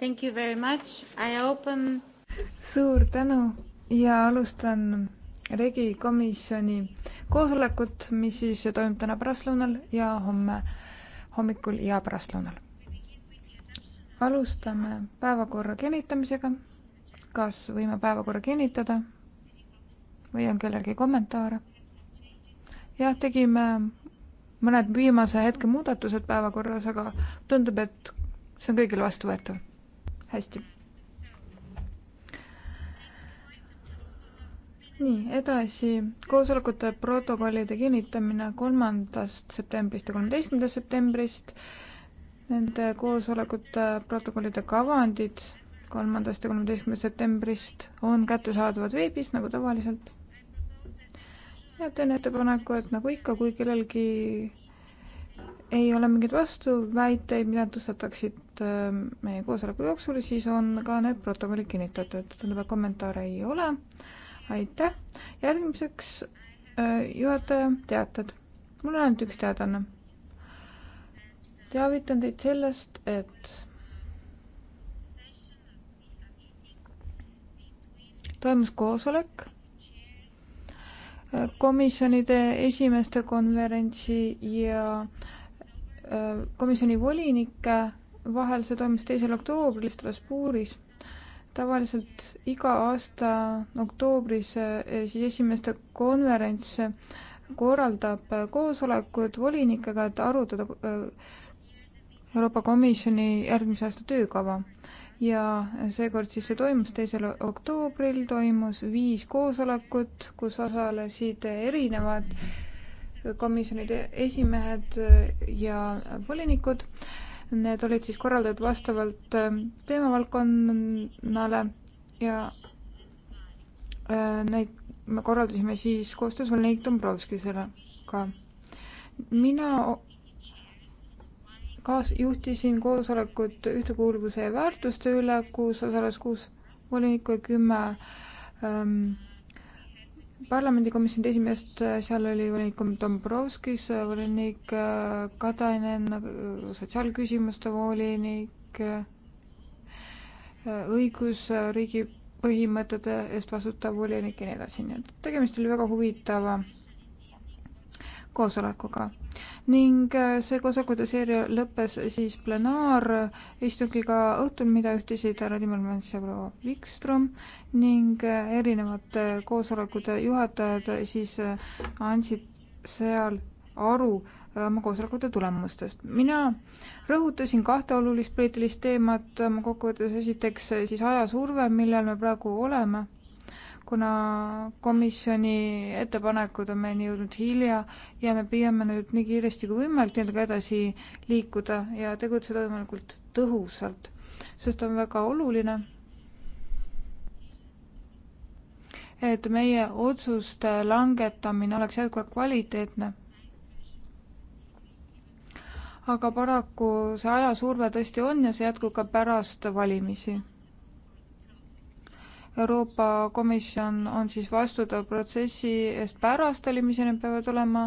Thank you very much. I open. suur tänu ja alustan Regi komisjoni koosolekut, mis siis toimub täna pärastlõunal ja homme hommikul ja pärastlõunal. alustame päevakorra kinnitamisega. kas võime päevakorra kinnitada või on kellelgi kommentaare? jah, tegime mõned viimase hetke muudatused päevakorras, aga tundub, et see on kõigile vastuvõetav hästi. nii, edasi koosolekute protokollide kinnitamine kolmandast septembrist ja kolmeteistkümnendast septembrist. Nende koosolekute protokollide kavandid kolmandast ja kolmeteistkümnendast septembrist on kättesaadavad veebis nagu tavaliselt. ja teen ettepaneku, et nagu ikka, kui kellelgi ei ole mingeid vastuväiteid, mida tõstataksid ähm, meie koosoleku jooksul, siis on ka need protokollid kinnitatud. tundub, et kommentaare ei ole. aitäh. järgmiseks äh, juhataja teated. mul on ainult üks teadaanne. teavitan teid sellest, et toimus koosolek äh, komisjonide esimeeste konverentsi ja komisjoni volinike vahel, see toimus teisel oktoobril Strasbourgis. tavaliselt iga aasta oktoobris eh, siis esimeste konverents korraldab koosolekud volinikega, et arutada eh, Euroopa Komisjoni järgmise aasta töökava ja seekord siis see toimus teisel oktoobril, toimus viis koosolekut, kus osalesid erinevad komisjonide esimehed ja volinikud. Need olid siis korraldatud vastavalt ähm, teemavaldkonnale ja äh, neid me korraldasime siis koostöös volinik Dombrovskisega ka. mina kaasjuhtisin koosolekut ühtekuuluvuse ja väärtuste üle, kus osales kuus volinikku ja kümme ähm, parlamendikomisjoni esimeest, äh, seal oli volinik Dombrovskis, äh, volinik äh, Katainen, sotsiaalküsimuste volinik, õigusriigi põhimõtete eest vastutav volinik ja nii edasi, nii et tegemist oli väga huvitava koosolekuga ning äh, see koosolekute seeria lõppes siis plenaaristungiga õhtul, mida ühtisid härra Timmermans ja proua Wikström ning äh, erinevate koosolekute juhatajad siis äh, andsid seal aru oma koosolekute tulemustest. mina rõhutasin kahte olulist poliitilist teemat oma kokkuvõttes, esiteks siis ajasurve, millel me praegu oleme kuna komisjoni ettepanekud on meieni jõudnud hilja ja me püüame nüüd nii kiiresti kui võimalik nendega edasi liikuda ja tegutseda võimalikult tõhusalt, sest on väga oluline, et meie otsuste langetamine oleks jätkuvalt kvaliteetne. aga paraku see ajasurve tõesti on ja see jätkub ka pärast valimisi Euroopa Komisjon on siis vastutav protsessi eest pärast valimisi, need peavad olema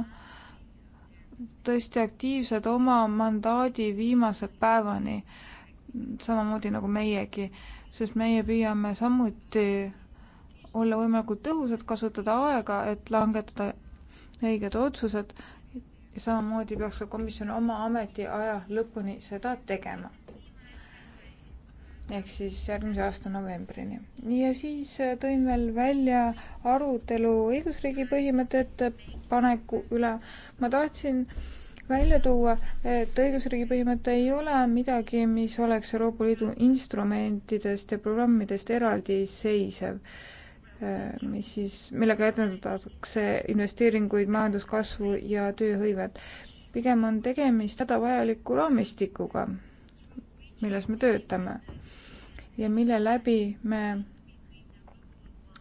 tõesti aktiivsed oma mandaadi viimase päevani, samamoodi nagu meiegi, sest meie püüame samuti olla võimalikult tõhusad, kasutada aega, et langetada õiged otsused ja samamoodi peaks ka komisjon oma ametiaja lõpuni seda tegema ehk siis järgmise aasta novembrini. ja siis äh, tõin veel välja arutelu õigusriigi põhimõtete paneku üle. ma tahtsin välja tuua, et õigusriigi põhimõte ei ole midagi, mis oleks Euroopa Liidu instrumentidest ja programmidest eraldiseisev, äh, mis siis, millega edendatakse investeeringuid, majanduskasvu ja tööhõivet. pigem on tegemist hädavajaliku raamistikuga milles me töötame ja mille läbi me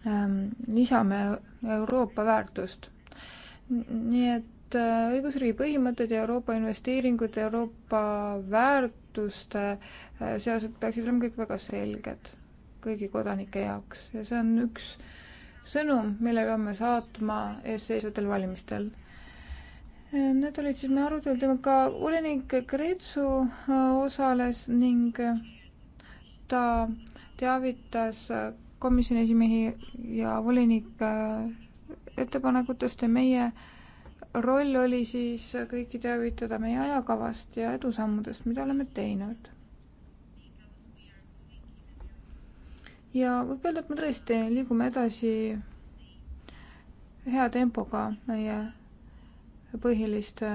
ähm, lisame Euroopa väärtust. nii et äh, õigusriigi põhimõtted ja Euroopa investeeringud, Euroopa väärtuste äh, seosed peaksid olema kõik väga selged kõigi kodanike jaoks ja see on üks sõnum, mille peame saatma eesseisvatel valimistel Need olid siis meie arutelud, ka volinik Kreetsu äh, osales ning äh, ta teavitas äh, komisjoni esimehi ja volinike ettepanekutest ja meie roll oli siis kõiki teavitada meie ajakavast ja edusammudest, mida oleme teinud. ja võib öelda, et me tõesti liigume edasi hea tempoga meie põhiliste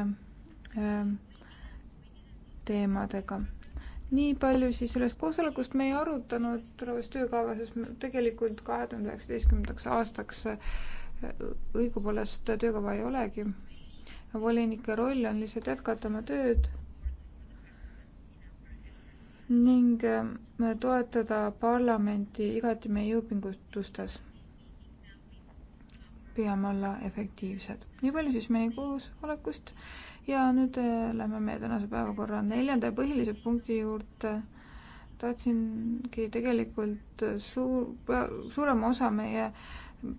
ähm, teemadega. nii palju siis sellest koosolekust, me ei arutanud tulevast töökava, sest tegelikult kahe tuhande üheksateistkümnendaks aastaks äh, õigupoolest töökava ei olegi. volinike roll on lihtsalt jätkata oma tööd ning ähm, toetada parlamenti igati meie jõupingutustes püüame olla efektiivsed. nii palju siis meie koosolekust ja nüüd äh, lähme meie tänase päevakorra neljanda ja põhilise punkti juurde. tahtsingi tegelikult äh, suur, suurema osa meie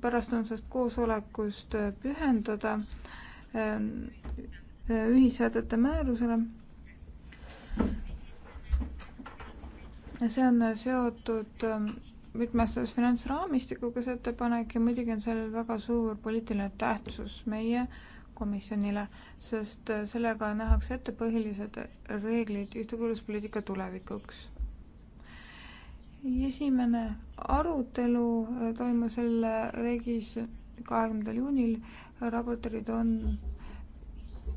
pärastlõunasest koosolekust äh, pühendada ähm, ühishädade määrusele. see on seotud ähm, mitmestes finantsraamistikuga see ettepanek ja muidugi on sellel väga suur poliitiline tähtsus meie komisjonile, sest äh, sellega nähakse ette põhilised reeglid ühtekuuluvuspoliitika tulevikuks. esimene arutelu äh, toimus selle regis kahekümnendal juunil, raportöörid on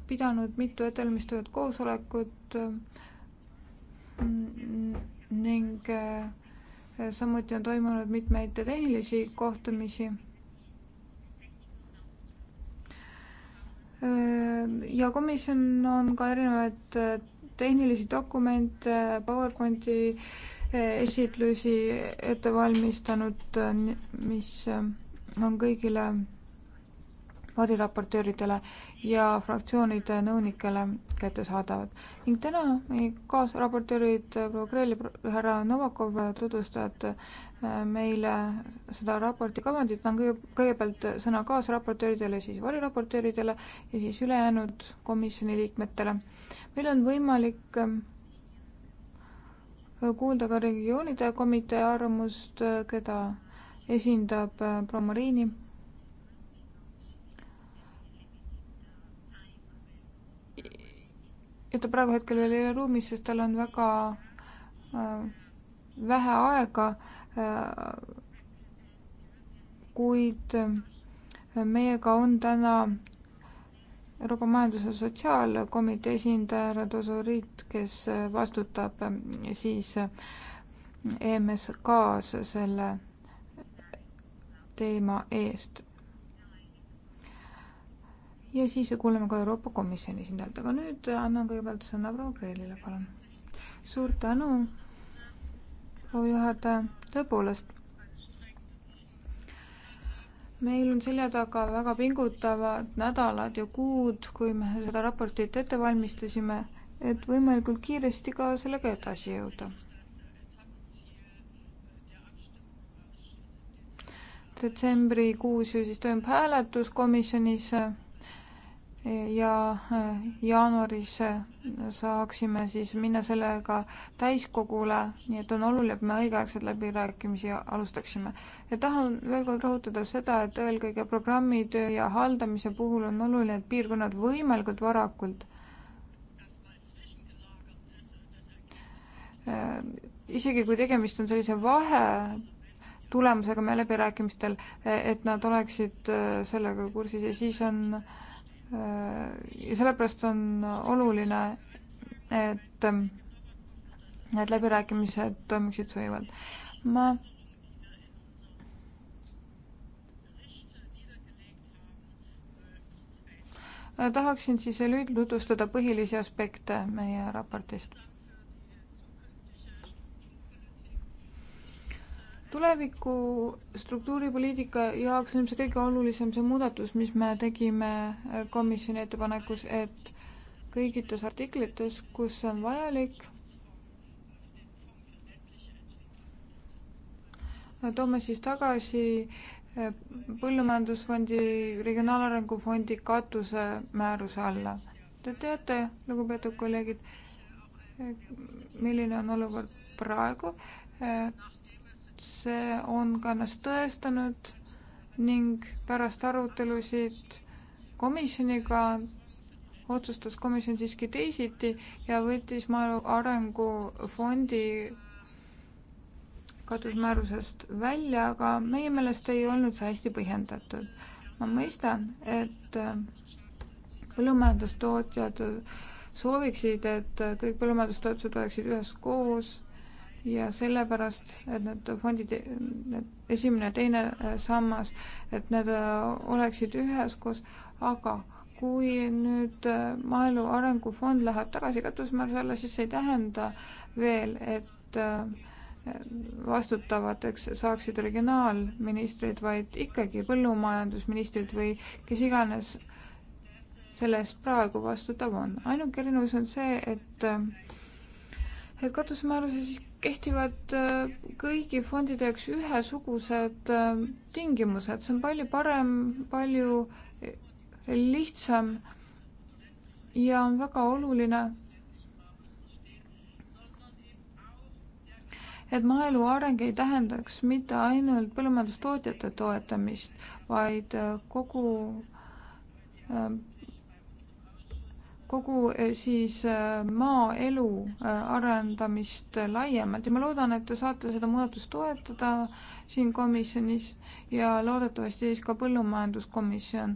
pidanud mitu ettevalmistavat koosolekut äh, ning äh, samuti on toimunud mitmeid tehnilisi kohtumisi. ja komisjon on ka erinevaid tehnilisi dokumente, PowerPointi esitlusi ette valmistanud, mis on kõigile variraportööridele ja fraktsioonide nõunikele kättesaadavad. ning täna meie kaasraportöörid proua Kreel ja härra Novakov tutvustavad äh, meile seda raporti kavandit, annan kõige, kõigepealt sõna kaasraportööridele, siis variraportööridele ja siis ülejäänud komisjoni liikmetele. meil on võimalik äh, kuulda ka regioonide komitee arvamust, äh, keda esindab proua Marini ja ta praegu hetkel veel ei ole ruumis, sest tal on väga äh, vähe aega äh,. kuid äh, meiega on täna Euroopa Majandus- ja Sotsiaalkomitee esindaja härra Dozoriit, kes äh, vastutab äh, siis äh, EMSK-s selle teema eest ja siis kuuleme ka Euroopa Komisjoni esindajalt, aga nüüd annan kõigepealt sõna proua Kreelile, palun. suur tänu, proua juhataja, tõepoolest. meil on selja taga väga pingutavad nädalad ja kuud, kui me seda raportit ette valmistasime, et võimalikult kiiresti ka sellega edasi jõuda. detsembrikuus ju siis toimub hääletus komisjonis ja äh, jaanuaris äh, saaksime siis minna sellega täiskogule, nii et on oluline, et me õigeaegselt läbirääkimisi alustaksime. ja tahan veel kord rõhutada seda, et eelkõige programmitöö ja haldamise puhul on oluline, et piirkonnad võimalikult varakult äh, isegi kui tegemist on sellise vahe tulemusega meie läbirääkimistel, e, et nad oleksid sellega kursis ja siis on äh, Äh, ja sellepärast on oluline, et need ähm, läbirääkimised toimiksid sujuvad. ma tahaksin siis lühidalt tutvustada põhilisi aspekte meie raportist tuleviku struktuuripoliitika jaoks on ilmselt kõige olulisem see muudatus, mis me tegime komisjoni ettepanekus, et kõigites artiklites, kus on vajalik, toome siis tagasi eh, Põllumajandusfondi, Regionaalarengu Fondi katuse määruse alla. Te teate, lugupeetud kolleegid, eh, milline on olukord praegu, et eh, see on ka ennast tõestanud ning pärast arutelusid komisjoniga otsustas komisjon siiski teisiti ja võttis Maaelu Arengufondi katusmäärusest välja, aga meie meelest ei olnud see hästi põhjendatud. ma mõistan, et põllumajandustootjad sooviksid, et kõik põllumajandustoetused oleksid üheskoos ja sellepärast, et need fondid, need esimene, teine äh, sammas, et need äh, oleksid üheskoos, aga kui nüüd äh, Maaelu Arengufond läheb tagasi katusmäära alla, siis see ei tähenda veel, et vastutavateks saaksid regionaalministrid, vaid ikkagi põllumajandusministrid või kes iganes selle eest praegu vastutav on. ainuke erinevus on see, et et katusmääruse siis kehtivad äh, kõigi fondide jaoks ühesugused äh, tingimused, see on palju parem, palju äh, lihtsam ja on väga oluline, et maaelu areng ei tähendaks mitte ainult põllumajandustootjate toetamist, vaid kogu kogu eh, siis eh, maaelu eh, arendamist laiemalt ja ma loodan, et te saate seda muudatust toetada siin komisjonis ja loodetavasti siis ka põllumajanduskomisjon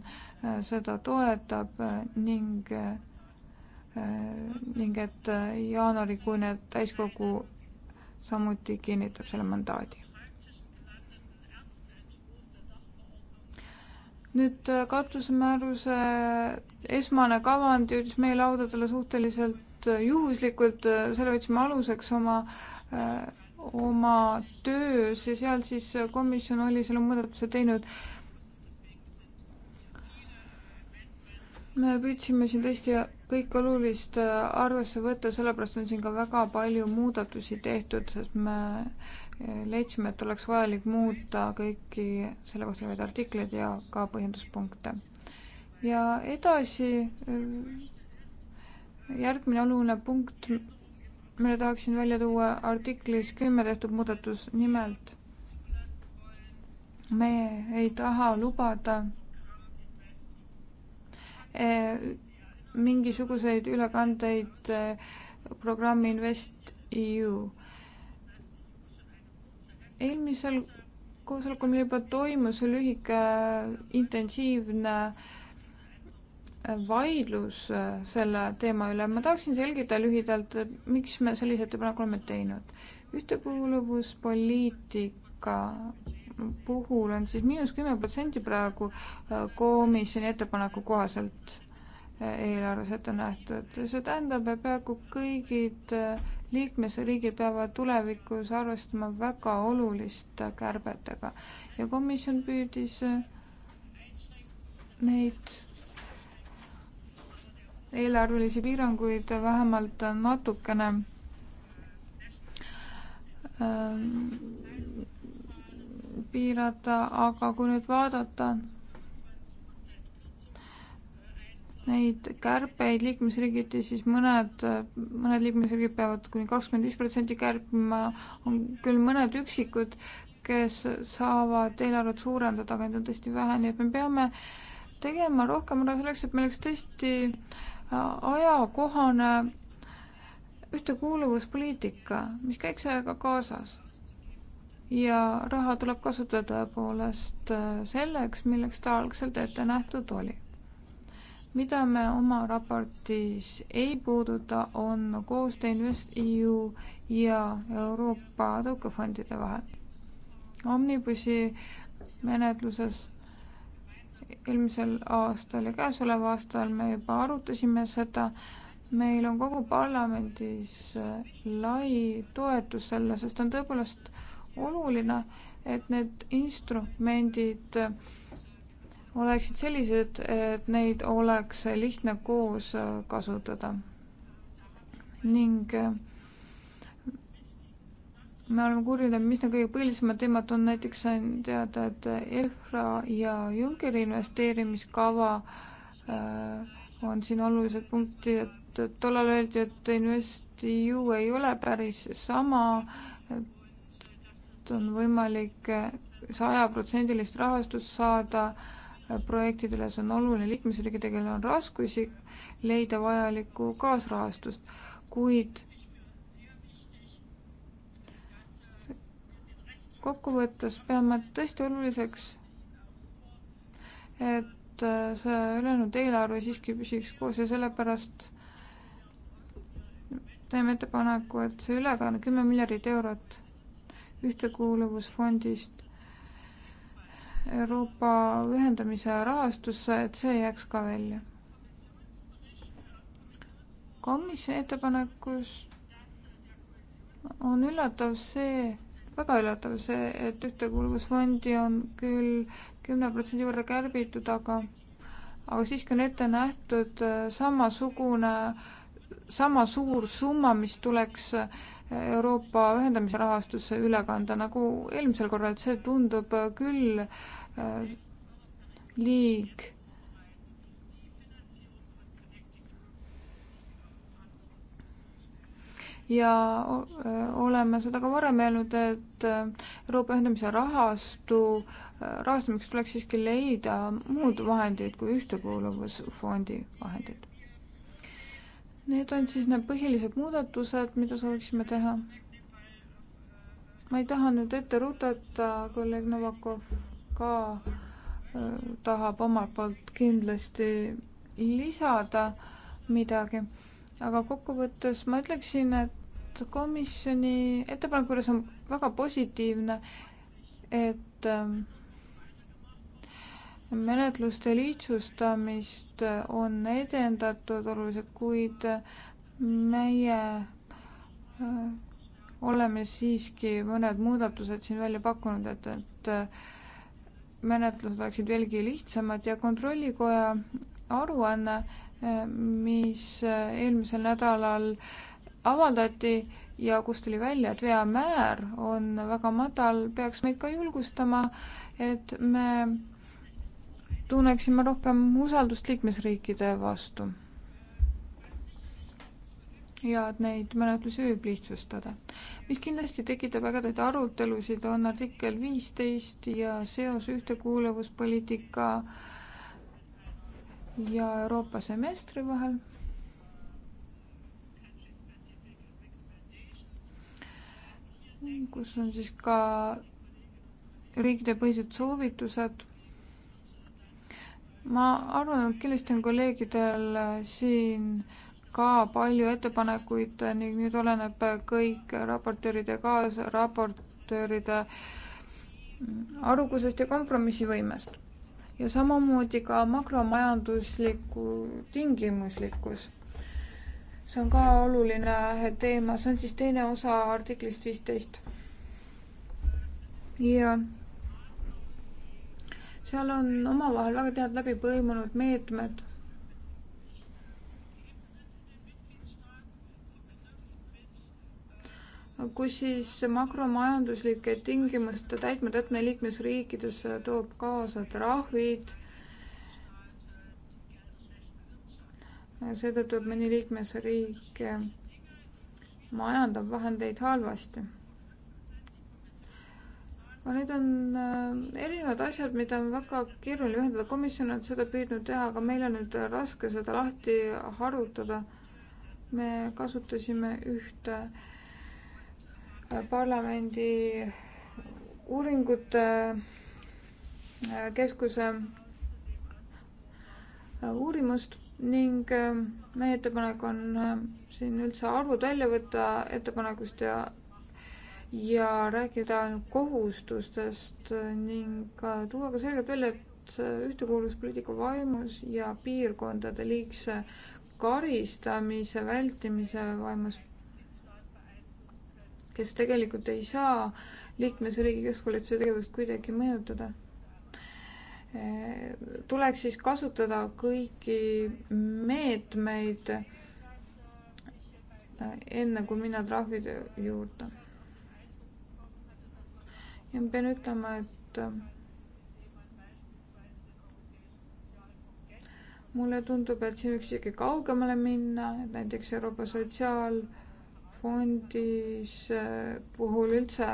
seda toetab ning ning et jaanuarikuine täiskogu samuti kinnitab selle mandaadi. nüüd äh, katusemääruse esmane kavand jõudis meie laudadele suhteliselt äh, juhuslikult, äh, selle võtsime aluseks oma, oma töös ja seal siis komisjon oli selle muudatuse teinud me püüdsime siin tõesti kõik olulist äh, arvesse võtta, sellepärast on siin ka väga palju muudatusi tehtud, sest me äh, leidsime, et oleks vajalik muuta kõiki selle kohta olevaid artikleid ja ka põhjenduspunkte. ja edasi äh, järgmine oluline punkt, mille tahaksin välja tuua artiklis kümme tehtud muudatus, nimelt me ei taha lubada Eh, mingisuguseid ülekandeid eh, programmi InvestEU. eelmisel koosolekul meil juba toimus lühike intensiivne eh, vaidlus selle teema üle. ma tahaksin selgitada lühidalt, miks me sellise ettepaneku oleme teinud. ühtekuuluvuspoliitika puhul on siis miinus kümme protsenti praegu äh, komisjoni ettepaneku kohaselt äh, eelarves ette nähtud. see tähendab, et peaaegu kõigid äh, liikmesriigid peavad tulevikus arvestama väga oluliste kärbetega ja komisjon püüdis neid eelarvelisi piiranguid vähemalt natukene ähm, piirata, aga kui nüüd vaadata neid kärpeid liikmesriigiti, siis mõned, mõned liikmesriigid peavad kuni kakskümmend viis protsenti kärpima, on küll mõned üksikud, kes saavad eelarvet suurendada, aga neid on tõesti vähe, nii et me peame tegema rohkem ära selleks, et meil oleks tõesti äh, ajakohane ühtekuuluvuspoliitika, mis käiks ajaga kaasas ja raha tuleb kasutada tõepoolest äh, selleks, milleks ta algselt ette nähtud oli. mida me oma raportis ei puuduta, on koostöö InvestEU ja Euroopa tõukefondide vahel. Omnibusi menetluses eelmisel aastal ja käesoleval aastal me juba arutasime seda, meil on kogu parlamendis äh, lai toetus selle, sest on tõepoolest oluline, et need instrumendid oleksid sellised, et neid oleks lihtne koos kasutada. ning äh, me oleme kuulnud, mis need kõige põhilisemad teemad on, näiteks sain teada, et EFRA ja Junckeri investeerimiskava äh, on siin olulised punktid, et tollal öeldi, et InvestEU ei ole päris sama et on võimalik sajaprotsendilist rahastust saada projektidele, see on oluline liikmesriikidega, kellel on raskusi leida vajalikku kaasrahastust, kuid kokkuvõttes peame tõesti oluliseks, et see ülejäänud eelarve siiski püsiks koos ja sellepärast teeme ettepaneku, et see ülekanne kümme miljardit eurot ühtekuuluvusfondist Euroopa ühendamise rahastusse, et see jääks ka välja. komisjoni ettepanekus on üllatav see, väga üllatav see, et ühtekuuluvusfondi on küll kümne protsendi võrra kärbitud, aga aga siiski on ette nähtud äh, samasugune, sama suur summa, mis tuleks äh, Euroopa ühendamise rahastusse üle kanda, nagu eelmisel korral, et see tundub küll äh, liig ja oleme seda ka varem öelnud, et äh, Euroopa ühendamise rahastu äh, rahastamiseks tuleks siiski leida muud vahendid kui ühtekuuluvusfondi vahendid. Need on siis need põhilised muudatused, mida sooviksime teha. ma ei taha nüüd ette rutata, kolleeg Novakov ka äh, tahab omalt poolt kindlasti lisada midagi, aga kokkuvõttes ma ütleksin, et komisjoni ettepanek juures on väga positiivne, et äh, menetluste lihtsustamist on edendatud oluliselt, kuid meie äh, oleme siiski mõned muudatused siin välja pakkunud, et, et äh, menetlused oleksid veelgi lihtsamad ja Kontrollikoja aruanne, äh, mis eelmisel nädalal avaldati ja kust tuli välja, et veamäär on väga madal, peaks meid ka julgustama, et me tunneksime rohkem usaldust liikmesriikide vastu. ja et neid menetlusi võib lihtsustada. mis kindlasti tekitab ägedaid arutelusid, on artikkel viisteist ja seos ühtekuuluvuspoliitika ja Euroopa semestri vahel kus on siis ka riikidepõhised soovitused ma arvan, et kindlasti on kolleegidel siin ka palju ettepanekuid ning nüüd oleneb kõik raportööride kaasraportööride arukusest ja kompromissivõimest. ja samamoodi ka makromajandusliku tingimuslikkus. see on ka oluline teema, see on siis teine osa artiklist viisteist. ja seal on omavahel väga tead läbi põimunud meetmed. kus siis makromajanduslike tingimuste täitmata jätmine liikmesriikides toob kaasa trahvid. seetõttu, et mõni liikmesriik majandab vahendeid halvasti aga need on äh, erinevad asjad, mida on väga keeruline ühendada, komisjon on seda püüdnud teha, aga meil on nüüd raske seda lahti harutada. me kasutasime ühte äh, parlamendi uuringute äh, keskuse uurimust ning meie ettepanek on siin üldse arvud välja võtta ettepanekust ja ja rääkida kohustustest ning tuua ka selgelt välja, et ühtekuuluvuspoliitika vaimus ja piirkondade liigse karistamise vältimise vaimus, kes tegelikult ei saa liikmesriigi keskvalitsuse tegevust kuidagi mõjutada tuleks siis kasutada kõiki meetmeid enne, kui minna trahvide juurde ja ma pean ütlema, et äh, mulle tundub, et siin võiks isegi kaugemale minna, et näiteks Euroopa Sotsiaalfondis äh, puhul üldse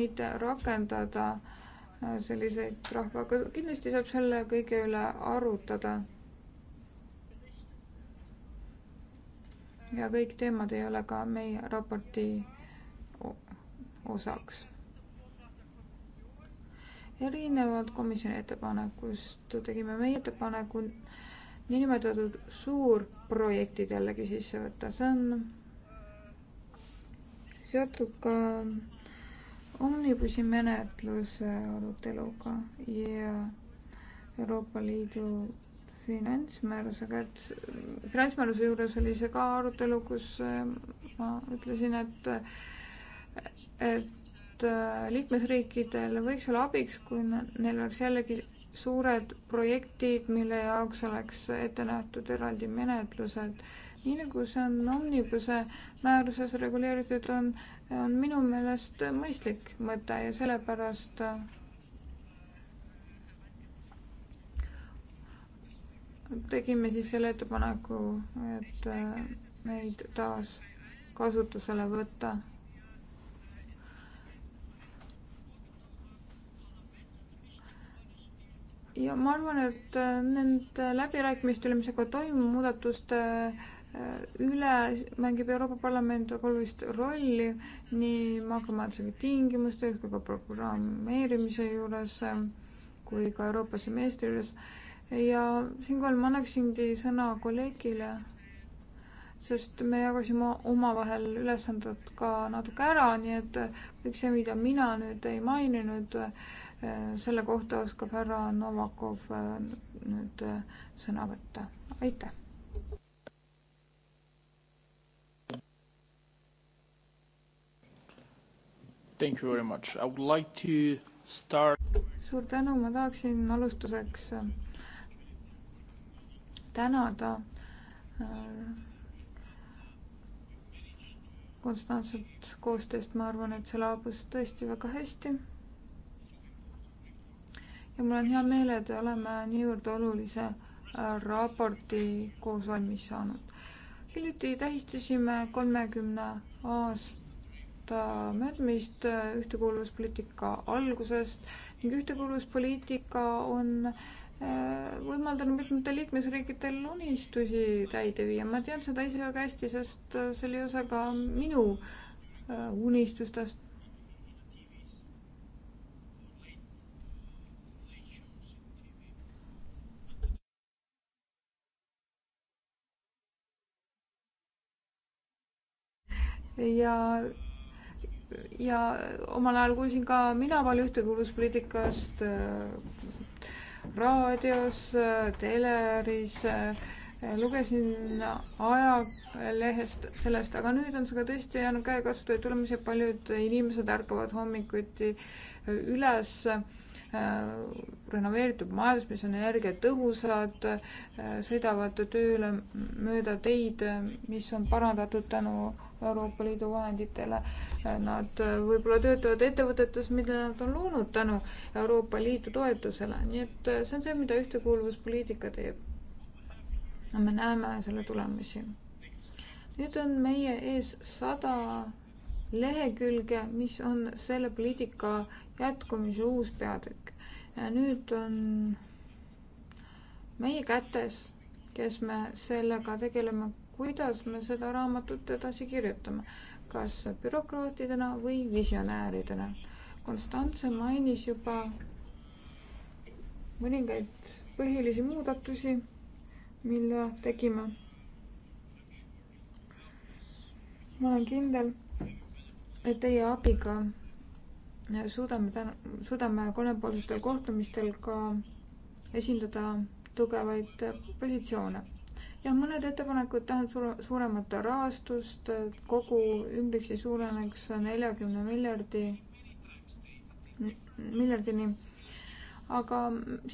mitte rakendada äh, selliseid rahva, kindlasti saab selle kõige üle arutada. ja kõik teemad ei ole ka meie raporti osaks erinevad komisjoni ettepanekust, tegime meie ettepaneku niinimetatud suurprojektid jällegi sisse võtta, see on seotud ka omnibusi menetluse aruteluga ja Euroopa Liidu finantsmäärusega, et finantsmääruse juures oli see ka arutelu, kus eh, ma ütlesin, et et et äh, liikmesriikidel võiks olla abiks, kui neil oleks jällegi suured projektid, mille jaoks oleks ette nähtud eraldi menetlused. nii nagu see on Omnibuse määruses reguleeritud, on, on minu meelest mõistlik mõte ja sellepärast äh, tegime siis selle ettepaneku, et äh, neid taas kasutusele võtta ja ma arvan, et äh, nende läbirääkimiste üle, mis hakkavad toimuma muudatuste äh, üle, mängib Euroopa Parlament väga olulist rolli nii makromajanduslike tingimuste kui ka programmeerimise juures äh, kui ka Euroopa semestri juures. ja siinkohal ma annaksingi sõna kolleegile, sest me jagasime omavahel ülesanded ka natuke ära, nii et kõik see, mida mina nüüd ei maininud, selle kohta oskab härra Novakov äh, nüüd äh, sõna võtta. aitäh. Thank you very much. I would like to start. suur tänu, ma tahaksin alustuseks äh, tänada konstantset koostööst, ma arvan, et see laabus tõesti väga hästi ja mul on hea meel, et oleme niivõrd olulise äh, raporti koos valmis saanud. hiljuti tähistasime kolmekümne aasta möödumist äh, ühtekuuluvuspoliitika algusest ning ühtekuuluvuspoliitika on äh, võimaldanud mitmetel liikmesriikidel unistusi täide viia. ma tean seda ise väga hästi, sest see oli osa ka minu unistustest ja, ja omal ajal kuulsin ka mina palju ühtekuuluvuspoliitikast äh, raadios, äh, teleris, äh, lugesin ajalehest sellest, aga nüüd on see ka tõesti jäänud käekasutu, et tulemas ja paljud inimesed ärkavad hommikuti üles renoveeritud majades, mis on energiatõhusad, sõidavad tööle mööda teid, mis on parandatud tänu Euroopa Liidu vahenditele. Nad võib-olla töötavad ettevõtetes, mida nad on loonud tänu Euroopa Liidu toetusele, nii et see on see, mida ühtekuuluvuspoliitika teeb. me näeme selle tulemusi. nüüd on meie ees sada lehekülge, mis on selle poliitika jätkumise uus peatükk. ja nüüd on meie kätes, kes me sellega tegeleme kuidas me seda raamatut edasi kirjutame, kas bürokraatidena või visionääridena. Konstantse mainis juba mõningaid põhilisi muudatusi, mille tegime. ma olen kindel, et teie abiga suudame täna, suudame kolmepoolsetel kohtumistel ka esindada tugevaid positsioone ja mõned ettepanekud tähendavad suuremat rahastust, kogu ümbriksi suureneks neljakümne miljardi, miljardini. aga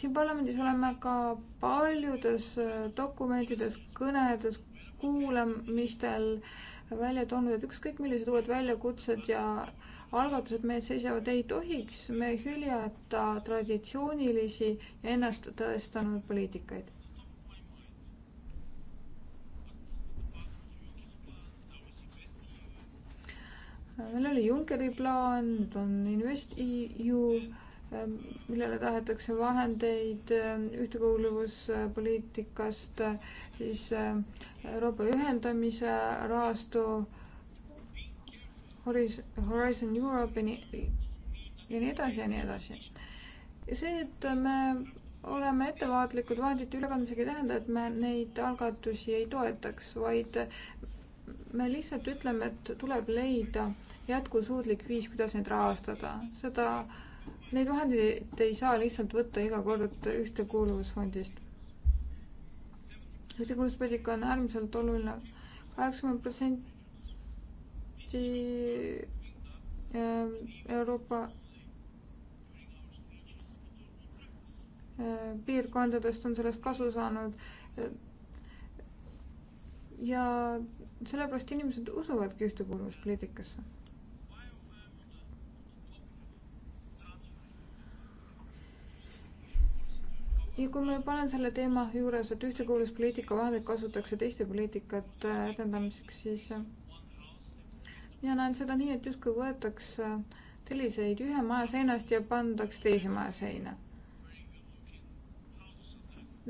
siin parlamendis oleme ka paljudes dokumentides, kõnedes, kuulamistel välja toonud, et ükskõik millised uued väljakutsed ja algatused meie ees seisavad, ei tohiks me hüljata traditsioonilisi ja ennast tõestanud poliitikaid meil oli Junckeri plaan, nüüd on InvestEU, ähm, millele tahetakse vahendeid ähm, ühtekuuluvuspoliitikast, äh, siis äh, Euroopa ühendamise rahastu Horizon Europe ja nii, ja nii edasi ja nii edasi. see, et me oleme ettevaatlikud vahendite ülekandmisega ei tähenda, et me neid algatusi ei toetaks, vaid me lihtsalt ütleme, et tuleb leida jätkusuutlik viis, kuidas neid rahastada. seda, neid vahendeid ei saa lihtsalt võtta iga kord ühtekuuluvusfondist. ühtekuuluvuspoliitika on äärmiselt oluline. kaheksakümmend protsenti ähm, Euroopa äh, piirkondadest on sellest kasu saanud. ja sellepärast inimesed usuvadki ühtekuuluvuspoliitikasse. ja kui ma juba olen selle teema juures, et ühtekuuluvuspoliitika vahendeid kasutatakse teiste poliitikate äh, edendamiseks, siis äh, mina näen seda nii, et justkui võetakse telliseid ühe maja seinast ja pandaks teise maja seina.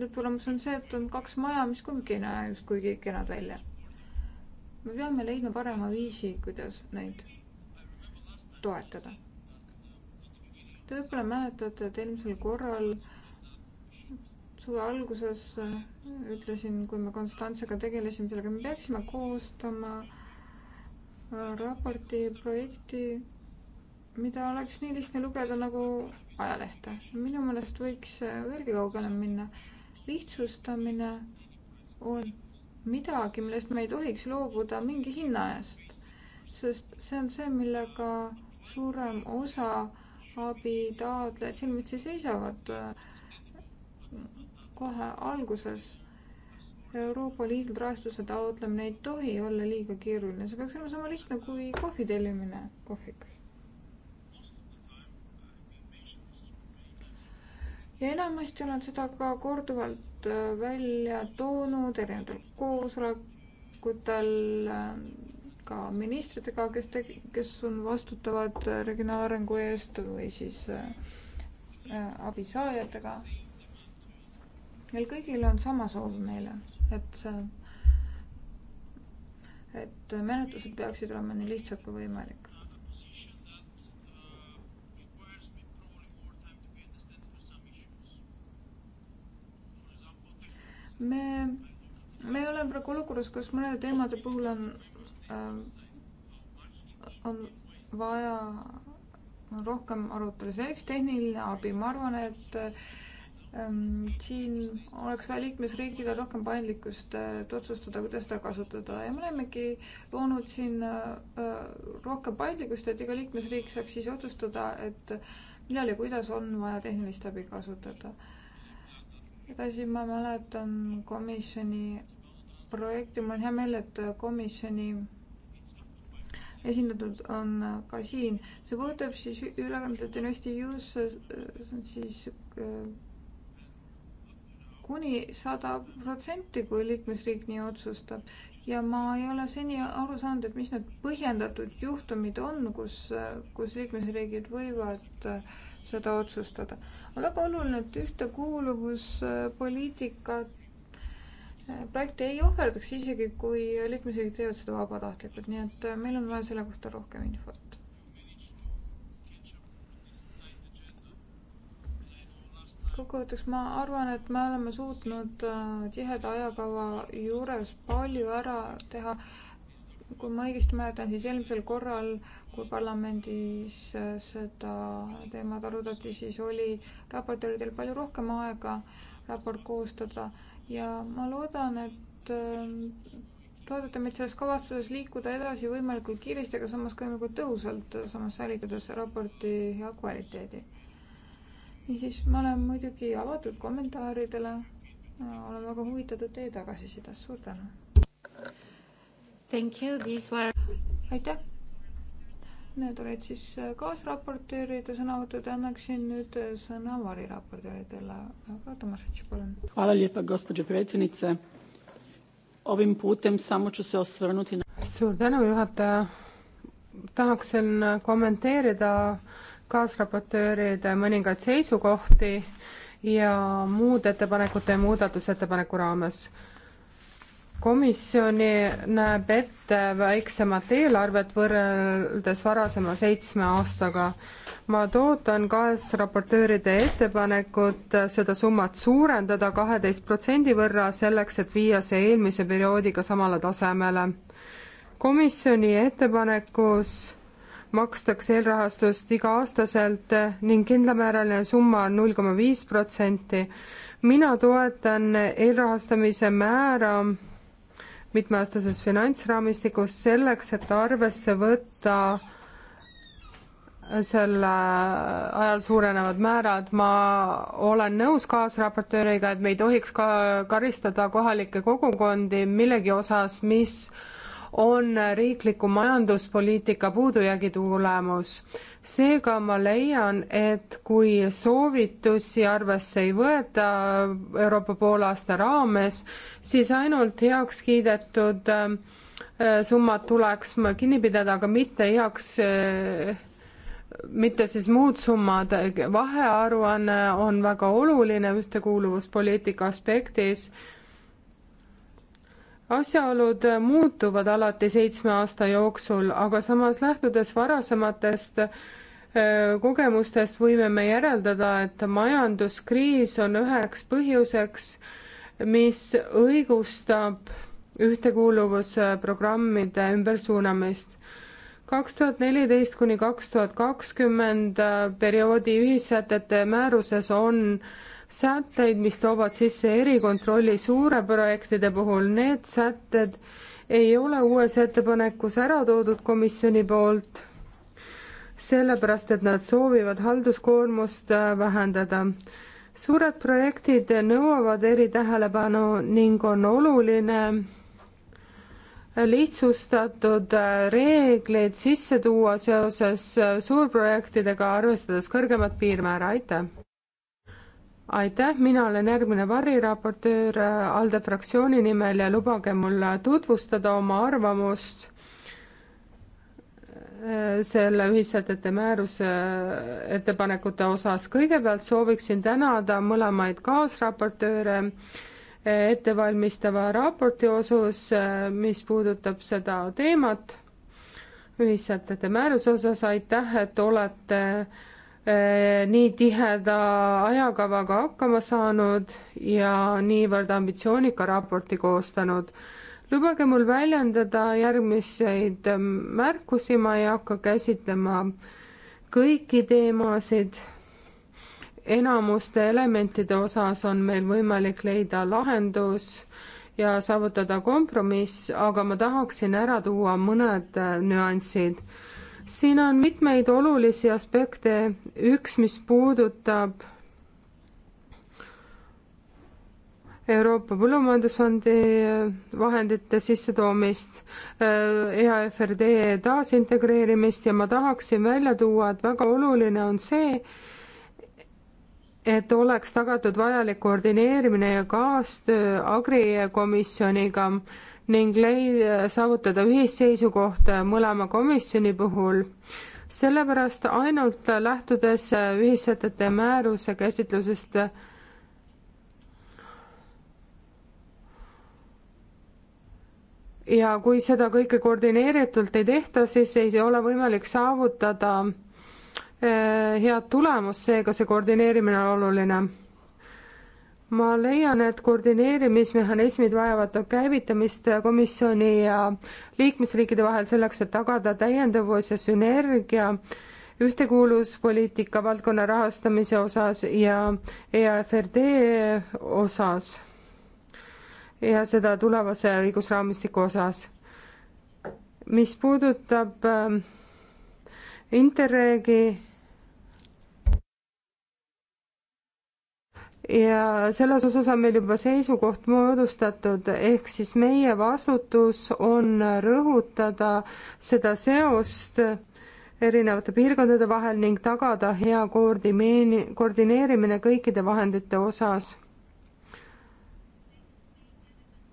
lõpptulemus on see, et on kaks maja, mis kumbki ei näe justkui kenad välja me peame leidma parema viisi, kuidas neid toetada. Te võib-olla mäletate, et eelmisel korral suve alguses äh, ütlesin, kui me Konstantsega tegelesime sellega, me peaksime koostama äh, raporti projekti, mida oleks nii lihtne lugeda nagu ajalehte. minu meelest võiks äh, veelgi kaugemale minna. lihtsustamine on midagi, millest me ei tohiks loobuda mingi hinna eest, sest see on see, millega suurem osa abitaotlejaid silmitsi seisavad äh, kohe alguses. Euroopa Liidu rahastuse taotlemine ei tohi olla liiga keeruline, see peaks olema sama lihtne kui kohvi tellimine kohvikus. ja enamasti olen seda ka korduvalt Äh, välja toonud erinevatel koosolekutel äh, ka ministritega, kes te-, kes on vastutavad äh, regionaalarengu eest või siis abisaajatega. Neil kõigil on sama soov meile, et see, et menetlused peaksid olema nii lihtsad kui võimalik. me, me oleme praegu olukorras, kus mõnede teemade puhul on äh,, on vaja rohkem arutelu, selleks tehniline abi, ma arvan, et ähm, siin oleks vaja liikmesriikidel rohkem paindlikkust, et äh, otsustada, kuidas seda kasutada ja me olemegi loonud siin äh, äh, rohkem paindlikkust, et iga liikmesriik saaks siis otsustada, et millal ja kuidas on vaja tehnilist abi kasutada äh, edasi ma mäletan komisjoni projekti, mul on hea meel, et komisjoni esindatud on ka siin. see puudutab siis ülekanded Dynasty Youth, see on siis äh, kuni sada protsenti, kui liikmesriik nii otsustab. ja ma ei ole seni aru saanud, et mis need põhjendatud juhtumid on, kus, kus liikmesriigid võivad äh, seda otsustada. on väga oluline, et ühtekuuluvuspoliitika eh, projekte ei ohverdaks, isegi kui liikmesriigid teevad seda vabatahtlikult, nii et eh, meil on vaja selle kohta rohkem infot. kokkuvõtteks ma arvan, et me oleme suutnud eh, tiheda ajakava juures palju ära teha. kui ma õigesti mäletan, siis eelmisel korral kui parlamendis äh, seda teemat arutati, siis oli raportööridel palju rohkem aega raport koostada ja ma loodan, et äh, toetate meid selles kavatsuses liikuda edasi võimalikult kiiresti, aga samas ka võimalikult tõhusalt, äh, samas säilitades raporti hea kvaliteedi. niisiis, ma olen muidugi avatud kommentaaridele, olen väga huvitatud teie tagasisidest, suur tänu! Thank you, these were aitäh! Need olid siis äh, kaasraportööride sõnavõtud ja annaksin nüüd äh, sõna variraportööridele. aga Tomašitš, palun. Hvala lijepa, gospođo predsjednice. Ovim putem samo ću se osvrnuti na... Suur tänu, juhataja. Tahaksin äh, kommenteerida kaasraportööride mõningaid seisukohti ja muud ettepanekute ja muudatusettepaneku raames komisjoni näeb ette väiksemat eelarvet võrreldes varasema seitsme aastaga. ma ootan kaasraportööride ettepanekut seda summat suurendada kaheteist protsendi võrra, selleks et viia see eelmise perioodiga samale tasemele. komisjoni ettepanekus makstakse eelrahastust iga-aastaselt ning kindlamääraline summa on null koma viis protsenti. mina toetan eelrahastamise määra mitmeaastases finantsraamistikus selleks, et arvesse võtta selle ajal suurenevad määrad, ma olen nõus kaasraportööriga, et me ei tohiks ka karistada kohalikke kogukondi millegi osas, mis äh, on riikliku majanduspoliitika puudujäägi tulemus. seega ma leian, et kui soovitusi arvesse ei võeta Euroopa poolaasta raames, siis ainult heaks kiidetud ähm, äh, summad tuleks kinni pidada, aga mitte heaks äh, mitte siis muud summad, vahearuanne on väga oluline ühtekuuluvuspoliitika aspektis asjaolud muutuvad alati seitsme aasta jooksul, aga samas lähtudes varasematest äh, kogemustest võime me järeldada, et majanduskriis on üheks põhjuseks, mis õigustab ühtekuuluvusprogrammide ümbersuunamist. kaks tuhat neliteist kuni kaks tuhat kakskümmend äh, perioodi ühissätete määruses on äh, sätteid, mis toovad sisse erikontrolli suureprojektide puhul, need sätted ei ole uues ettepanekus ära toodud komisjoni poolt, sellepärast et nad soovivad halduskoormust äh, vähendada. suured projektid nõuavad eritähelepanu ning on oluline lihtsustatud äh, reegleid sisse tuua seoses äh, suurprojektidega, arvestades kõrgemat piirmäära, aitäh! aitäh, mina olen järgmine variraportöör äh, ALDE fraktsiooni nimel ja lubage mul äh, tutvustada oma arvamust äh, selle ühissätete määruse ettepanekute osas. kõigepealt sooviksin tänada mõlemaid kaasraportööre ettevalmistava raporti osas, mis puudutab seda teemat ühissätete määruse osas. aitäh, et olete äh, Eh, nii tiheda ajakavaga hakkama saanud ja niivõrd ambitsioonika raporti koostanud. lubage mul väljendada järgmiseid eh, märkusi, ma ei hakka käsitlema kõiki teemasid. enamuste elementide osas on meil võimalik leida lahendus ja saavutada kompromiss, aga ma tahaksin ära tuua mõned eh, nüansid siin on mitmeid olulisi aspekte, üks, mis puudutab Euroopa Põllumajandusfondi vahendite sissetoomist, äh, EAFRD taasintegreerimist ja ma tahaksin välja tuua, et väga oluline on see, et oleks tagatud vajalik koordineerimine ja kaastöö agrikomisjoniga äh, ning leida, saavutada ühisseisukoht mõlema komisjoni puhul. sellepärast ainult lähtudes ühissätete määruse käsitlusest ja kui seda kõike koordineeritult ei tehta, siis ei ole võimalik saavutada eh, head tulemust, seega see koordineerimine on oluline ma leian, et koordineerimismehhanismid vajavad käivitamist komisjoni ja liikmesriikide vahel selleks, et tagada täiendavus ja sünergia ühtekuuluvuspoliitika valdkonna rahastamise osas ja EAFRD osas ja seda tulevase õigusraamistiku osas. mis puudutab ähm, Interregi ja selles osas on meil juba seisukoht moodustatud, ehk siis meie vastutus on rõhutada seda seost erinevate piirkondade vahel ning tagada hea koordimeeni-, koordineerimine kõikide vahendite osas.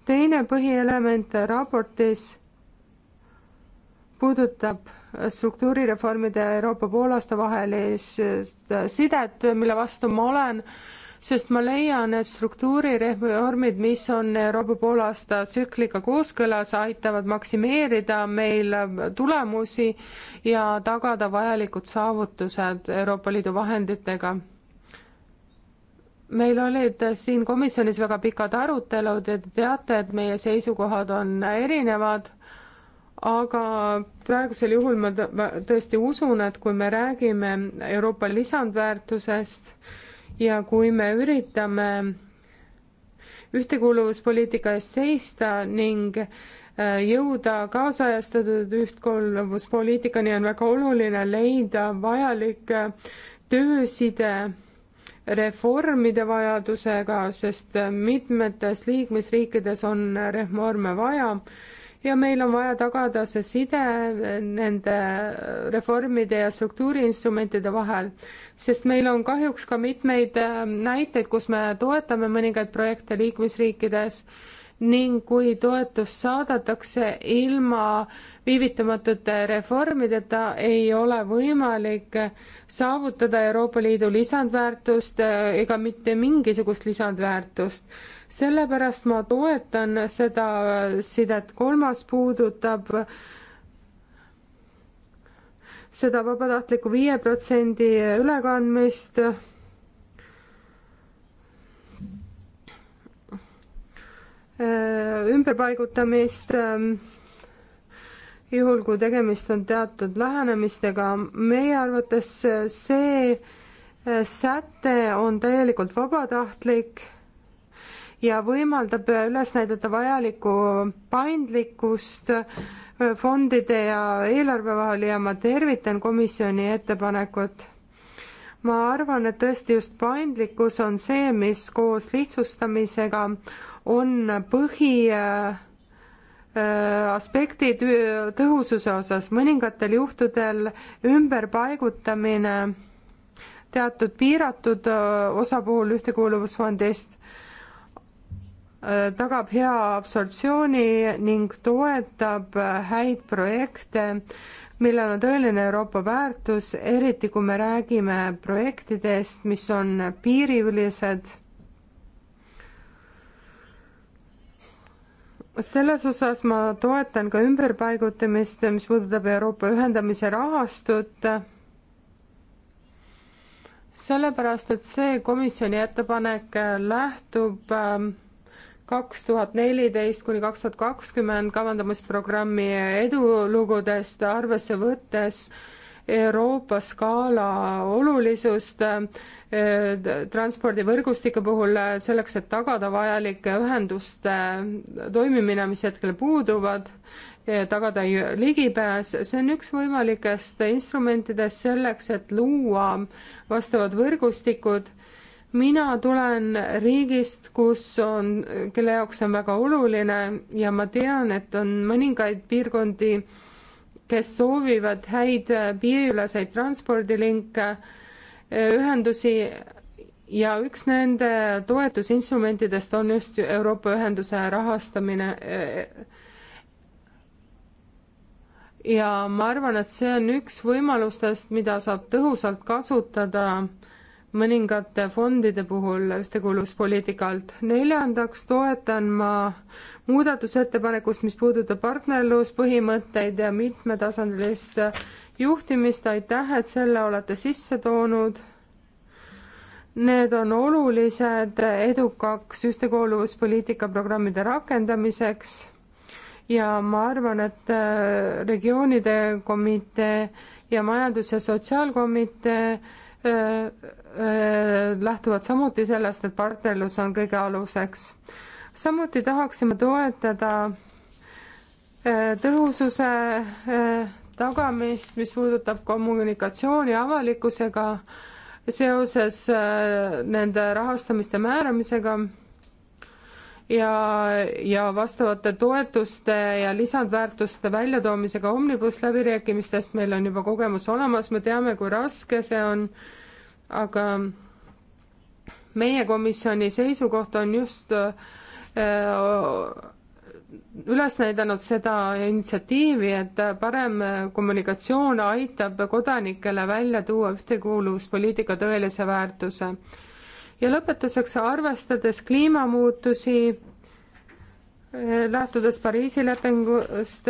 teine põhielement raportis puudutab struktuurireformide Euroopa poolaasta vahelist sidet, mille vastu ma olen sest ma leian, et struktuurireformid, mis on Euroopa poolaasta tsükliga kooskõlas, aitavad maksimeerida meil tulemusi ja tagada vajalikud saavutused Euroopa Liidu vahenditega meil olid siin komisjonis väga pikad arutelud ja te teate, et meie seisukohad on erinevad, aga praegusel juhul ma tõesti usun, et kui me räägime Euroopa lisandväärtusest, ja kui me üritame ühtekuuluvuspoliitika eest seista ning äh, jõuda kaasajastatud ühtkuuluvuspoliitikani, on väga oluline leida vajalik äh, tööside reformide vajadusega, sest äh, mitmetes liikmesriikides on reforme vaja ja meil on vaja tagada see side nende reformide ja struktuuriinstrumentide vahel, sest meil on kahjuks ka mitmeid äh, näiteid, kus me toetame mõningaid projekte liikmesriikides ning kui toetus saadetakse ilma viivitamatute reformideta, ei ole võimalik saavutada Euroopa Liidu lisandväärtust eh, ega mitte mingisugust lisandväärtust. sellepärast ma toetan seda sidet, kolmas puudutab seda vabatahtlikku viie protsendi ülekandmist Äh, ümberpaigutamist, äh, juhul kui tegemist on teatud lähenemistega, meie arvates see äh, säte on täielikult vabatahtlik ja võimaldab üles näidata vajalikku paindlikkust fondide ja eelarve vahel ja ma tervitan komisjoni ettepanekut. ma arvan, et tõesti just paindlikkus on see, mis koos lihtsustamisega on põhi äh, äh, aspektid tõhususe osas, mõningatel juhtudel ümberpaigutamine teatud piiratud äh, osa puhul ühtekuuluvusfondist tagab hea absorptsiooni ning toetab häid projekte, millel on tõeline Euroopa väärtus, eriti kui me räägime projektidest, mis on piiriülised selles osas ma toetan ka ümberpaigutamist, mis puudutab Euroopa ühendamise rahastut, sellepärast et see komisjoni ettepanek lähtub ähm, kaks tuhat neliteist kuni kaks tuhat kakskümmend kavandamisprogrammi edulugudest arvesse võttes Euroopa skaala olulisust Äh, transpordivõrgustike puhul äh, selleks, et tagada vajalike äh, ühenduste toimimine, mis hetkel puuduvad, tagada ligipääs, see on üks võimalikest instrumentidest selleks, et luua vastavad võrgustikud. mina tulen riigist, kus on, kelle jaoks on väga oluline ja ma tean, et on mõningaid piirkondi, kes soovivad häid piiriüleseid transpordilinke ühendusi ja üks nende toetusinstrumentidest on just Euroopa Ühenduse rahastamine. ja ma arvan, et see on üks võimalustest, mida saab tõhusalt kasutada mõningate fondide puhul ühtekuuluvuspoliitika alt. neljandaks toetan ma muudatusettepanekust, mis puudutab partnerluspõhimõtteid ja mitmetasandilist juhtimist, aitäh, et selle olete sisse toonud. Need on olulised edukaks ühtekuuluvuspoliitika programmide rakendamiseks ja ma arvan, et äh, regioonide komitee ja majandus- ja sotsiaalkomitee äh, äh, lähtuvad samuti sellest, et partnerlus on kõige aluseks. samuti tahaksime toetada tõhususe tagamist, mis puudutab kommunikatsiooni avalikkusega seoses äh, nende rahastamiste määramisega ja, ja vastavate toetuste ja lisandväärtuste väljatoomisega Omnibus läbirääkimistest meil on juba kogemus olemas, me teame, kui raske see on, aga meie komisjoni seisukoht on just öö, äh, üles näidanud seda initsiatiivi, et parem kommunikatsioon aitab kodanikele välja tuua ühtekuuluvuspoliitika tõelise väärtuse. ja lõpetuseks, arvestades kliimamuutusi, eh, lähtudes Pariisi lepingust,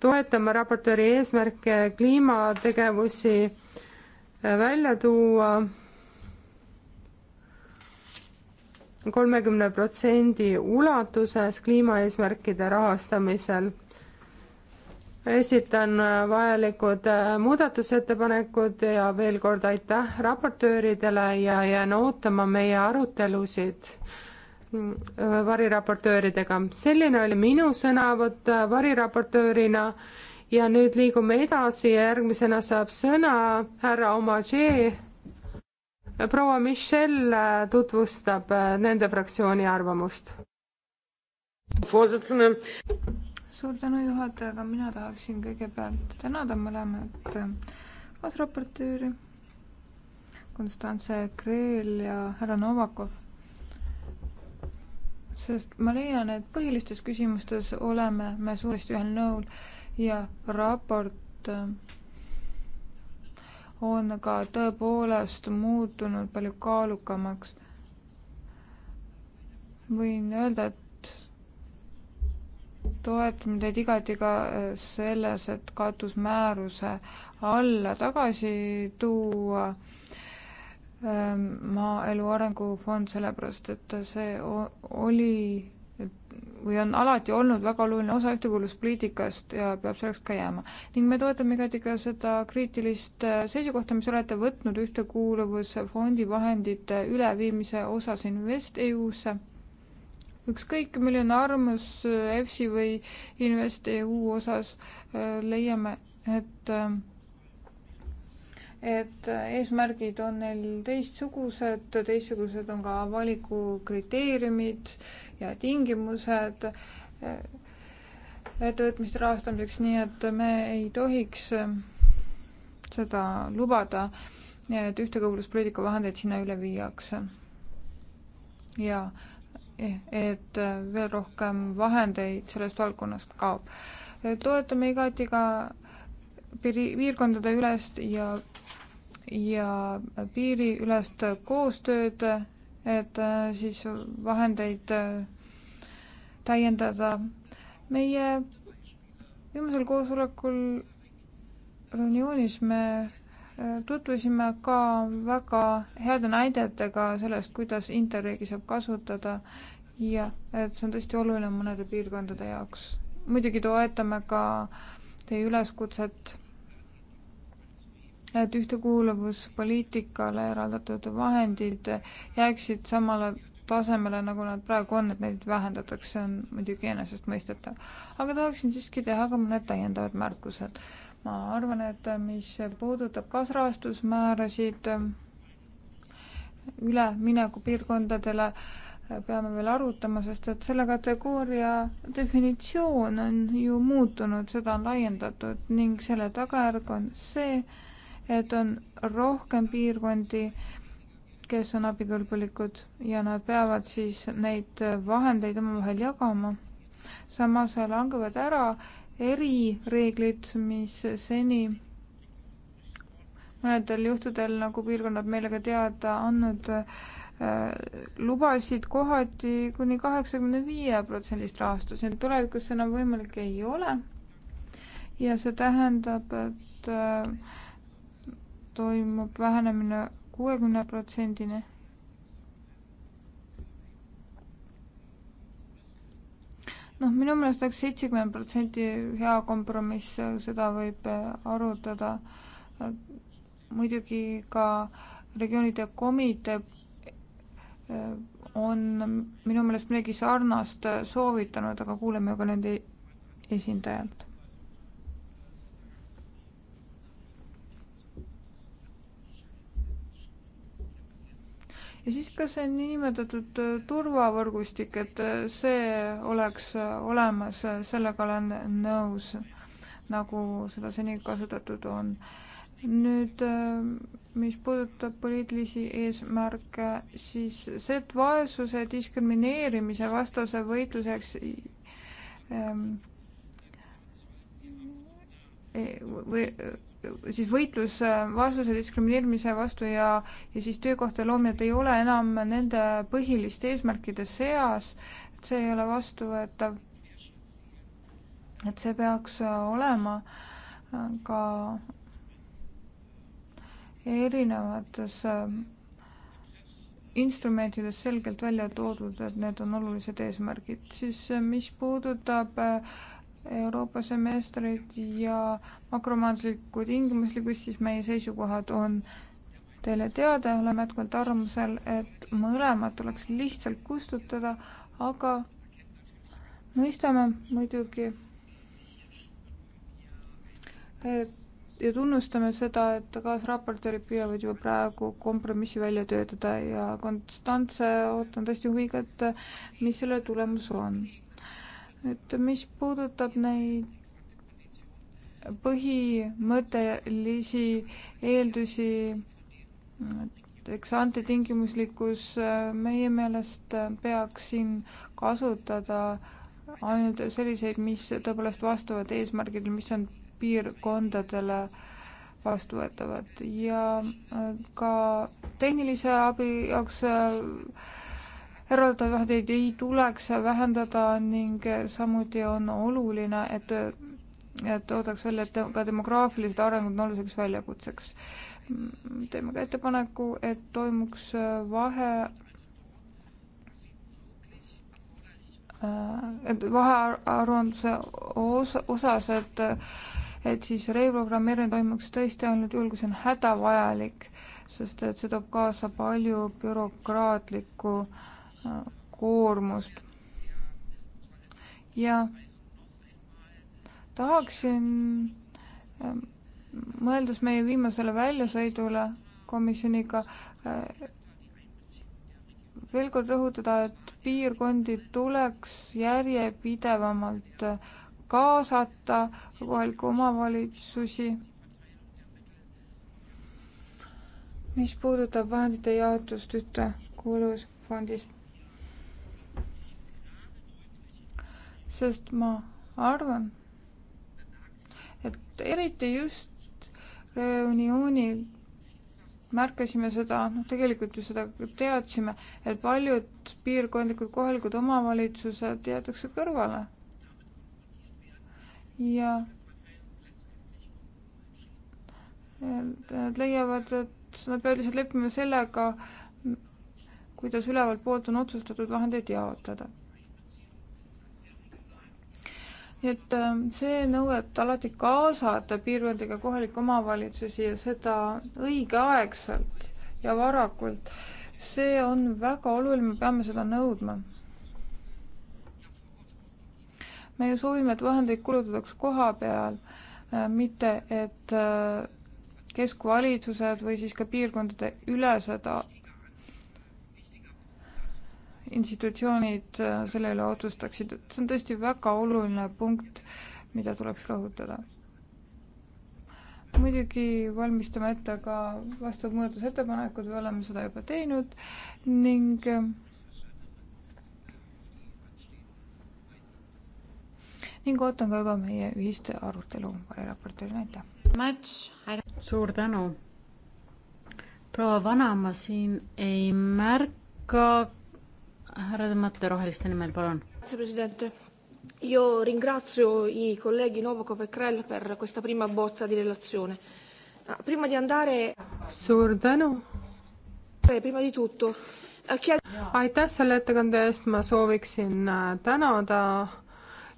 toetama raportööri eesmärke kliimategevusi eh, välja tuua kolmekümne protsendi ulatuses kliimaeesmärkide rahastamisel. esitan vajalikud äh, muudatusettepanekud ja veel kord aitäh raportööridele ja jään ootama meie arutelusid äh, variraportööridega. selline oli minu sõnavõtt äh, variraportöörina ja nüüd liigume edasi ja järgmisena saab sõna härra Omažee proua Michelle tutvustab äh, nende fraktsiooni arvamust. suur tänu, juhataja, aga mina tahaksin kõigepealt tänada mõlemat äh, kaasraportööri Konstantse Kreel ja härra Novakov. sest ma leian, et põhilistes küsimustes oleme me suuresti ühel nõul ja raport äh, on ka tõepoolest muutunud palju kaalukamaks. võin öelda, et toetame teid igati ka äh, selles, et katusmääruse alla tagasi tuua ähm, maaelu arengufond, sellepärast et see oli või on alati olnud väga oluline osa ühtekuuluvuspoliitikast ja peab selleks ka jääma. ning me toetame igati ka seda kriitilist äh, seisukohta, mis olete võtnud ühtekuuluvusfondi vahendite üleviimise osas InvestEU-sse. ükskõik, milline armus äh, EFSI või InvestEU osas äh, leiame, et äh, et eesmärgid on neil teistsugused, teistsugused on ka valikukriteeriumid ja tingimused eh, ettevõtmiste rahastamiseks, nii et me ei tohiks seda lubada, et ühtekõlbluspoliitika vahendeid sinna üle viiakse. ja eh, et veel rohkem vahendeid sellest valdkonnast kaob. toetame igati ka piirkondade ülest ja, ja piiriülest koostööd, et äh, siis vahendeid äh, täiendada. meie viimasel koosolekul reunioonis me äh, tutvusime ka väga heade näidetega sellest, kuidas Interregi saab kasutada ja et see on tõesti oluline mõnede piirkondade jaoks. muidugi toetame ka teie üleskutset et ühtekuuluvuspoliitikale eraldatud vahendid jääksid samale tasemele, nagu nad praegu on, et neid vähendatakse, see on muidugi enesestmõistetav. aga tahaksin siiski teha ka mõned täiendavad märkused. ma arvan, et mis puudutab kaasrahastusmäärasid üleminekupiirkondadele, peame veel arutama, sest et selle kategooria definitsioon on ju muutunud, seda on laiendatud ning selle tagajärg on see, et on rohkem piirkondi, kes on abikõlbulikud ja nad peavad siis neid vahendeid omavahel jagama. samas langevad ära erireeglid, mis seni mõnedel juhtudel, nagu piirkonnad meile ka teada andnud, äh, lubasid kohati kuni kaheksakümne viie protsendist rahastust, nii et tulevikus see enam võimalik ei ole. ja see tähendab, et äh, toimub vähenemine kuuekümne protsendini. noh, minu meelest oleks seitsekümmend protsenti hea kompromiss, seda võib arutada. muidugi ka regioonide komitee on minu meelest midagi sarnast soovitanud, aga kuuleme ju ka nende esindajalt. ja siis ka see niinimetatud äh, turvavõrgustik, et äh, see oleks äh, olemas, sellega olen nõus, nagu seda seni kasutatud on. nüüd, mis puudutab poliitilisi eesmärke, siis see, et vaesuse diskrimineerimise vastase võitluseks ähm, e, või siis võitlus äh, vastuse diskrimineerimise vastu ja, ja siis töökohtade loomine, et ei ole enam nende põhiliste eesmärkide seas, et see ei ole vastuvõetav. et see peaks äh, olema äh, ka erinevates instrumentides selgelt välja toodud, et need on olulised eesmärgid. siis mis puudutab äh, Euroopa semestrit ja makromajanduslikku tingimuslikkust, siis meie seisukohad on teile teada, oleme jätkuvalt arvamusel, et mõlemad tuleks lihtsalt kustutada, aga mõistame muidugi et ja tunnustame seda, et kaasraportöörid püüavad juba praegu kompromissi välja töötada ja Konstantse ootan tõesti huviga, et mis selle tulemus on nüüd, mis puudutab neid põhimõttelisi eeldusi, eks antitingimuslikkus meie meelest peaks siin kasutada ainult selliseid, mis tõepoolest vastavad eesmärgile, mis on piirkondadele vastuvõetavad ja ka tehnilise abi jaoks äh, eraldatav vahendeid ei tuleks vähendada ning samuti on oluline, et et oodaks välja, et ka demograafilised arengud on oluliseks väljakutseks. teeme ka ettepaneku, et toimuks vahe et vahearuandluse osa, osas, et et siis reprogrammeerimine toimuks tõesti ainult juhul, kui see on hädavajalik, sest et see toob kaasa palju bürokraatlikku äh, koormust. ja tahaksin ähm, mõeldes meie viimasele väljasõidule komisjoniga äh, veel kord rõhutada, et piirkondi tuleks järjepidevamalt äh, kaasata, kohalikke omavalitsusi. mis puudutab vahendite jaotust ühte kuuluvusfondist, sest ma arvan, et eriti just reuniooni märkasime seda, noh, tegelikult ju seda teadsime, et paljud piirkondlikud kohalikud omavalitsused jäetakse kõrvale. ja nad leiavad, et nad peavad lihtsalt leppima sellega, kuidas ülevalt poolt on otsustatud vahendeid jaotada nii et ähm, see nõue, et alati kaasata piirkondlikke kohalikke omavalitsusi ja seda õigeaegselt ja varakult, see on väga oluline, me peame seda nõudma. me ju soovime, et vahendeid kulutataks koha peal, äh, mitte et äh, keskvalitsused või siis ka piirkondade ülesed institutsioonid äh, selle üle otsustaksid, et see on tõesti väga oluline punkt, mida tuleks rõhutada. muidugi valmistame ette ka vastavad muudatusettepanekud, me oleme seda juba teinud ning äh, ning ootan ka juba meie ühist arutelu variraportöörina, aitäh! suur tänu! proua Vana ma siin ei märka, härra Tõmmata Roheliste nimel, palun. Io ringrazio i colleghi Novakov e Krell per questa prima bozza di relazione. Prima di andare... suur tänu! Eh, prima di tutto eh, aitäh selle ettekande eest, ma sooviksin eh, tänada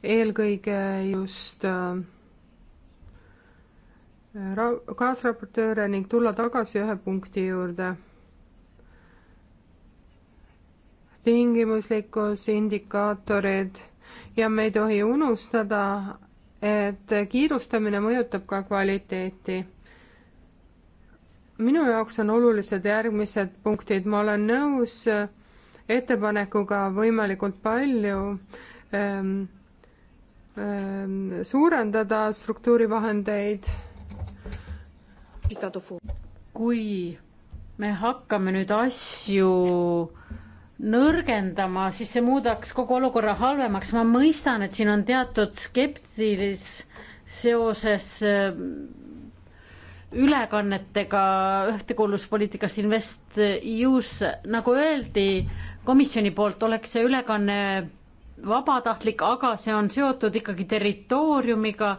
eelkõige just kaasraportööre ning tulla tagasi ühe punkti juurde tingimuslikkus, indikaatorid ja me ei tohi unustada, et kiirustamine mõjutab ka kvaliteeti. minu jaoks on olulised järgmised punktid, ma olen nõus ettepanekuga võimalikult palju ähm, ähm, suurendada struktuurivahendeid. kui me hakkame nüüd asju nõrgendama, siis see muudaks kogu olukorra halvemaks. ma mõistan, et siin on teatud skeptilis seoses äh, ülekannetega ühtekuuluvuspoliitikast Invest EU-sse. nagu öeldi komisjoni poolt, oleks see ülekanne vabatahtlik, aga see on seotud ikkagi territooriumiga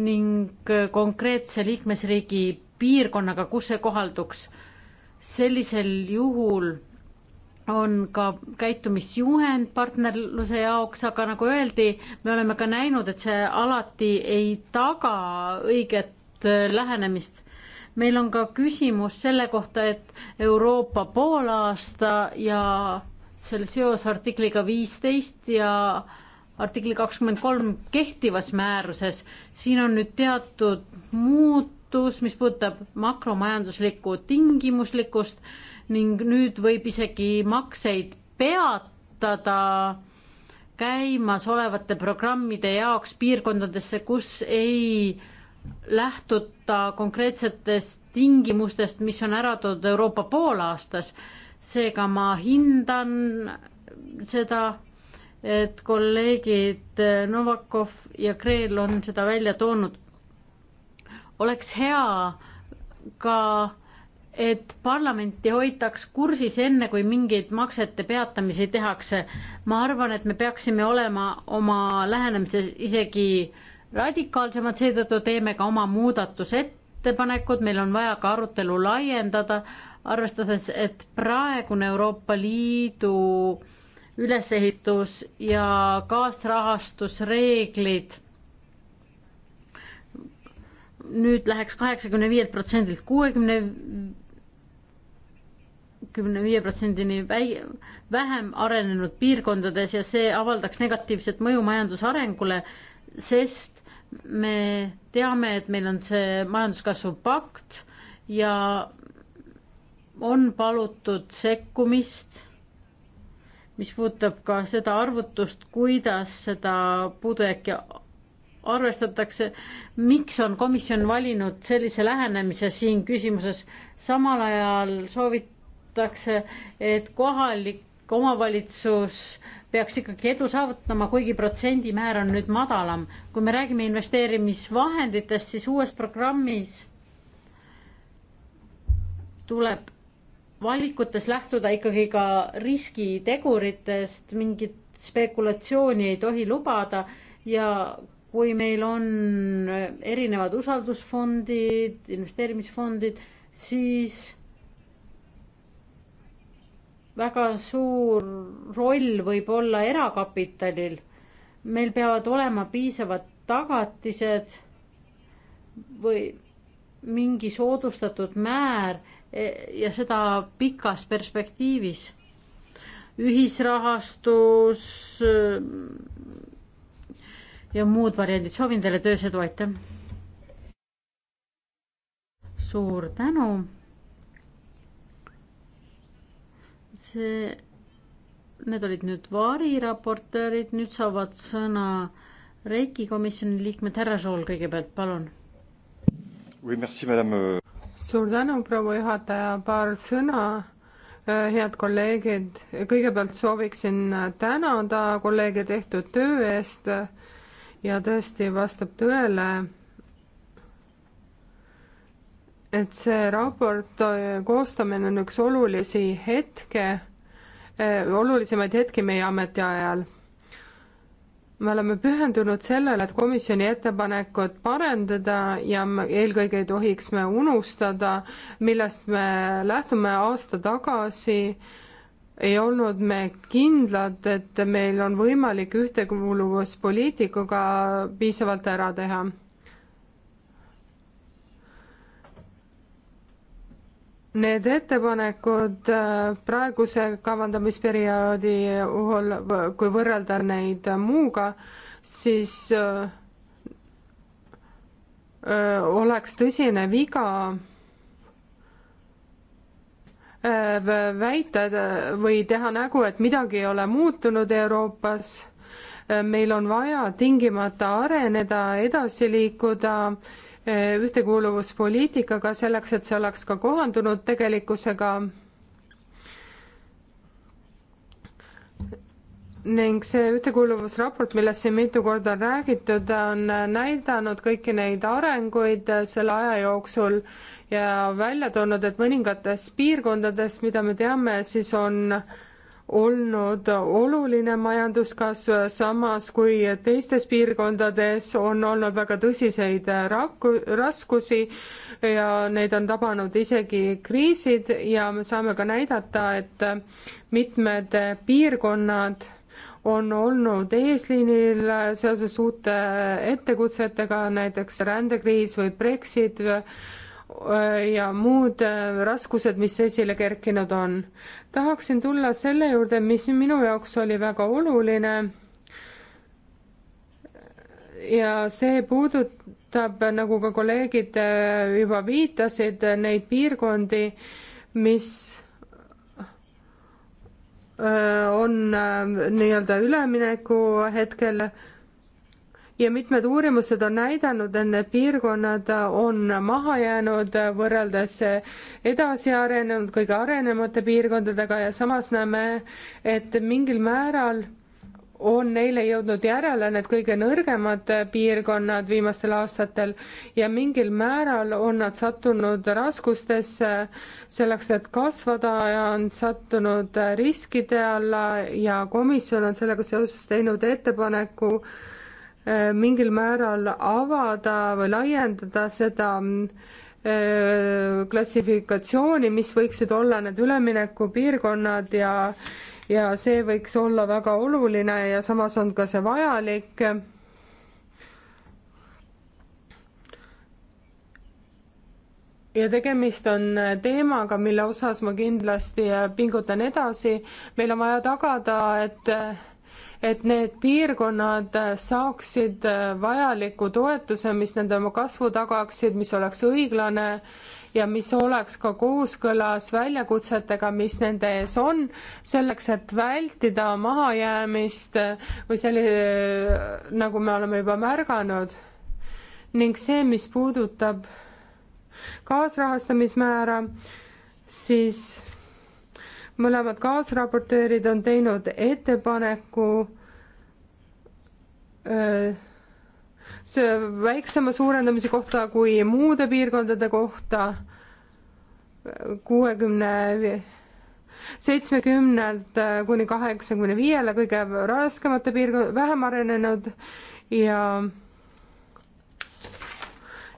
ning konkreetse liikmesriigi piirkonnaga, kus see kohalduks. sellisel juhul on ka käitumisjuhend partnerluse jaoks, aga nagu öeldi, me oleme ka näinud, et see alati ei taga õiget äh, lähenemist. meil on ka küsimus selle kohta, et Euroopa poolaasta ja selle seos artikliga viisteist ja artikli kakskümmend kolm kehtivas määruses, siin on nüüd teatud muutus, mis puudutab makromajanduslikku tingimuslikkust ning nüüd võib isegi makseid peatada käimasolevate programmide jaoks piirkondadesse, kus ei lähtuta konkreetsetest tingimustest, mis on ära toodud Euroopa poolaastas. seega ma hindan seda, et kolleegid Novakov ja Kreel on seda välja toonud. oleks hea ka et parlamenti hoitaks kursis enne, kui mingeid maksete peatamisi tehakse. ma arvan, et me peaksime olema oma lähenemises isegi radikaalsemad, seetõttu teeme ka oma muudatusettepanekud, meil on vaja ka arutelu laiendada, arvestades, et praegune Euroopa Liidu ülesehitus ja kaasrahastusreeglid nüüd läheks kaheksakümne viielt protsendilt kuuekümne kümne viie protsendini vähem arenenud piirkondades ja see avaldaks negatiivset mõju majanduse arengule, sest me teame, et meil on see majanduskasvu pakt ja on palutud sekkumist, mis puudutab ka seda arvutust, kuidas seda puudujääki arvestatakse, miks on komisjon valinud sellise lähenemise siin küsimuses, samal ajal soovit-, arvatakse, et kohalik omavalitsus peaks ikkagi edu saavutama, kuigi protsendimäär on nüüd madalam. kui me räägime investeerimisvahenditest, siis uues programmis tuleb valikutes lähtuda ikkagi ka riskiteguritest, mingit spekulatsiooni ei tohi lubada ja kui meil on erinevad usaldusfondid, investeerimisfondid, siis väga suur roll võib olla erakapitalil. meil peavad olema piisavad tagatised või mingi soodustatud määr e, ja seda pikas perspektiivis. ühisrahastus e, ja muud variandid, soovin teile töös edu, aitäh! suur tänu! see, need olid nüüd variraportöörid, nüüd saavad sõna Reiki komisjoni liikmed, härra Žool kõigepealt, palun oui,. suur tänu, proua juhataja, paar sõna äh, head kolleegid, kõigepealt sooviksin äh, tänada kolleege tehtud töö eest äh, ja tõesti vastab tõele, et see raport äh, koostamine on üks olulisi hetke, äh, olulisemaid hetki meie ametiajal. me oleme pühendunud sellele, et komisjoni ettepanekut parendada ja eelkõige ei tohiks me unustada, millest me lähtume aasta tagasi ei olnud me kindlad, et meil on võimalik ühtekuuluvuspoliitikaga piisavalt ära teha. Need ettepanekud äh, praeguse kavandamisperioodi puhul, kui võrrelda neid muuga, siis öö, äh, oleks tõsine viga äh, väita või teha nägu, et midagi ei ole muutunud Euroopas. meil on vaja tingimata areneda, edasi liikuda Eh, ühtekuuluvuspoliitikaga selleks, et see oleks ka kohandunud tegelikkusega. ning see ühtekuuluvusraport, millest siin mitu korda on räägitud, on näidanud kõiki neid arenguid selle aja jooksul ja välja toonud, et mõningates piirkondades, mida me teame, siis on äh, olnud oluline majanduskasv, samas kui teistes piirkondades on olnud väga tõsiseid raku, raskusi ja neid on tabanud isegi kriisid ja me saame ka näidata, et mitmed piirkonnad on olnud eesliinil seoses uute ettekutsetega, näiteks rändekriis või Brexit Äh, ja muud äh, raskused, mis esile kerkinud on. tahaksin tulla selle juurde, mis minu jaoks oli väga oluline. ja see puudutab, nagu ka kolleegid äh, juba viitasid, neid piirkondi, mis on nii-öelda ülemineku hetkel ja mitmed uurimused on näidanud, et need piirkonnad on maha jäänud võrreldes edasi arenenud, kõige arenemate piirkondadega ja samas näeme, et mingil määral on neile jõudnud järele need kõige nõrgemad piirkonnad viimastel aastatel ja mingil määral on nad sattunud raskustesse selleks, et kasvada ja on sattunud riskide alla ja komisjon on sellega seoses teinud ettepaneku äh, Äh, mingil määral avada või laiendada seda äh, klassifikatsiooni, mis võiksid olla need üleminekupiirkonnad ja ja see võiks olla väga oluline ja samas on ka see vajalik ja tegemist on teemaga, mille osas ma kindlasti pingutan edasi. meil on vaja tagada, et et need piirkonnad saaksid vajaliku toetuse, mis nende oma kasvu tagaksid, mis oleks õiglane ja mis oleks ka kooskõlas väljakutsetega, mis nende ees on, selleks, et vältida mahajäämist või selli-, nagu me oleme juba märganud. ning see, mis puudutab kaasrahastamismäära, siis mõlemad kaasraportöörid on teinud ettepaneku see väiksema suurendamise kohta kui muude piirkondade kohta kuuekümne seitsmekümnelt kuni kaheksakümne viiele kõige raskemate piirkond, vähem arenenud ja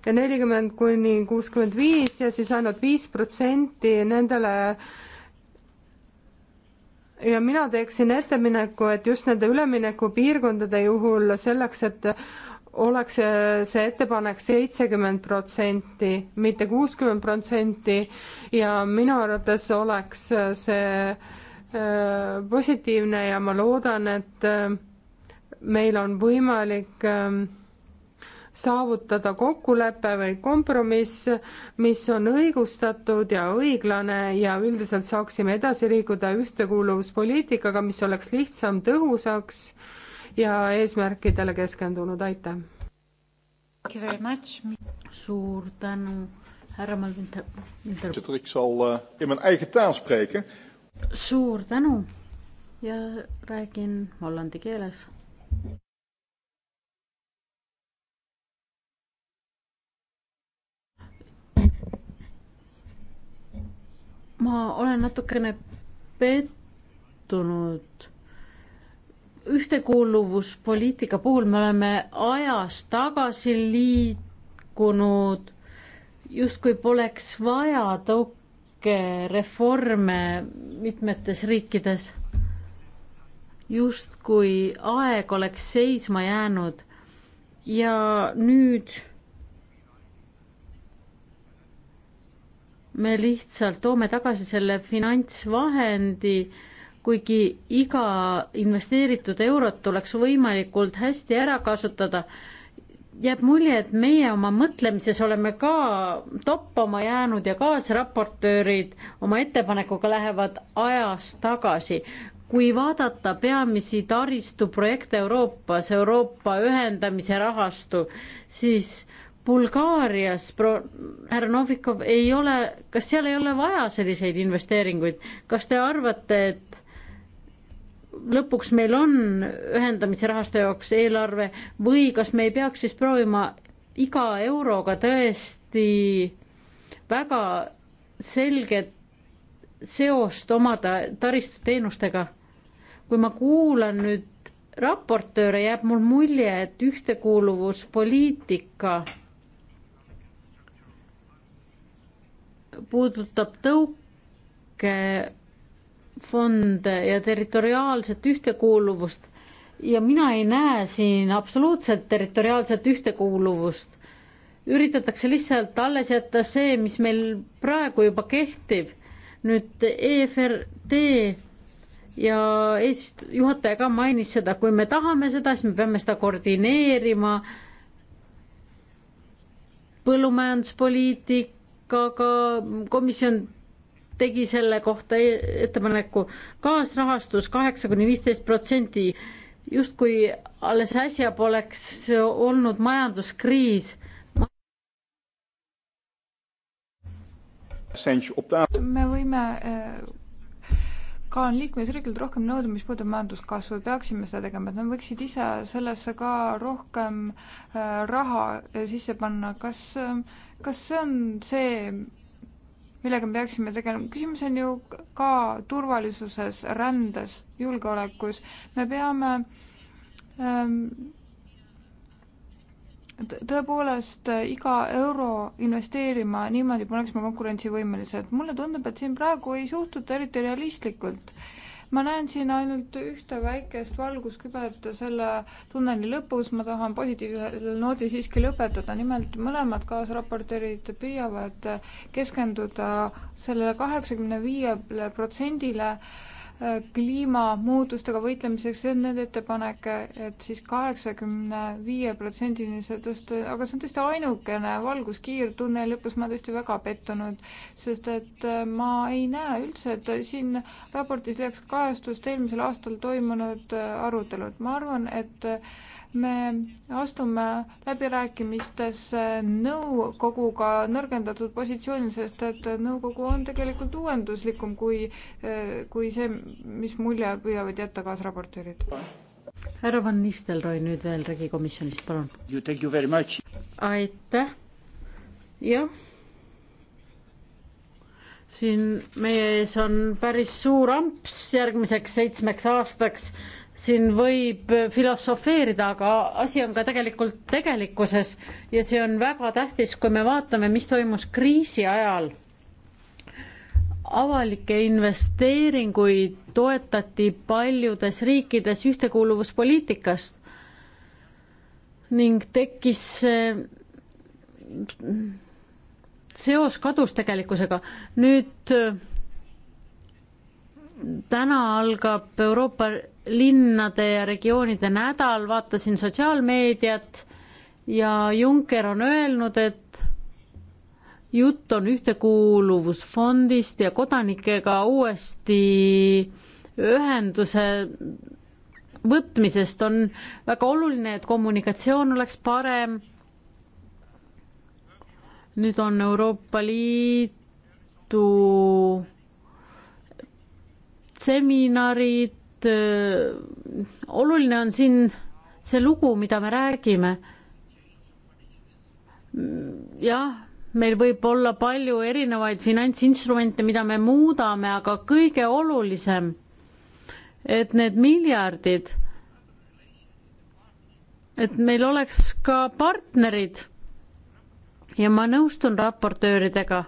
ja nelikümmend kuni kuuskümmend viis ja siis ainult viis protsenti nendele äh, ja mina teeksin ettemineku, et just nende üleminekupiirkondade juhul selleks, et oleks see ettepanek seitsekümmend protsenti, mitte kuuskümmend protsenti ja minu arvates oleks see äh, positiivne ja ma loodan, et äh, meil on võimalik äh, saavutada kokkulepe või kompromiss, mis on õigustatud ja õiglane ja üldiselt saaksime edasi liikuda ühtekuuluvuspoliitikaga, mis oleks lihtsam, tõhusaks ja eesmärkidele keskendunud, aitäh! suur tänu, härra Malvinter. Ik zal uh, in mijn eigen taal spreken. suur tänu ja räägin hollandi keeles ma olen natukene pettunud. ühtekuuluvuspoliitika puhul me oleme ajas tagasi liikunud, justkui poleks vaja tõukereforme mitmetes riikides. justkui aeg oleks seisma jäänud ja nüüd me lihtsalt toome tagasi selle finantsvahendi, kuigi iga investeeritud eurot tuleks võimalikult hästi ära kasutada, jääb mulje, et meie oma mõtlemises oleme ka toppama jäänud ja kaasraportöörid oma ettepanekuga lähevad ajas tagasi. kui vaadata peamisi taristuprojekte Euroopas, Euroopa ühendamise rahastu, siis Bulgaarias pro-, härra Novikov, ei ole, kas seal ei ole vaja selliseid investeeringuid, kas te arvate, et lõpuks meil on ühendamise rahastu jaoks eelarve või kas me ei peaks siis proovima iga euroga tõesti väga selget seost omada taristuteenustega. kui ma kuulan nüüd raportööre, jääb mul mulje, et ühtekuuluvuspoliitika puudutab tõukefonde ja territoriaalset ühtekuuluvust ja mina ei näe siin absoluutselt territoriaalset ühtekuuluvust. üritatakse lihtsalt alles jätta see, mis meil praegu juba kehtib. nüüd EFRD ja eest-, juhataja ka mainis seda, kui me tahame seda, siis me peame seda koordineerima. põllumajanduspoliitik, ka, ka komisjon tegi selle kohta e-, ettepaneku kaasrahastus kaheksa kuni viisteist protsenti, justkui alles äsja poleks olnud majanduskriis. me võime äh, ka on liikmesriigilt rohkem nõudnud, mis puudutab majanduskasvu, peaksime seda tegema, et nad võiksid ise sellesse ka rohkem äh, raha äh, sisse panna, kas, äh, kas see on see, millega me peaksime tegelema, küsimus on ju ka turvalisuses, rändes, julgeolekus, me peame ähm, tõepoolest äh, iga euro investeerima niimoodi, et me oleksime konkurentsivõimelised. mulle tundub, et siin praegu ei suhtuta eriti realistlikult. ma näen siin ainult ühte väikest valguskübet selle tunneli lõpus, ma tahan positiivsel noodil siiski lõpetada, nimelt mõlemad kaasraportöörid püüavad keskenduda sellele kaheksakümne viiele protsendile, kliimamuutustega võitlemiseks, see on nende ettepanek, et siis kaheksakümne viie protsendini see tõsta, aga see on tõesti ainukene valguskiir tunneli lõpus, ma tõesti väga pettunud, sest et äh, ma ei näe üldse, et siin raportis leiaks kajastust eelmisel aastal toimunud äh, arutelud, ma arvan, et me astume läbirääkimistes nõukoguga nõrgendatud positsioonil, sest et nõukogu on tegelikult uuenduslikum kui, kui see, mis mulje püüavad jätta kaasraportöörid. härra Van Nistelrooy nüüd veel Regi komisjonist, palun. aitäh, jah siin meie ees on päris suur amps järgmiseks seitsmeks aastaks siin võib filosofeerida, aga asi on ka tegelikult tegelikkuses ja see on väga tähtis, kui me vaatame, mis toimus kriisi ajal. avalikke investeeringuid toetati paljudes riikides ühtekuuluvuspoliitikast ning tekkis seos kadus tegelikkusega. nüüd täna algab Euroopa linnade ja regioonide nädal, vaatasin sotsiaalmeediat ja Juncker on öelnud, et jutt on ühtekuuluvusfondist ja kodanikega uuesti ühenduse võtmisest on väga oluline, et kommunikatsioon oleks parem. nüüd on Euroopa Liidu seminarid, et äh, oluline on siin see lugu, mida me räägime. jah, meil võib olla palju erinevaid finantsinstrumente, mida me muudame, aga kõige olulisem, et need miljardid, et meil oleks ka partnerid. ja ma nõustun raportööridega,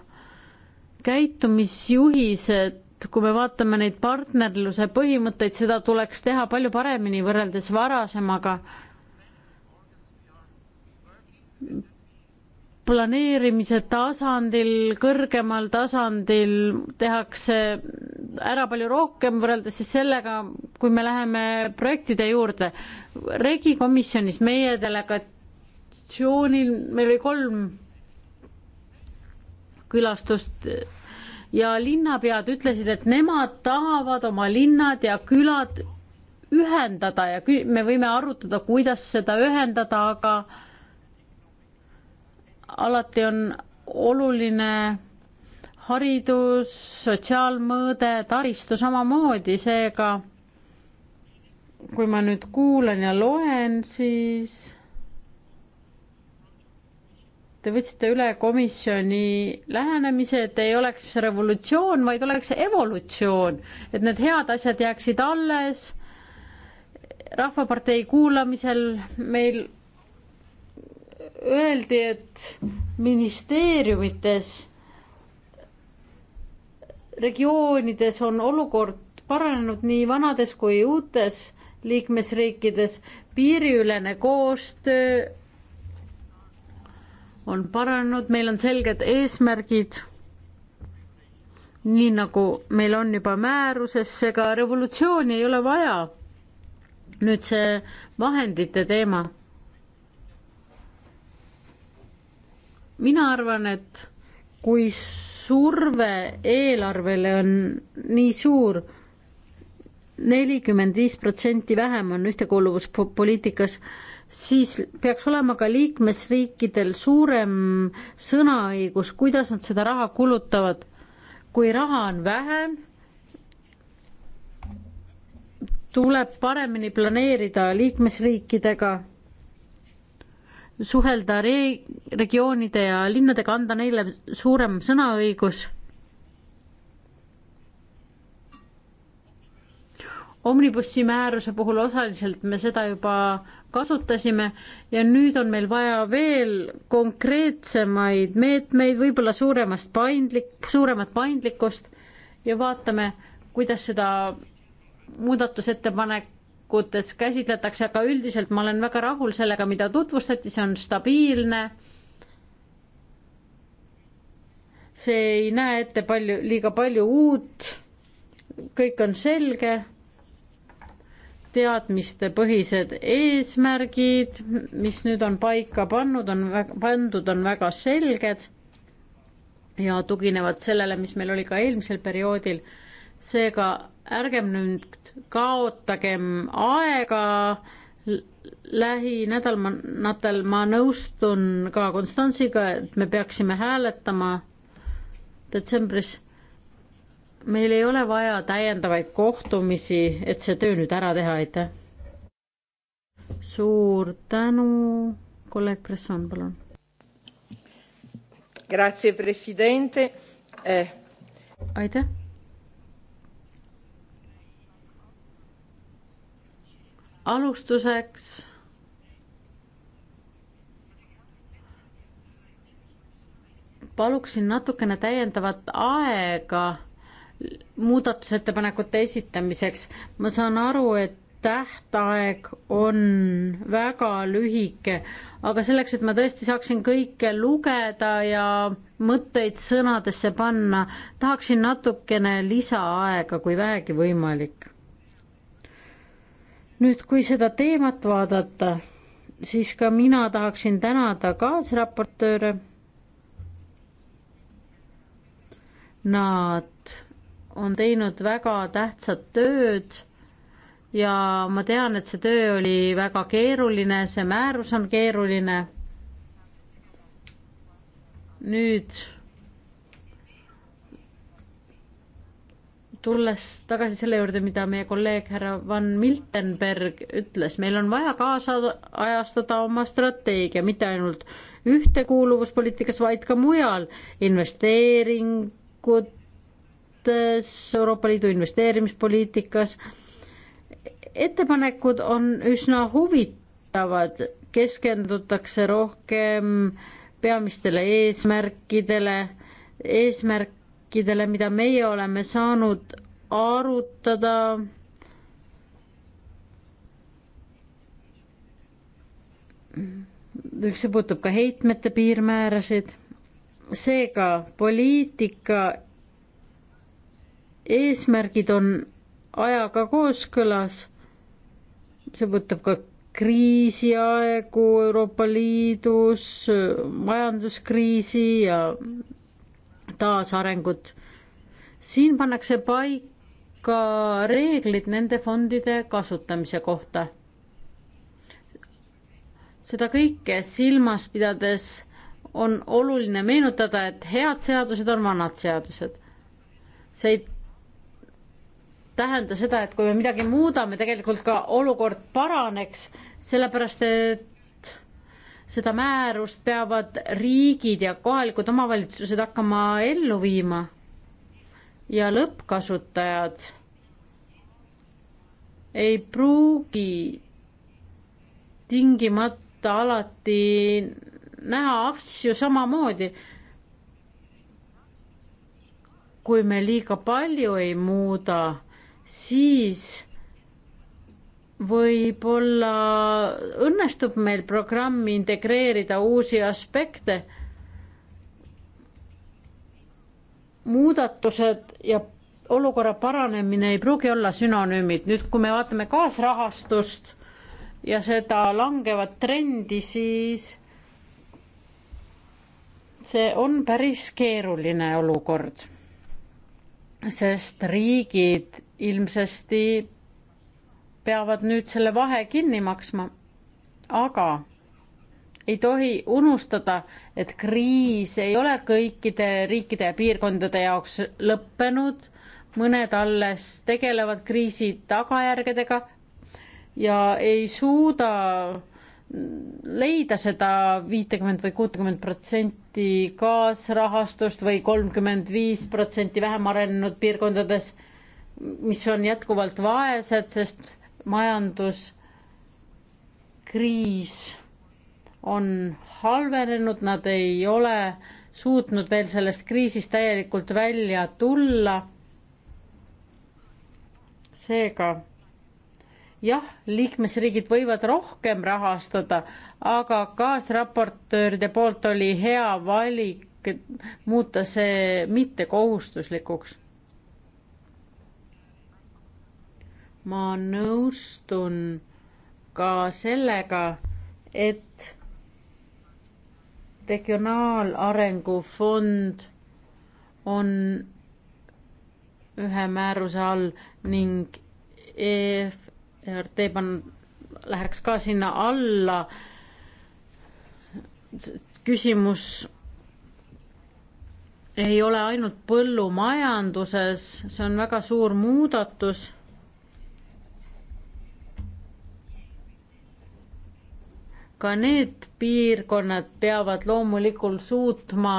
käitumisjuhised et kui me vaatame neid partnerluse põhimõtteid, seda tuleks teha palju paremini võrreldes varasemaga. planeerimise tasandil, kõrgemal tasandil tehakse ära palju rohkem võrreldes siis sellega, kui me läheme projektide juurde. regikomisjonis meie delegatsioonil, meil oli kolm külastust ja linnapead ütlesid, et nemad tahavad oma linnad ja külad ühendada ja me võime arutada, kuidas seda ühendada, aga alati on oluline haridus, sotsiaalmõõde, taristu samamoodi, seega kui ma nüüd kuulan ja loen, siis Te võtsite üle komisjoni lähenemise, et ei oleks revolutsioon, vaid oleks evolutsioon, et need head asjad jääksid alles. rahvapartei kuulamisel meil öeldi, et ministeeriumites, regioonides on olukord paranenud nii vanades kui uutes liikmesriikides, piiriülene koostöö on paranenud, meil on selged eesmärgid, nii nagu meil on juba määruses, ega revolutsiooni ei ole vaja. nüüd see vahendite teema. mina arvan, et kui surve eelarvele on nii suur, nelikümmend viis protsenti vähem on ühtekuuluvuspoliitikas siis peaks olema ka liikmesriikidel suurem sõnaõigus, kuidas nad seda raha kulutavad. kui raha on vähe, tuleb paremini planeerida liikmesriikidega, suhelda re-, regioonide ja linnadega, anda neile suurem sõnaõigus. omnibussi määruse puhul osaliselt me seda juba kasutasime ja nüüd on meil vaja veel konkreetsemaid meetmeid, võib-olla suuremast paindlik, suuremat paindlikkust ja vaatame, kuidas seda muudatusettepanekutes käsitletakse, aga üldiselt ma olen väga rahul sellega, mida tutvustati, see on stabiilne. see ei näe ette palju, liiga palju uut, kõik on selge teadmistepõhised eesmärgid, mis nüüd on paika pannud, on väga, pandud, on väga selged ja tuginevad sellele, mis meil oli ka eelmisel perioodil. seega ärgem nüüd kaotagem aega lähinädalatel, ma nõustun ka Konstantsiga, et me peaksime hääletama detsembris meil ei ole vaja täiendavaid kohtumisi, et see töö nüüd ära teha, aitäh. suur tänu, kolleeg Bresson, palun. Grazie, president eh.. aitäh. alustuseks paluksin natukene täiendavat aega muudatusettepanekute esitamiseks. ma saan aru, et tähtaeg on väga lühike, aga selleks, et ma tõesti saaksin kõike lugeda ja mõtteid sõnadesse panna, tahaksin natukene lisaaega, kui vähegi võimalik. nüüd, kui seda teemat vaadata, siis ka mina tahaksin tänada kaasraportööre. Nad on teinud väga tähtsat tööd ja ma tean, et see töö oli väga keeruline, see määrus on keeruline. nüüd tulles tagasi selle juurde, mida meie kolleeg härra Van Miltenberg ütles, meil on vaja kaasajastada oma strateegia, mitte ainult ühtekuuluvuspoliitikas, vaid ka mujal investeeringud, suhetes, Euroopa Liidu investeerimispoliitikas. ettepanekud on üsna huvitavad, keskendutakse rohkem peamistele eesmärkidele, eesmärkidele, mida meie oleme saanud arutada see puudutab ka heitmete piirmäärasid. seega poliitika eesmärgid on ajaga kooskõlas. see võtab ka kriisiaegu Euroopa Liidus, majanduskriisi ja taasarengut. siin pannakse paika reeglid nende fondide kasutamise kohta. seda kõike silmas pidades on oluline meenutada, et head seadused on vanad seadused. see ei tähenda seda, et kui me midagi muudame, tegelikult ka olukord paraneks, sellepärast et seda määrust peavad riigid ja kohalikud omavalitsused hakkama ellu viima ja lõppkasutajad ei pruugi tingimata alati näha asju samamoodi kui me liiga palju ei muuda, siis võib-olla õnnestub meil programmi integreerida uusi aspekte. muudatused ja olukorra paranemine ei pruugi olla sünonüümid, nüüd kui me vaatame kaasrahastust ja seda langevat trendi, siis see on päris keeruline olukord, sest riigid ilmsesti peavad nüüd selle vahe kinni maksma. aga ei tohi unustada, et kriis ei ole kõikide riikide ja piirkondade jaoks lõppenud, mõned alles tegelevad kriisi tagajärgedega ja ei suuda leida seda viitekümmet või kuutekümmet protsenti kaasrahastust või kolmkümmend viis protsenti vähem arenenud piirkondades mis on jätkuvalt vaesed, sest majanduskriis on halvenenud, nad ei ole suutnud veel sellest kriisist täielikult välja tulla. seega jah, liikmesriigid võivad rohkem rahastada, aga kaasraportööride poolt oli hea valik muuta see mittekohustuslikuks ma nõustun ka sellega, et regionaalarengu fond on ühe määruse all ning EFRD pan-, läheks ka sinna alla. küsimus ei ole ainult põllumajanduses, see on väga suur muudatus ka need piirkonnad peavad loomulikult suutma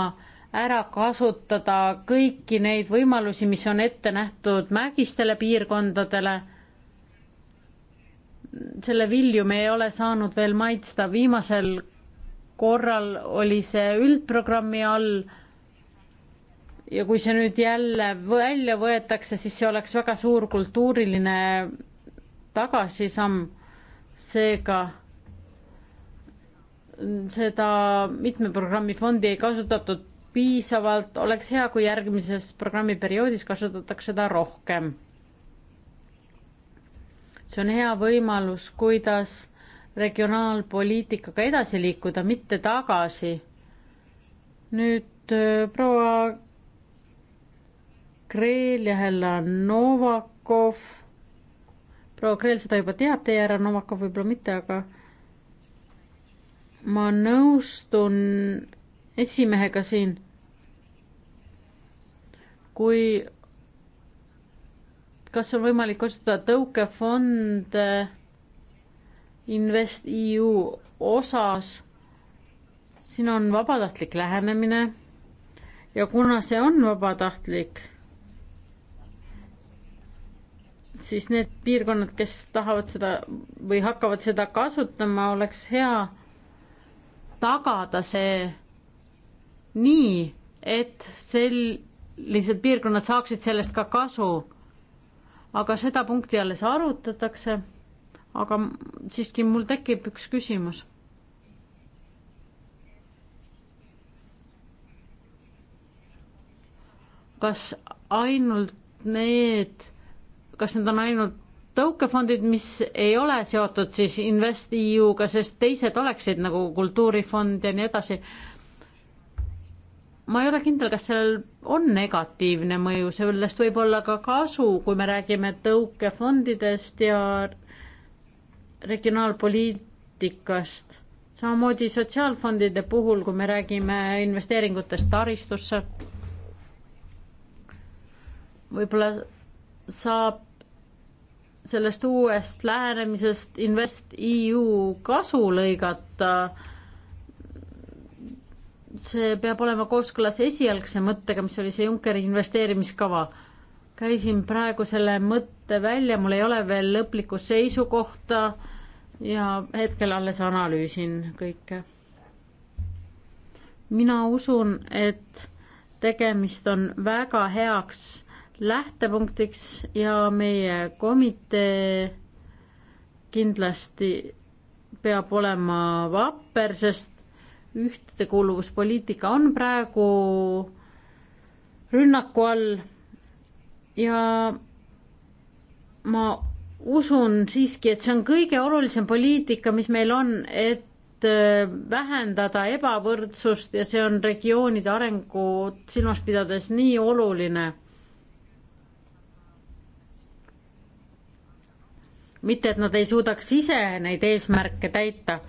ära kasutada kõiki neid võimalusi, mis on ette nähtud mägistele piirkondadele. selle vilju me ei ole saanud veel maitsta, viimasel korral oli see üldprogrammi all. ja kui see nüüd jälle välja võetakse, siis see oleks väga suur kultuuriline tagasisamm. seega seda mitme programmi fondi ei kasutatud piisavalt, oleks hea, kui järgmises programmiperioodis kasutataks seda rohkem. see on hea võimalus, kuidas regionaalpoliitikaga edasi liikuda, mitte tagasi. nüüd äh, proua Kreel ja härra Novakov. proua Kreel seda juba teab, teie härra Novakov võib-olla mitte, aga ma nõustun esimehega siin. kui, kas on võimalik kasutada tõukefonde InvestEU osas? siin on vabatahtlik lähenemine ja kuna see on vabatahtlik, siis need piirkonnad, kes tahavad seda või hakkavad seda kasutama, oleks hea tagada see nii, et sellised piirkonnad saaksid sellest ka kasu. aga seda punkti alles arutatakse. aga siiski mul tekib üks küsimus kas ainult need, kas need on ainult tõukefondid, mis ei ole seotud siis InvestEU-ga, sest teised oleksid nagu kultuurifond ja nii edasi. ma ei ole kindel, kas sellel on negatiivne mõju, sellest võib olla ka kasu, kui me räägime tõukefondidest ja regionaalpoliitikast. samamoodi sotsiaalfondide puhul, kui me räägime investeeringutest taristusse, võib-olla saab sellest uuest lähenemisest InvestEU kasu lõigata, see peab olema kooskõlas esialgse mõttega, mis oli see Junckeri investeerimiskava. käisin praegu selle mõtte välja, mul ei ole veel lõplikku seisukohta ja hetkel alles analüüsin kõike. mina usun, et tegemist on väga heaks lähtepunktiks ja meie komitee kindlasti peab olema vapper, sest ühtekuuluvuspoliitika on praegu rünnaku all ja ma usun siiski, et see on kõige olulisem poliitika, mis meil on, et äh, vähendada ebavõrdsust ja see on regioonide arengut silmas pidades nii oluline mitte et nad ei suudaks ise neid eesmärke täita.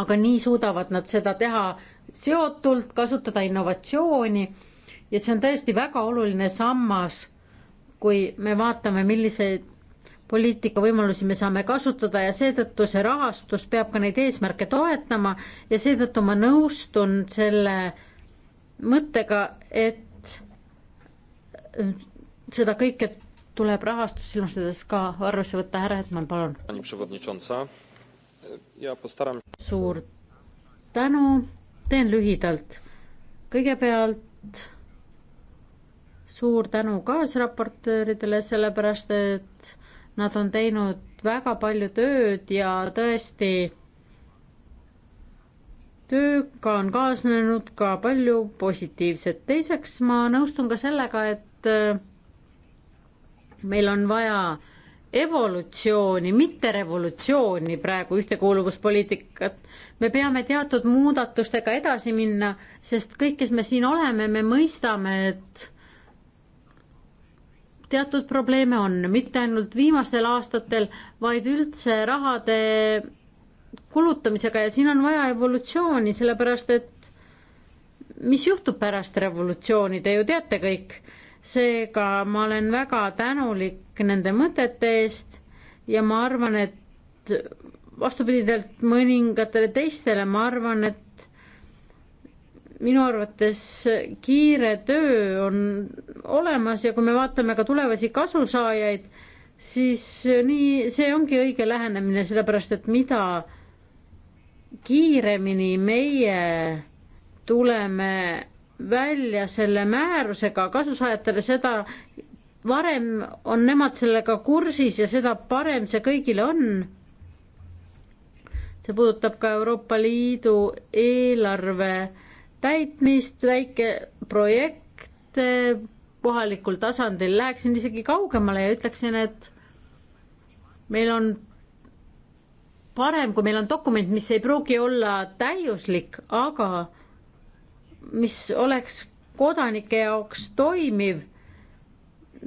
aga nii suudavad nad seda teha seotult, kasutada innovatsiooni ja see on tõesti väga oluline sammas, kui me vaatame, milliseid poliitikavõimalusi me saame kasutada ja seetõttu see rahastus peab ka neid eesmärke toetama ja seetõttu ma nõustun selle mõttega, et seda kõike tuleb rahastust silmastades ka arvesse võtta, härra Hetman, palun. suur tänu, teen lühidalt. kõigepealt suur tänu kaasraportööridele, sellepärast et nad on teinud väga palju tööd ja tõesti tööga on kaasnenud ka palju positiivset. teiseks ma nõustun ka sellega, et meil on vaja evolutsiooni, mitte revolutsiooni praegu ühtekuuluvuspoliitikat. me peame teatud muudatustega edasi minna, sest kõik, kes me siin oleme, me mõistame, et teatud probleeme on, mitte ainult viimastel aastatel, vaid üldse rahade kulutamisega ja siin on vaja evolutsiooni, sellepärast et mis juhtub pärast revolutsiooni, te ju teate kõik seega ma olen väga tänulik nende mõtete eest ja ma arvan, et vastupidiselt mõningatele teistele, ma arvan, et minu arvates kiire töö on olemas ja kui me vaatame ka tulevasi kasusaajaid, siis nii, see ongi õige lähenemine, sellepärast et mida kiiremini meie tuleme välja selle määrusega kasusaajatele, seda varem on nemad sellega kursis ja seda parem see kõigile on. see puudutab ka Euroopa Liidu eelarve täitmist, väikeprojekte kohalikul tasandil, läheksin isegi kaugemale ja ütleksin, et meil on parem, kui meil on dokument, mis ei pruugi olla täiuslik, aga mis oleks kodanike jaoks toimiv,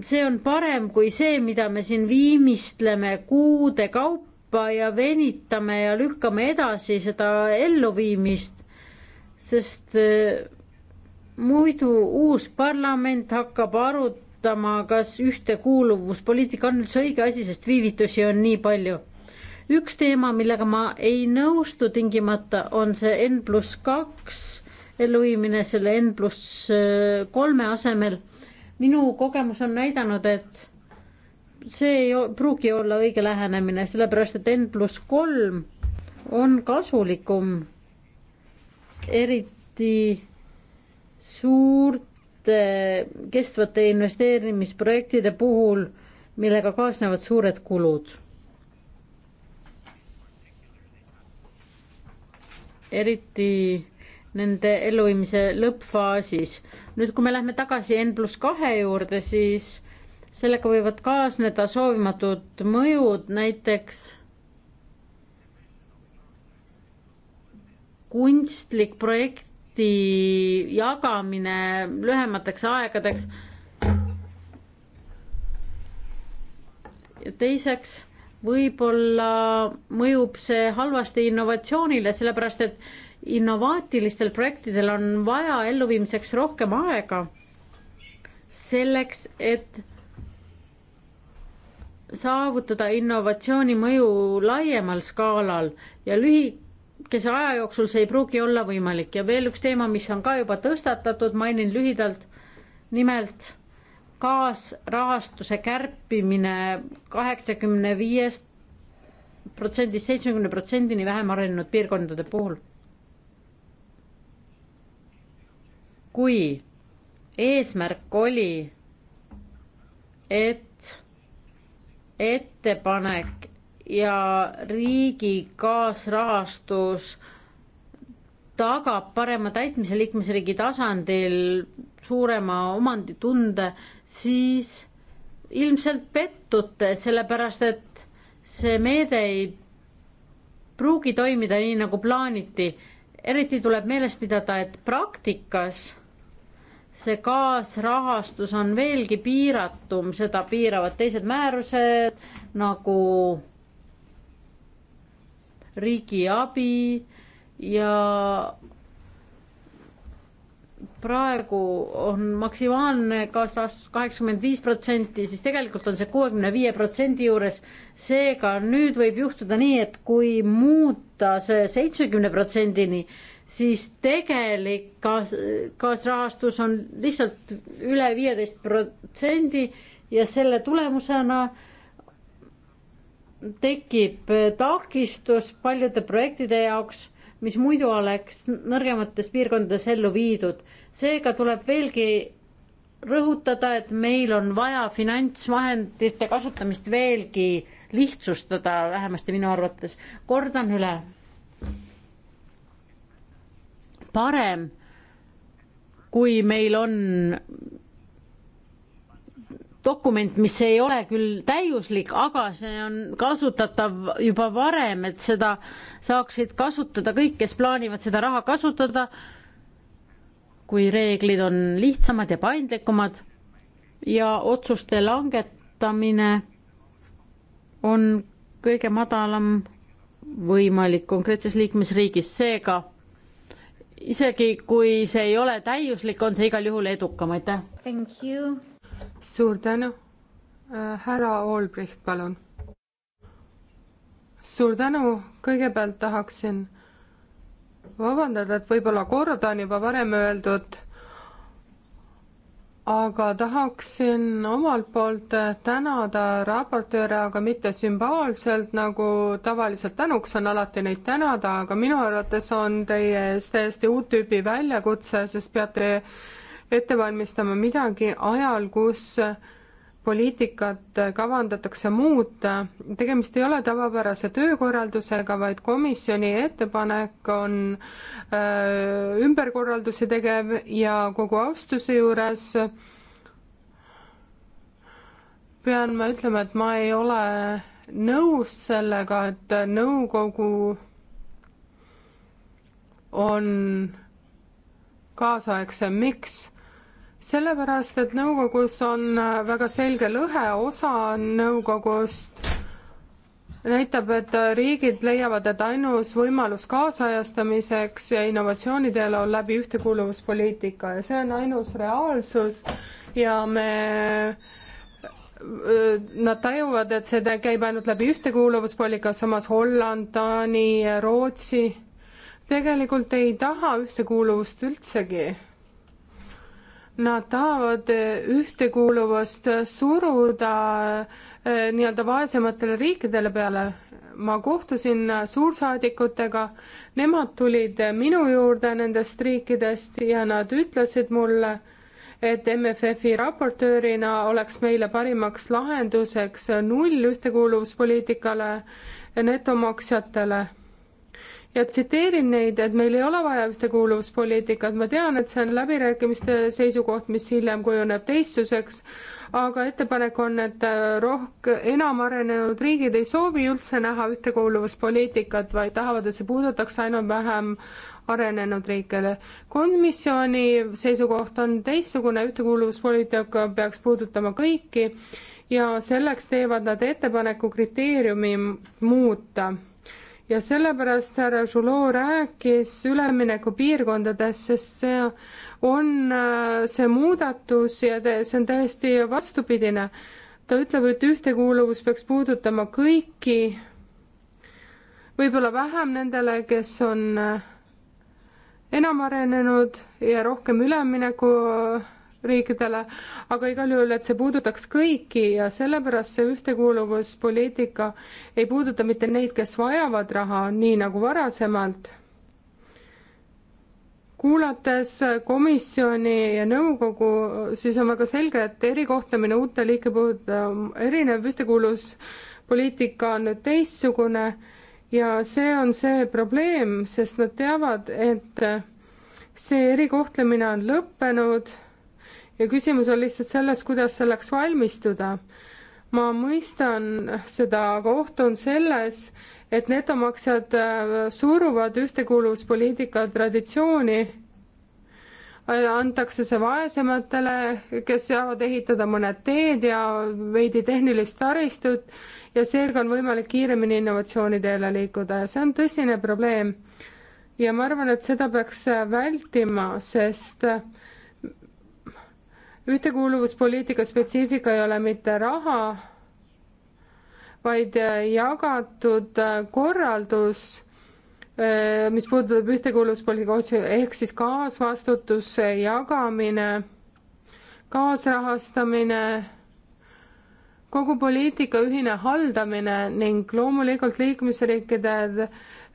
see on parem kui see, mida me siin viimistleme kuude kaupa ja venitame ja lükkame edasi seda elluviimist, sest eh, muidu uus parlament hakkab arutama, kas ühtekuuluvuspoliitika on üldse õige asi, sest viivitusi on nii palju. üks teema, millega ma ei nõustu tingimata, on see N pluss kaks elluviimine selle N pluss äh, kolme asemel. minu kogemus on näidanud, et see ei pruugi olla õige lähenemine, sellepärast et N pluss kolm on kasulikum, eriti suurte kestvate investeerimisprojektide puhul, millega kaasnevad suured kulud. eriti nende elluviimise lõppfaasis. nüüd, kui me lähme tagasi N pluss kahe juurde, siis sellega võivad kaasneda soovimatud mõjud, näiteks kunstlik projekti jagamine lühemateks aegadeks. ja teiseks võib-olla mõjub see halvasti innovatsioonile, sellepärast et innovaatilistel projektidel on vaja elluviimiseks rohkem aega, selleks et saavutada innovatsiooni mõju laiemal skaalal ja lühikese aja jooksul see ei pruugi olla võimalik ja veel üks teema, mis on ka juba tõstatatud, mainin lühidalt, nimelt kaasrahastuse kärpimine kaheksakümne viiest protsendist seitsmekümne protsendini vähem arenenud piirkondade puhul kui eesmärk oli, et ettepanek ja riigi kaasrahastus tagab parema täitmise liikmesriigi tasandil suurema omanditunde, siis ilmselt pettute, sellepärast et see meede ei pruugi toimida nii, nagu plaaniti. eriti tuleb meeles pidada, et praktikas see kaasrahastus on veelgi piiratum, seda piiravad teised määrused nagu riigiabi ja praegu on maksimaalne kaasrahastus kaheksakümmend viis protsenti, siis tegelikult on see kuuekümne viie protsendi juures. seega nüüd võib juhtuda nii, et kui muuta see seitsmekümne protsendini, siis tegelik kaas, kaasrahastus on lihtsalt üle viieteist protsendi ja selle tulemusena tekib takistus paljude projektide jaoks, mis muidu oleks nõrgemates piirkondades ellu viidud. seega tuleb veelgi rõhutada, et meil on vaja finantsvahendite kasutamist veelgi lihtsustada, vähemasti minu arvates. kordan üle parem, kui meil on dokument, mis ei ole küll täiuslik, aga see on kasutatav juba varem, et seda saaksid kasutada kõik, kes plaanivad seda raha kasutada. kui reeglid on lihtsamad ja paindlikumad ja otsuste langetamine on kõige madalam võimalik konkreetses liikmesriigis, seega isegi kui see ei ole täiuslik, on see igal juhul edukam, aitäh. suur tänu. Äh, härra Olbricht, palun. suur tänu, kõigepealt tahaksin vabandada, et võib-olla kordan juba varem öeldud, aga tahaksin omalt poolt tänada raportööre, aga mitte sümboolselt, nagu tavaliselt tänuks on alati neid tänada, aga minu arvates on teie ees täiesti uut tüüpi väljakutse, sest peate ette valmistama midagi ajal, kus poliitikat kavandatakse muuta, tegemist ei ole tavapärase töökorraldusega, vaid komisjoni ettepanek on öö, äh, ümberkorraldusi tegev ja kogu austuse juures pean ma ütlema, et ma ei ole nõus sellega, et nõukogu on kaasaegsem, miks sellepärast, et nõukogus on äh, väga selge lõhe, osa nõukogust näitab, et äh, riigid leiavad, et ainus võimalus kaasajastamiseks ja innovatsioonidel on läbi ühtekuuluvuspoliitika ja see on ainus reaalsus ja me äh, Nad tajuvad, et see käib ainult läbi ühtekuuluvuspoliitika, samas Holland, Taani, Rootsi tegelikult ei taha ühtekuuluvust üldsegi Nad tahavad eh, ühtekuuluvust suruda eh, nii-öelda vaesematele riikidele peale. ma kohtusin suursaadikutega, nemad tulid minu juurde nendest riikidest ja nad ütlesid mulle, et MFF-i raportöörina oleks meile parimaks lahenduseks null ühtekuuluvuspoliitikale netomaksjatele ja tsiteerin neid, et meil ei ole vaja ühtekuuluvuspoliitikat, ma tean, et see on läbirääkimiste seisukoht, mis hiljem kujuneb teistsuseks, aga ettepanek on, et rohk-, enam arenenud riigid ei soovi üldse näha ühtekuuluvuspoliitikat, vaid tahavad, et see puudutaks ainult vähem arenenud riikidele. komisjoni seisukoht on teistsugune, ühtekuuluvuspoliitika peaks puudutama kõiki ja selleks teevad nad ettepaneku kriteeriumi muuta ja sellepärast härra Žulov rääkis üleminekupiirkondadest, sest see on äh, see muudatus ja see on täiesti vastupidine. ta ütleb, et ühtekuuluvus peaks puudutama kõiki, võib-olla vähem nendele, kes on äh, enam arenenud ja rohkem ülemineku riikidele, aga igal juhul, et see puudutaks kõiki ja sellepärast see ühtekuuluvuspoliitika ei puuduta mitte neid, kes vajavad raha, nii nagu varasemalt kuulates komisjoni ja nõukogu, siis on väga selge, et erikohtlemine uute liike puhul erinev, ühtekuuluvuspoliitika on nüüd teistsugune ja see on see probleem, sest nad teavad, et see erikohtlemine on lõppenud ja küsimus on lihtsalt selles, kuidas selleks valmistuda. ma mõistan seda, aga oht on selles, et netomaksjad äh, suruvad ühtekuuluvuspoliitika traditsiooni, äh, antakse see vaesematele, kes saavad ehitada mõned teed ja veidi tehnilist taristut ja seega on võimalik kiiremini innovatsiooni teele liikuda ja see on tõsine probleem. ja ma arvan, et seda peaks vältima, sest äh, ühtekuuluvuspoliitika spetsiifika ei ole mitte raha, vaid äh, jagatud äh, korraldus, äh, mis puudutab ühtekuuluvuspoliitika otsi-, ehk siis kaasvastutuse jagamine, kaasrahastamine, kogu poliitika ühine haldamine ning loomulikult liikmesriikide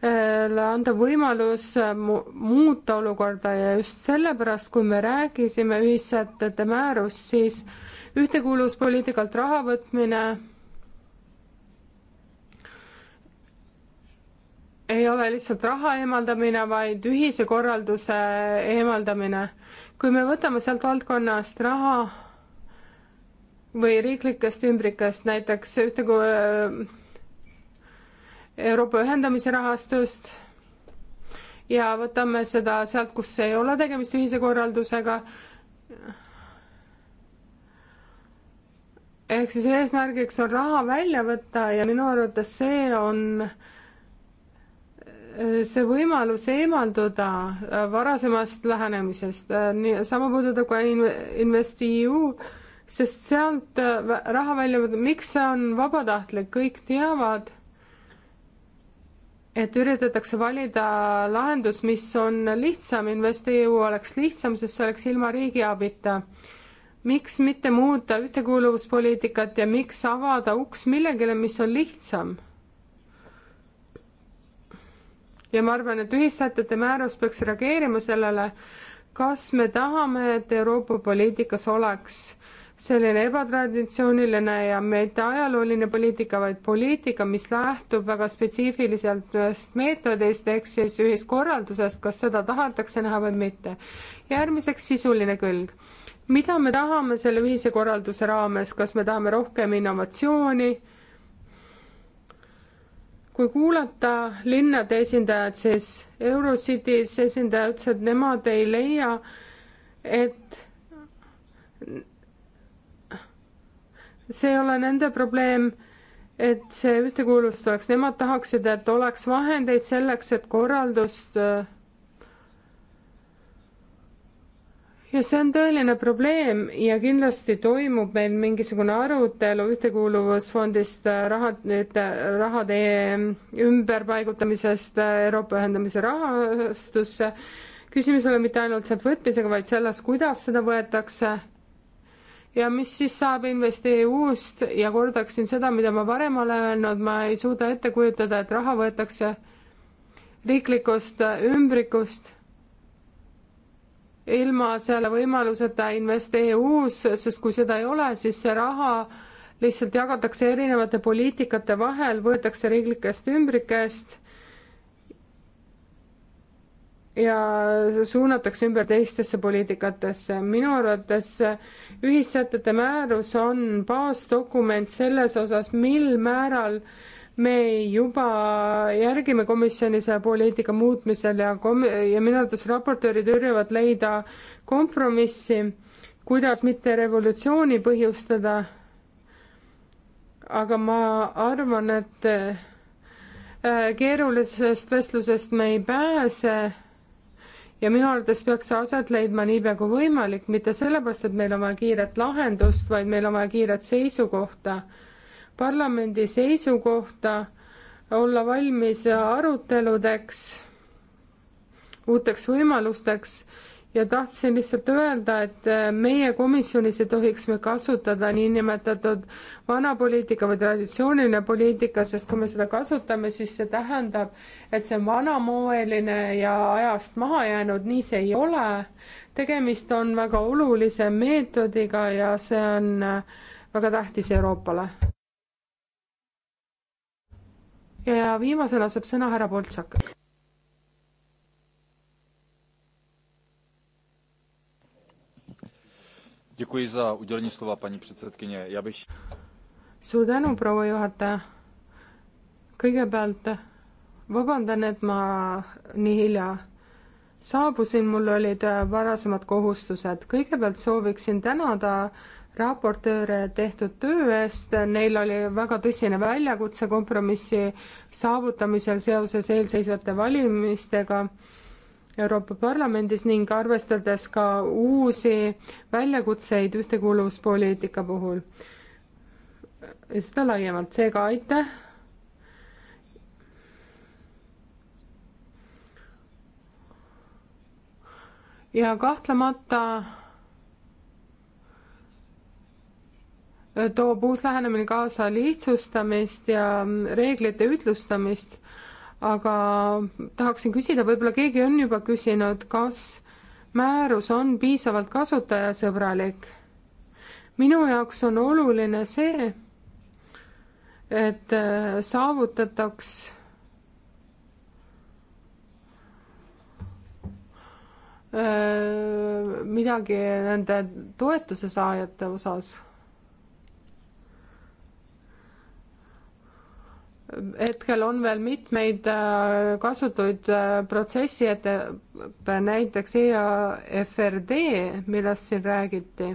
anda võimalus muuta olukorda ja just sellepärast, kui me rääkisime ühissätete määrust, siis ühtekuuluvuspoliitikalt raha võtmine ei ole lihtsalt raha eemaldamine, vaid ühise korralduse eemaldamine. kui me võtame sealt valdkonnast raha või riiklikest ümbrikest näiteks ühte Euroopa ühendamise rahastust ja võtame seda sealt, kus ei ole tegemist ühise korraldusega. ehk siis eesmärgiks on raha välja võtta ja minu arvates see on see võimalus eemalduda varasemast lähenemisest, nii sama puudutab ka InvestEU, sest sealt äh, raha välja võtta, miks see on vabatahtlik, kõik teavad et üritatakse valida lahendus, mis on lihtsam, investeeriu oleks lihtsam, sest see oleks ilma riigiabita. miks mitte muuta ühtekuuluvuspoliitikat ja miks avada uks millegile, mis on lihtsam? ja ma arvan, et ühissätete määrus peaks reageerima sellele, kas me tahame, et Euroopa poliitikas oleks see oli ebatraditsiooniline ja mitte ajalooline poliitika, vaid poliitika, mis lähtub väga spetsiifiliselt ühest meetodist ehk siis ühiskorraldusest, kas seda tahetakse näha või mitte. järgmiseks sisuline külg. mida me tahame selle ühise korralduse raames, kas me tahame rohkem innovatsiooni? kui kuulata linnade esindajad, siis Eurocities esindaja ütles, et nemad ei leia, et see ei ole nende probleem, et see ühtekuuluvus tuleks, nemad tahaksid, et oleks vahendeid selleks, et korraldust äh, ja see on tõeline probleem ja kindlasti toimub meil mingisugune arutelu ühtekuuluvusfondist äh, äh, rahade, rahade ümberpaigutamisest Euroopa ühendamise rahastusse. küsimus ei ole mitte ainult sealt võtmisega, vaid selles, kuidas seda võetakse ja mis siis saab InvestEU-st ja kordaksin seda, mida ma varem olen öelnud, ma ei suuda ette kujutada, et raha võetakse riiklikust ümbrikust ilma selle võimaluseta InvestEU-s, sest kui seda ei ole, siis see raha lihtsalt jagatakse erinevate poliitikate vahel, võetakse riiklikest ümbrikest ja suunatakse ümber teistesse poliitikatesse. minu arvates ühissätete määrus on baasdokument selles osas, mil määral me juba järgime komisjoni selle poliitika muutmisel ja kom-, ja minu arvates raportöörid üritavad leida kompromissi, kuidas mitte revolutsiooni põhjustada, aga ma arvan, et äh, keerulisest vestlusest me ei pääse ja minu arvates peaks see aset leidma niipea kui võimalik, mitte sellepärast, et meil on vaja kiiret lahendust, vaid meil on vaja kiiret seisukohta, parlamendi seisukohta, olla valmis aruteludeks, uuteks võimalusteks ja tahtsin lihtsalt öelda, et äh, meie komisjonis ei tohiks me kasutada niinimetatud vana poliitika või traditsiooniline poliitika, sest kui me seda kasutame, siis see tähendab, et see on vanamoeline ja ajast maha jäänud, nii see ei ole. tegemist on väga olulise meetodiga ja see on äh, väga tähtis Euroopale. ja viimasena saab sõna härra Boltšak paní předsedkyně, já bych... suur tänu, proua juhataja. kõigepealt vabandan, et ma nii hilja saabusin, mul olid varasemad kohustused. kõigepealt sooviksin tänada raportööre tehtud töö eest, neil oli väga tõsine väljakutse kompromissi saavutamisel seoses eelseisvate valimistega Euroopa Parlamendis ning arvestades ka uusi väljakutseid ühtekuuluvuspoliitika puhul. seda laiemalt, seega aitäh. ja kahtlemata toob uus lähenemine kaasa lihtsustamist ja reeglite ütlustamist aga tahaksin küsida, võib-olla keegi on juba küsinud, kas määrus on piisavalt kasutajasõbralik. minu jaoks on oluline see, et äh, saavutataks äh, midagi nende toetuse saajate osas hetkel on veel mitmeid äh, kasutuid äh, protsessi, et äh, näiteks EAFRD, millest siin räägiti,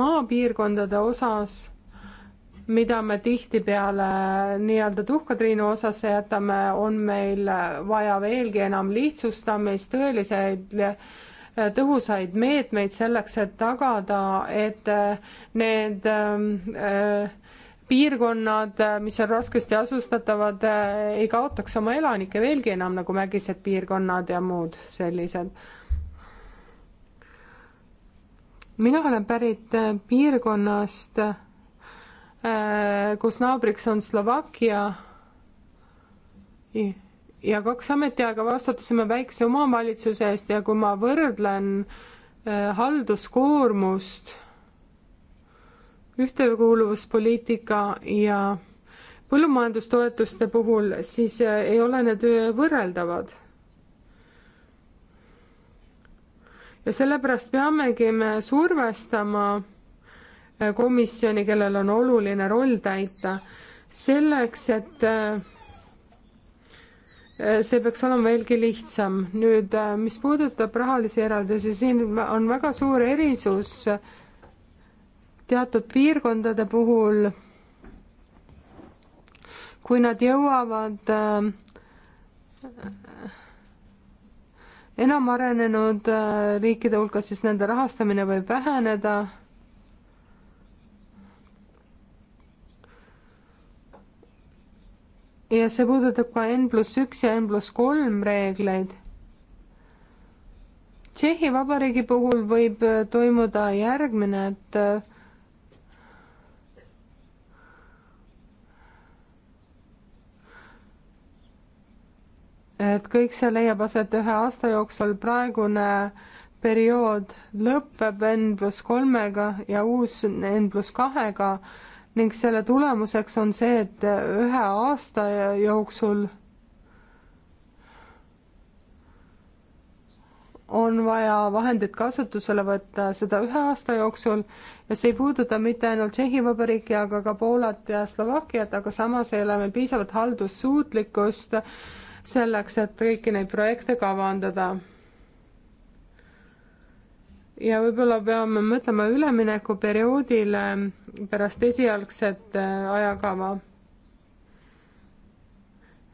maapiirkondade osas, mida me tihtipeale nii-öelda tuhkatriinu osasse jätame, on meil vaja veelgi enam lihtsustamist, tõeliseid tõhusaid meetmeid selleks, et tagada, et need ähm, äh, piirkonnad, äh, mis on raskesti asustatavad, äh, ei kaotaks oma elanikke veelgi enam, nagu mägised piirkonnad ja muud sellised. mina olen pärit äh, piirkonnast, kus naabriks on Slovakkia ja kaks ametiaega vastutasime väikse omavalitsuse eest ja kui ma võrdlen halduskoormust ühtekuuluvuspoliitika ja põllumajandustoetuste puhul, siis eh, ei ole need eh, võrreldavad. ja sellepärast peamegi me survestama eh, komisjoni, kellel on oluline roll täita, selleks, et see peaks olema veelgi lihtsam. nüüd, mis puudutab rahalisi eraldisi, siin on väga suur erisus äh, teatud piirkondade puhul, kui nad jõuavad äh, enam arenenud äh, riikide hulgas, siis nende rahastamine võib väheneda ja see puudutab ka N pluss üks ja N pluss kolm reegleid. Tšehhi Vabariigi puhul võib äh, toimuda järgmine, et äh, et kõik see leiab aset ühe aasta jooksul, praegune periood lõpeb N pluss kolmega ja uus N pluss kahega ning selle tulemuseks on see, et ühe aasta jooksul on vaja vahendid kasutusele võtta seda ühe aasta jooksul ja see ei puuduta mitte ainult Tšehhi Vabariiki, aga ka Poolat ja Slovakkiat, aga samas ei ole meil piisavalt haldussuutlikkust äh, selleks, et kõiki neid projekte kavandada. ja võib-olla peame mõtlema üleminekuperioodile pärast esialgset äh, ajakava.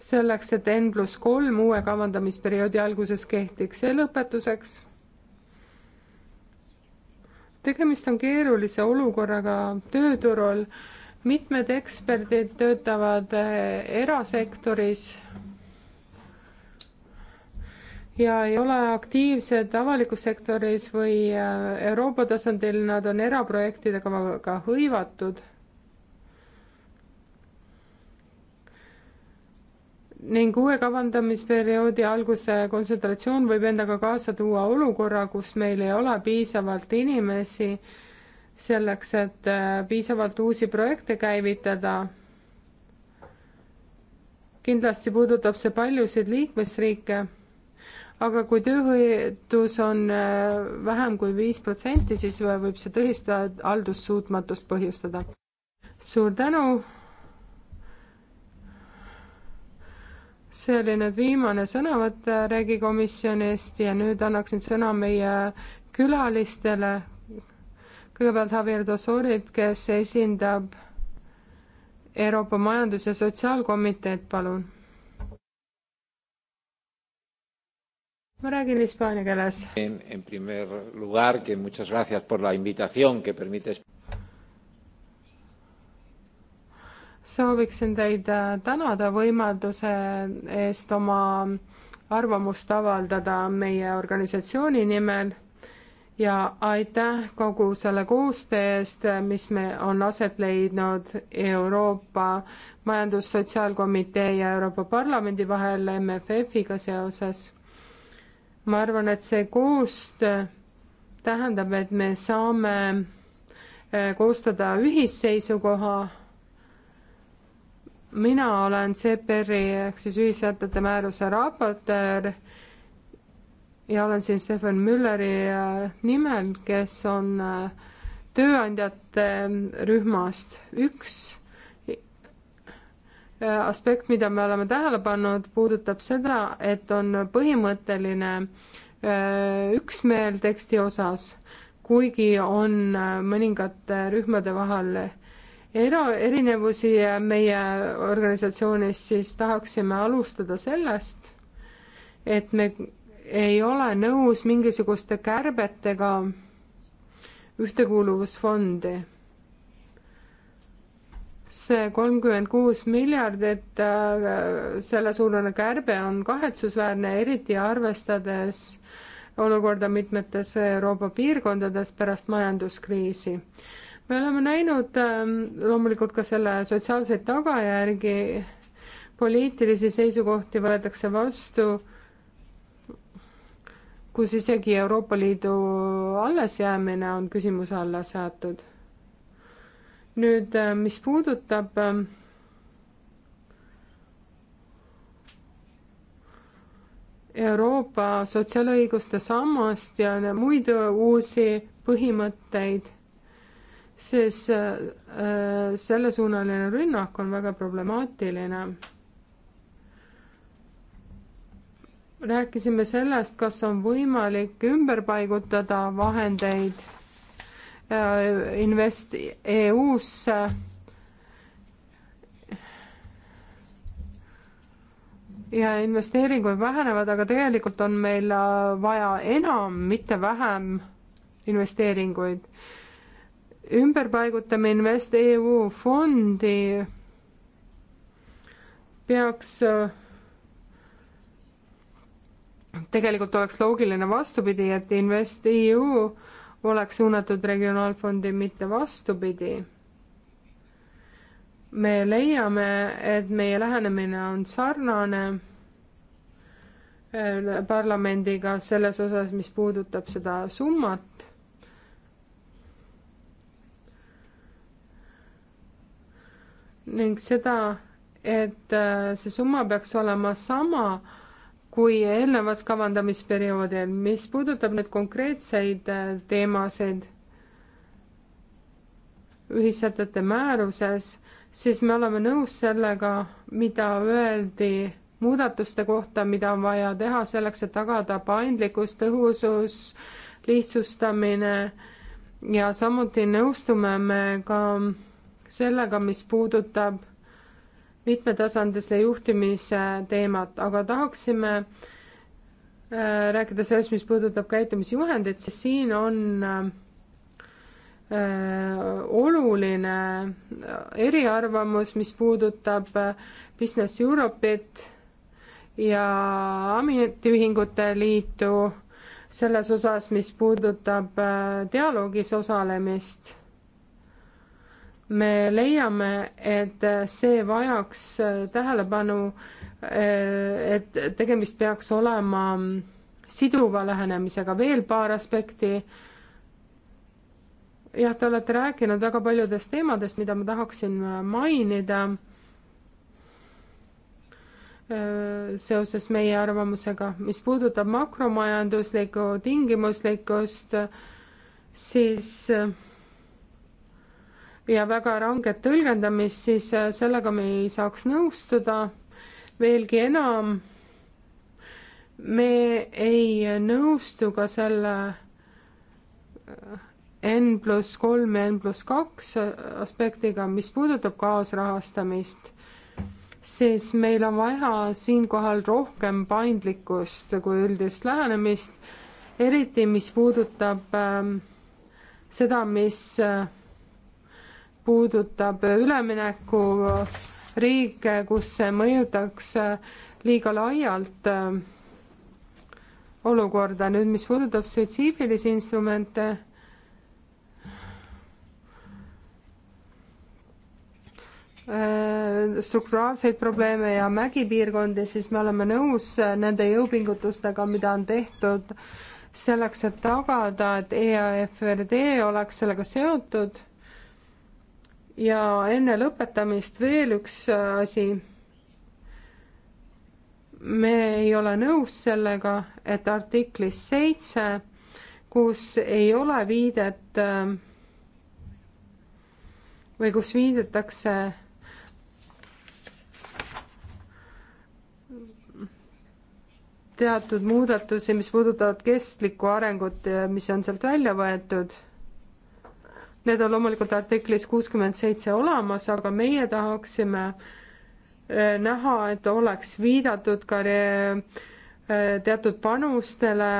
selleks, et N pluss kolm uue kavandamisperioodi alguses kehtiks ja lõpetuseks tegemist on keerulise olukorraga tööturul. mitmed eksperdid töötavad äh, erasektoris ja ei ole aktiivsed avalikus sektoris või äh, Euroopa tasandil, nad on eraprojektidega ka hõivatud. ning uue kavandamisperioodi alguse kontsentratsioon võib endaga kaasa tuua olukorra, kus meil ei ole piisavalt inimesi selleks, et äh, piisavalt uusi projekte käivitada kindlasti puudutab see paljusid liikmesriike aga kui tööhõivetus on äh, vähem kui viis protsenti, siis võib see tõestada haldussuutmatust põhjustada. suur tänu. see oli nüüd viimane sõnavõtt äh, Riigikomisjonist ja nüüd annaksin sõna meie külalistele. kõigepealt Javier Dosorit, kes esindab Euroopa Majandus- ja Sotsiaalkomiteed, palun ma räägin hispaania keeles. En primer lugar que muchas gracias por la invitación que permites. sooviksin teid äh, tänada võimalduse eest oma arvamust avaldada meie organisatsiooni nimel ja aitäh kogu selle koostöö eest, äh, mis me on aset leidnud Euroopa Majandus-Sotsiaalkomitee ja Euroopa Parlamendi vahel MFF-iga seoses ma arvan, et see koostöö tähendab, et me saame äh, koostada ühisseisukoha. mina olen CPR-i ehk siis ühissätete määruse raportöör ja olen siin Stefan Mülleri äh, nimel, kes on äh, tööandjate rühmast üks aspekt, mida me oleme tähele pannud, puudutab seda, et on põhimõtteline äh, üksmeel teksti osas, kuigi on äh, mõningate rühmade vahel era-, erinevusi meie organisatsioonis, siis tahaksime alustada sellest, et me ei ole nõus mingisuguste kärbetega ühtekuuluvusfondi see kolmkümmend kuus miljardit, äh, sellesuunane kärbe on kahetsusväärne, eriti arvestades olukorda mitmetes Euroopa piirkondades pärast majanduskriisi. me oleme näinud ähm, loomulikult ka selle sotsiaalseid tagajärgi, poliitilisi seisukohti võetakse vastu, kus isegi Euroopa Liidu allesjäämine on küsimuse alla seatud nüüd, äh, mis puudutab ähm, Euroopa sotsiaalõiguste sammast ja muid uusi põhimõtteid, siis äh, äh, sellesuunaline rünnak on väga problemaatiline rääkisime sellest, kas on võimalik ümber paigutada vahendeid Äh, invest EU-sse. ja investeeringud vähenevad, aga tegelikult on meil äh, vaja enam, mitte vähem investeeringuid. ümberpaigutame Invest EU fondi peaks äh, tegelikult oleks loogiline vastupidi, et InvestEU oleks suunatud regionaalfondi, mitte vastupidi. me leiame, et meie lähenemine on sarnane äh, parlamendiga selles osas, mis puudutab seda summat ning seda, et äh, see summa peaks olema sama kui eelnevas kavandamisperioodil. mis puudutab nüüd konkreetseid äh, teemasid ühissätete määruses, siis me oleme nõus sellega, mida öeldi muudatuste kohta, mida on vaja teha selleks, et tagada paindlikkus, tõhusus, lihtsustamine ja samuti nõustume me ka sellega, mis puudutab mitmetasandilise juhtimise teemat, aga tahaksime äh, rääkida sellest, mis puudutab käitumisjuhendit, siis siin on äh, oluline eriarvamus, mis puudutab äh, Business Europe'it ja Ametiühingute Liitu selles osas, mis puudutab dialoogis osalemist me leiame, et see vajaks äh, tähelepanu, äh, et tegemist peaks olema mm, siduva lähenemisega, veel paar aspekti. jah, te olete rääkinud väga paljudest teemadest, mida ma tahaksin äh, mainida seoses meie arvamusega. mis puudutab makromajanduslikku tingimuslikkust, siis äh, ja väga ranget tõlgendamist, siis äh, sellega me ei saaks nõustuda. veelgi enam, me ei nõustu ka selle äh, N pluss kolm ja N pluss kaks äh, aspektiga, mis puudutab kaasrahastamist, siis meil on vaja siinkohal rohkem paindlikkust kui üldist lähenemist, eriti mis puudutab äh, seda, mis äh, puudutab ülemineku riike, kus see mõjutaks äh, liiga laialt äh, olukorda. nüüd, mis puudutab spetsiifilisi instrumente, äh, strukturaalseid probleeme ja mägipiirkondi, siis me oleme nõus nende jõupingutustega, mida on tehtud selleks, et tagada, et EAFRD oleks sellega seotud ja enne lõpetamist veel üks äh, asi. me ei ole nõus sellega, et artiklis seitse, kus ei ole viidet äh, või kus viidetakse teatud muudatusi, mis puudutavad kestlikku arengut, mis on sealt välja võetud Need on loomulikult artiklis kuuskümmend seitse olemas, aga meie tahaksime eh, näha, et oleks viidatud ka eh, teatud panustele,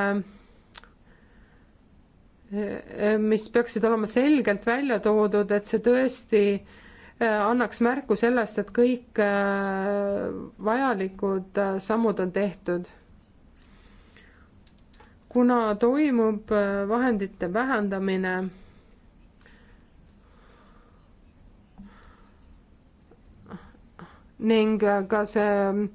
eh, mis peaksid olema selgelt välja toodud, et see tõesti annaks märku sellest, et kõik vajalikud sammud on tehtud kuna toimub vahendite vähendamine ning ka see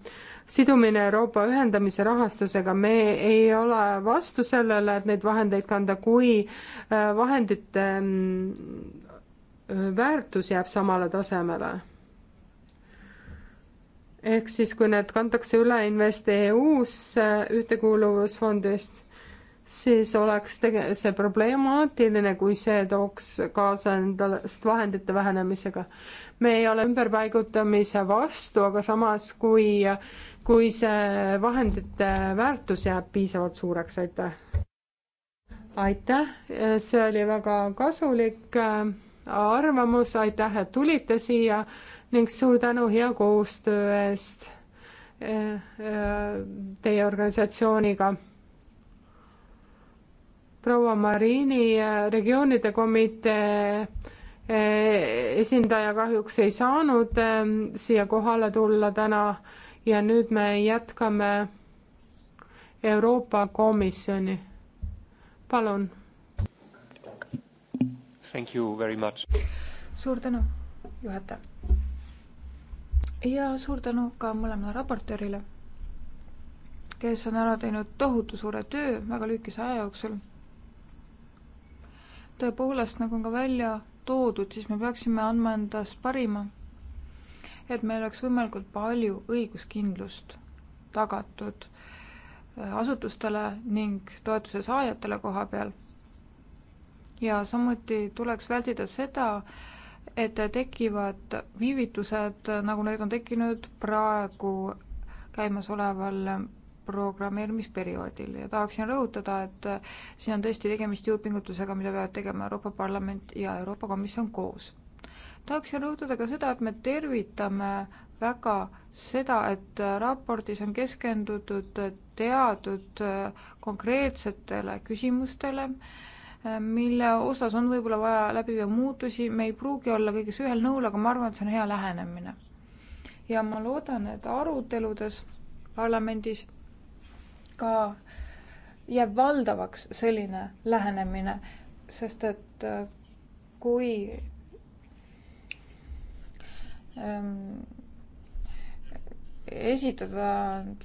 sidumine Euroopa ühendamise rahastusega, me ei ole vastu sellele, et neid vahendeid kanda, kui äh, vahendite mm, väärtus jääb samale tasemele. ehk siis, kui need kantakse üle InvestEU-sse ühtekuuluvusfondist, siis oleks tege-, see problemaatiline, kui see tooks kaasa endast vahendite vähenemisega me ei ole ümberpaigutamise vastu, aga samas, kui, kui see vahendite väärtus jääb piisavalt suureks, aitäh. aitäh, see oli väga kasulik äh, arvamus, aitäh, et tulite siia ning suur tänu hea koostöö eest äh, äh, teie organisatsiooniga proua Marini regioonide komitee Eh, esindaja kahjuks ei saanud ehm, siia kohale tulla täna ja nüüd me jätkame Euroopa Komisjoni. palun. suur tänu, juhataja. ja suur tänu ka mõlemale raportöörile, kes on ära teinud tohutu suure töö väga lühikese aja jooksul. tõepoolest, nagu on ka välja toodud, siis me peaksime andma endast parima, et meil oleks võimalikult palju õiguskindlust tagatud äh, asutustele ning toetuse saajatele koha peal. ja samuti tuleks vältida seda, et tekivad viivitused, nagu need on tekkinud praegu käimasoleval programmeerimisperioodil ja tahaksin rõhutada, et äh, siin on tõesti tegemist jõupingutusega, mida peavad tegema Euroopa Parlament ja Euroopa Komisjon koos. tahaksin rõhutada ka seda, et me tervitame väga seda, et äh, raportis on keskendutud äh, teatud konkreetsetele küsimustele, mille osas on võib-olla vaja läbi viia muutusi, me ei pruugi olla kõiges ühel nõul, aga ma arvan, et see on hea lähenemine. ja ma loodan, et aruteludes parlamendis ka jääb valdavaks selline lähenemine, sest et äh, kui ähm, esitada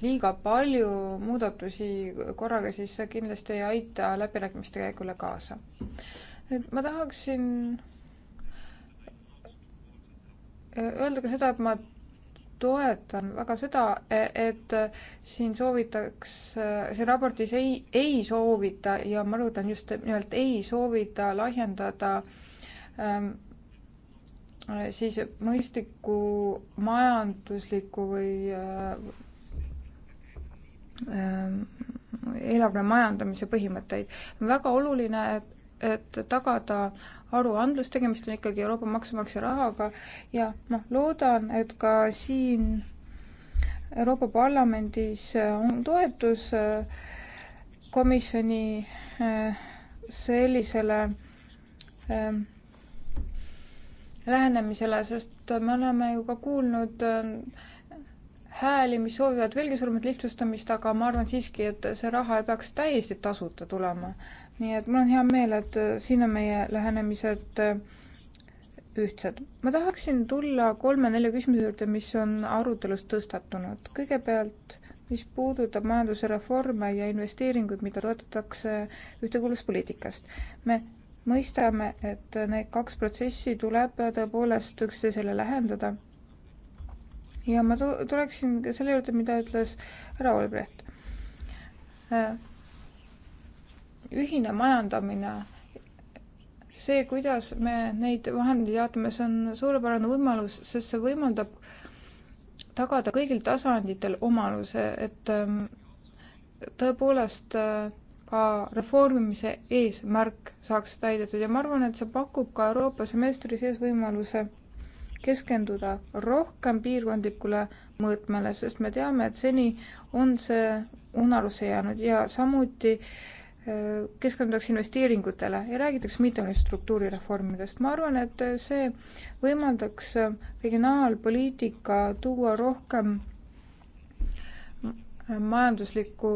liiga palju muudatusi korraga, siis see kindlasti ei aita läbirääkimiste käigule kaasa. nüüd ma tahaksin äh, öelda ka seda, et ma toetan väga seda, e-, et siin soovitaks, siin raportis ei, ei soovita ja ma rõhutan just nimelt ei soovita lahjendada ähm, siis mõistliku majandusliku või äh, ähm, eelarve majandamise põhimõtteid. väga oluline, et et tagada aruandlus, tegemist on ikkagi Euroopa maksumaksja rahaga ja noh, loodan, et ka siin Euroopa Parlamendis on toetus äh, komisjoni äh, sellisele ähm, lähenemisele, sest me oleme ju ka kuulnud äh, hääli, mis soovivad veelgi suuremat lihtsustamist, aga ma arvan siiski, et see raha ei peaks täiesti tasuta tulema nii et mul on hea meel, et äh, siin on meie lähenemised äh, ühtsed. ma tahaksin tulla kolme-nelja küsimuse juurde, mis on arutelus tõstatunud. kõigepealt, mis puudutab majanduse reforme ja investeeringuid, mida toetatakse ühtekuuluvuspoliitikast. me mõistame, et need kaks protsessi tuleb tõepoolest üksteisele lähendada. ja ma tuleksin ka selle juurde, mida ütles härra Olbrecht äh, ühine majandamine, see, kuidas me neid vahendeid jaotame, see on suurepärane võimalus, sest see võimaldab tagada kõigil tasanditel omaluse, et ähm, tõepoolest äh, ka reformimise eesmärk saaks täidetud ja ma arvan, et see pakub ka Euroopa semestri sees võimaluse keskenduda rohkem piirkondlikule mõõtmele, sest me teame, et seni on see unarusse jäänud ja samuti äh, keskendutakse investeeringutele ja räägitakse mitte ainult struktuurireformidest. ma arvan, et see võimaldaks regionaalpoliitika tuua rohkem majandusliku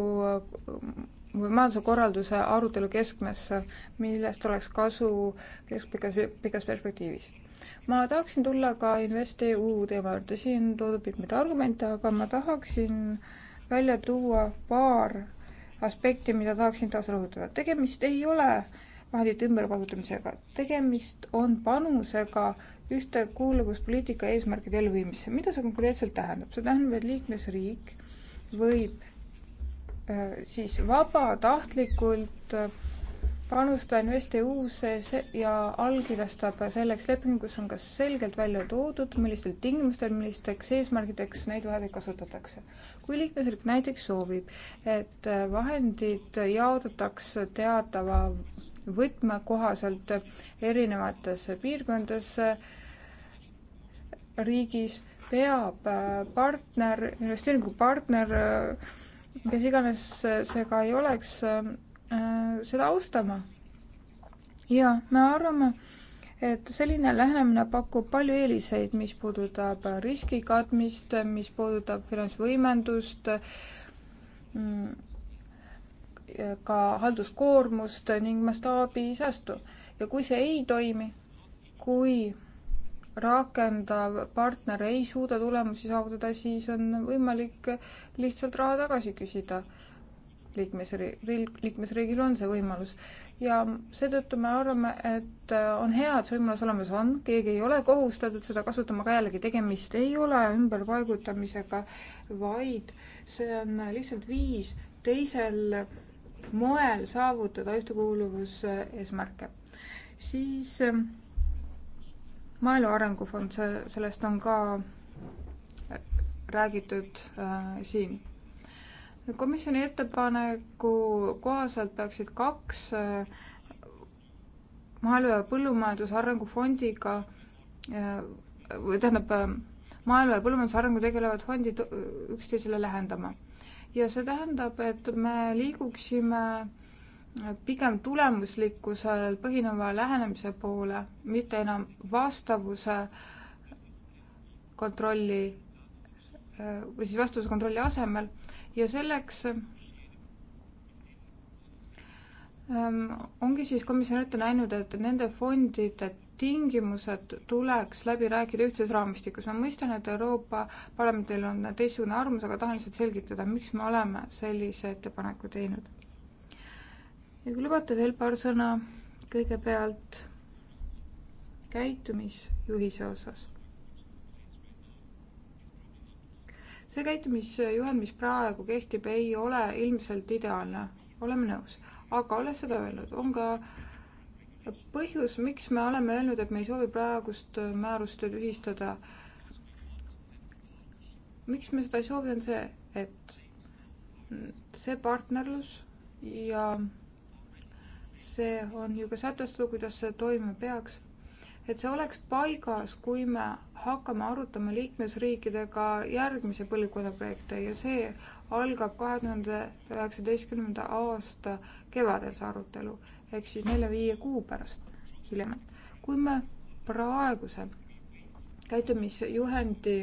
või majanduse korralduse arutelu keskmesse, millest oleks kasu keskpikas, pikas perspektiivis. ma tahaksin tulla ka InvestEU teema juurde, siin toodud mitmeid argumente, aga ma tahaksin välja tuua paar aspekti, mida tahaksin taas rõhutada. tegemist ei ole vahendite ümberpaigutamisega, tegemist on panusega ühtekuuluvuspoliitika eesmärkide elluviimisse. mida see konkreetselt tähendab? see tähendab, et liikmesriik võib äh, siis vabatahtlikult äh, panustaja InvestEU-sse ja allkirjastab selleks lepingu, kus on ka selgelt välja toodud, millistel tingimustel, millisteks eesmärgideks neid vahendeid kasutatakse. kui liikmesriik näiteks soovib, et vahendid jaotatakse teatava võtme kohaselt erinevatesse piirkondadesse riigis, peab äh, partner, investeeringupartner, äh, kes iganes see ka ei oleks, äh, Äh, seda austama. ja me arvame, et selline lähenemine pakub palju eeliseid, mis puudutab riski katmist, mis puudutab finantsvõimendust, mm, ka halduskoormust ning mastaabi säästu. ja kui see ei toimi, kui rakendav partner ei suuda tulemusi saavutada, siis on võimalik lihtsalt raha tagasi küsida liikmesriigil, liikmesriigil on see võimalus. ja seetõttu me arvame, et äh, on hea, et see võimalus olemas on, keegi ei ole kohustatud seda kasutama, aga jällegi tegemist ei ole ümberpaigutamisega, vaid see on lihtsalt viis teisel moel saavutada ühtekuuluvuse eesmärke. siis ähm, Maaelu Arengufond, see, sellest on ka äh, räägitud äh, siin komisjoni ettepaneku kohaselt peaksid kaks eh, maaelu ja põllumajanduse arengufondiga eh, või tähendab, eh, maaelu ja põllumajanduse arengu tegelevad fondid üksteisele lähendama. ja see tähendab, et me liiguksime pigem tulemuslikkusel põhineva lähenemise poole, mitte enam vastavuse kontrolli või siis vastavuse kontrolli asemel ja selleks ähm, ongi siis komisjon ette näinud, et nende fondide tingimused tuleks läbi rääkida ühtses raamistikus. ma mõistan, et Euroopa Parlamendil on teistsugune arvamus, aga tahan lihtsalt selgitada, miks me oleme sellise ettepaneku teinud. ja kui lubate veel paar sõna kõigepealt käitumisjuhise osas see käitumisjuhend, mis praegu kehtib, ei ole ilmselt ideaalne, oleme nõus. aga olles seda öelnud, on ka põhjus, miks me oleme öelnud, et me ei soovi praegust määrust tühistada. miks me seda ei soovi, on see, et see partnerlus ja see on ju ka sätestatud, kuidas see toimima peaks et see oleks paigas, kui me hakkame arutama liikmesriikidega järgmise põlvkonna projekte ja see algab kahe tuhande üheksateistkümnenda aasta kevadel, see arutelu, ehk siis nelja-viie kuu pärast hiljemalt. kui me praeguse käitumisjuhendi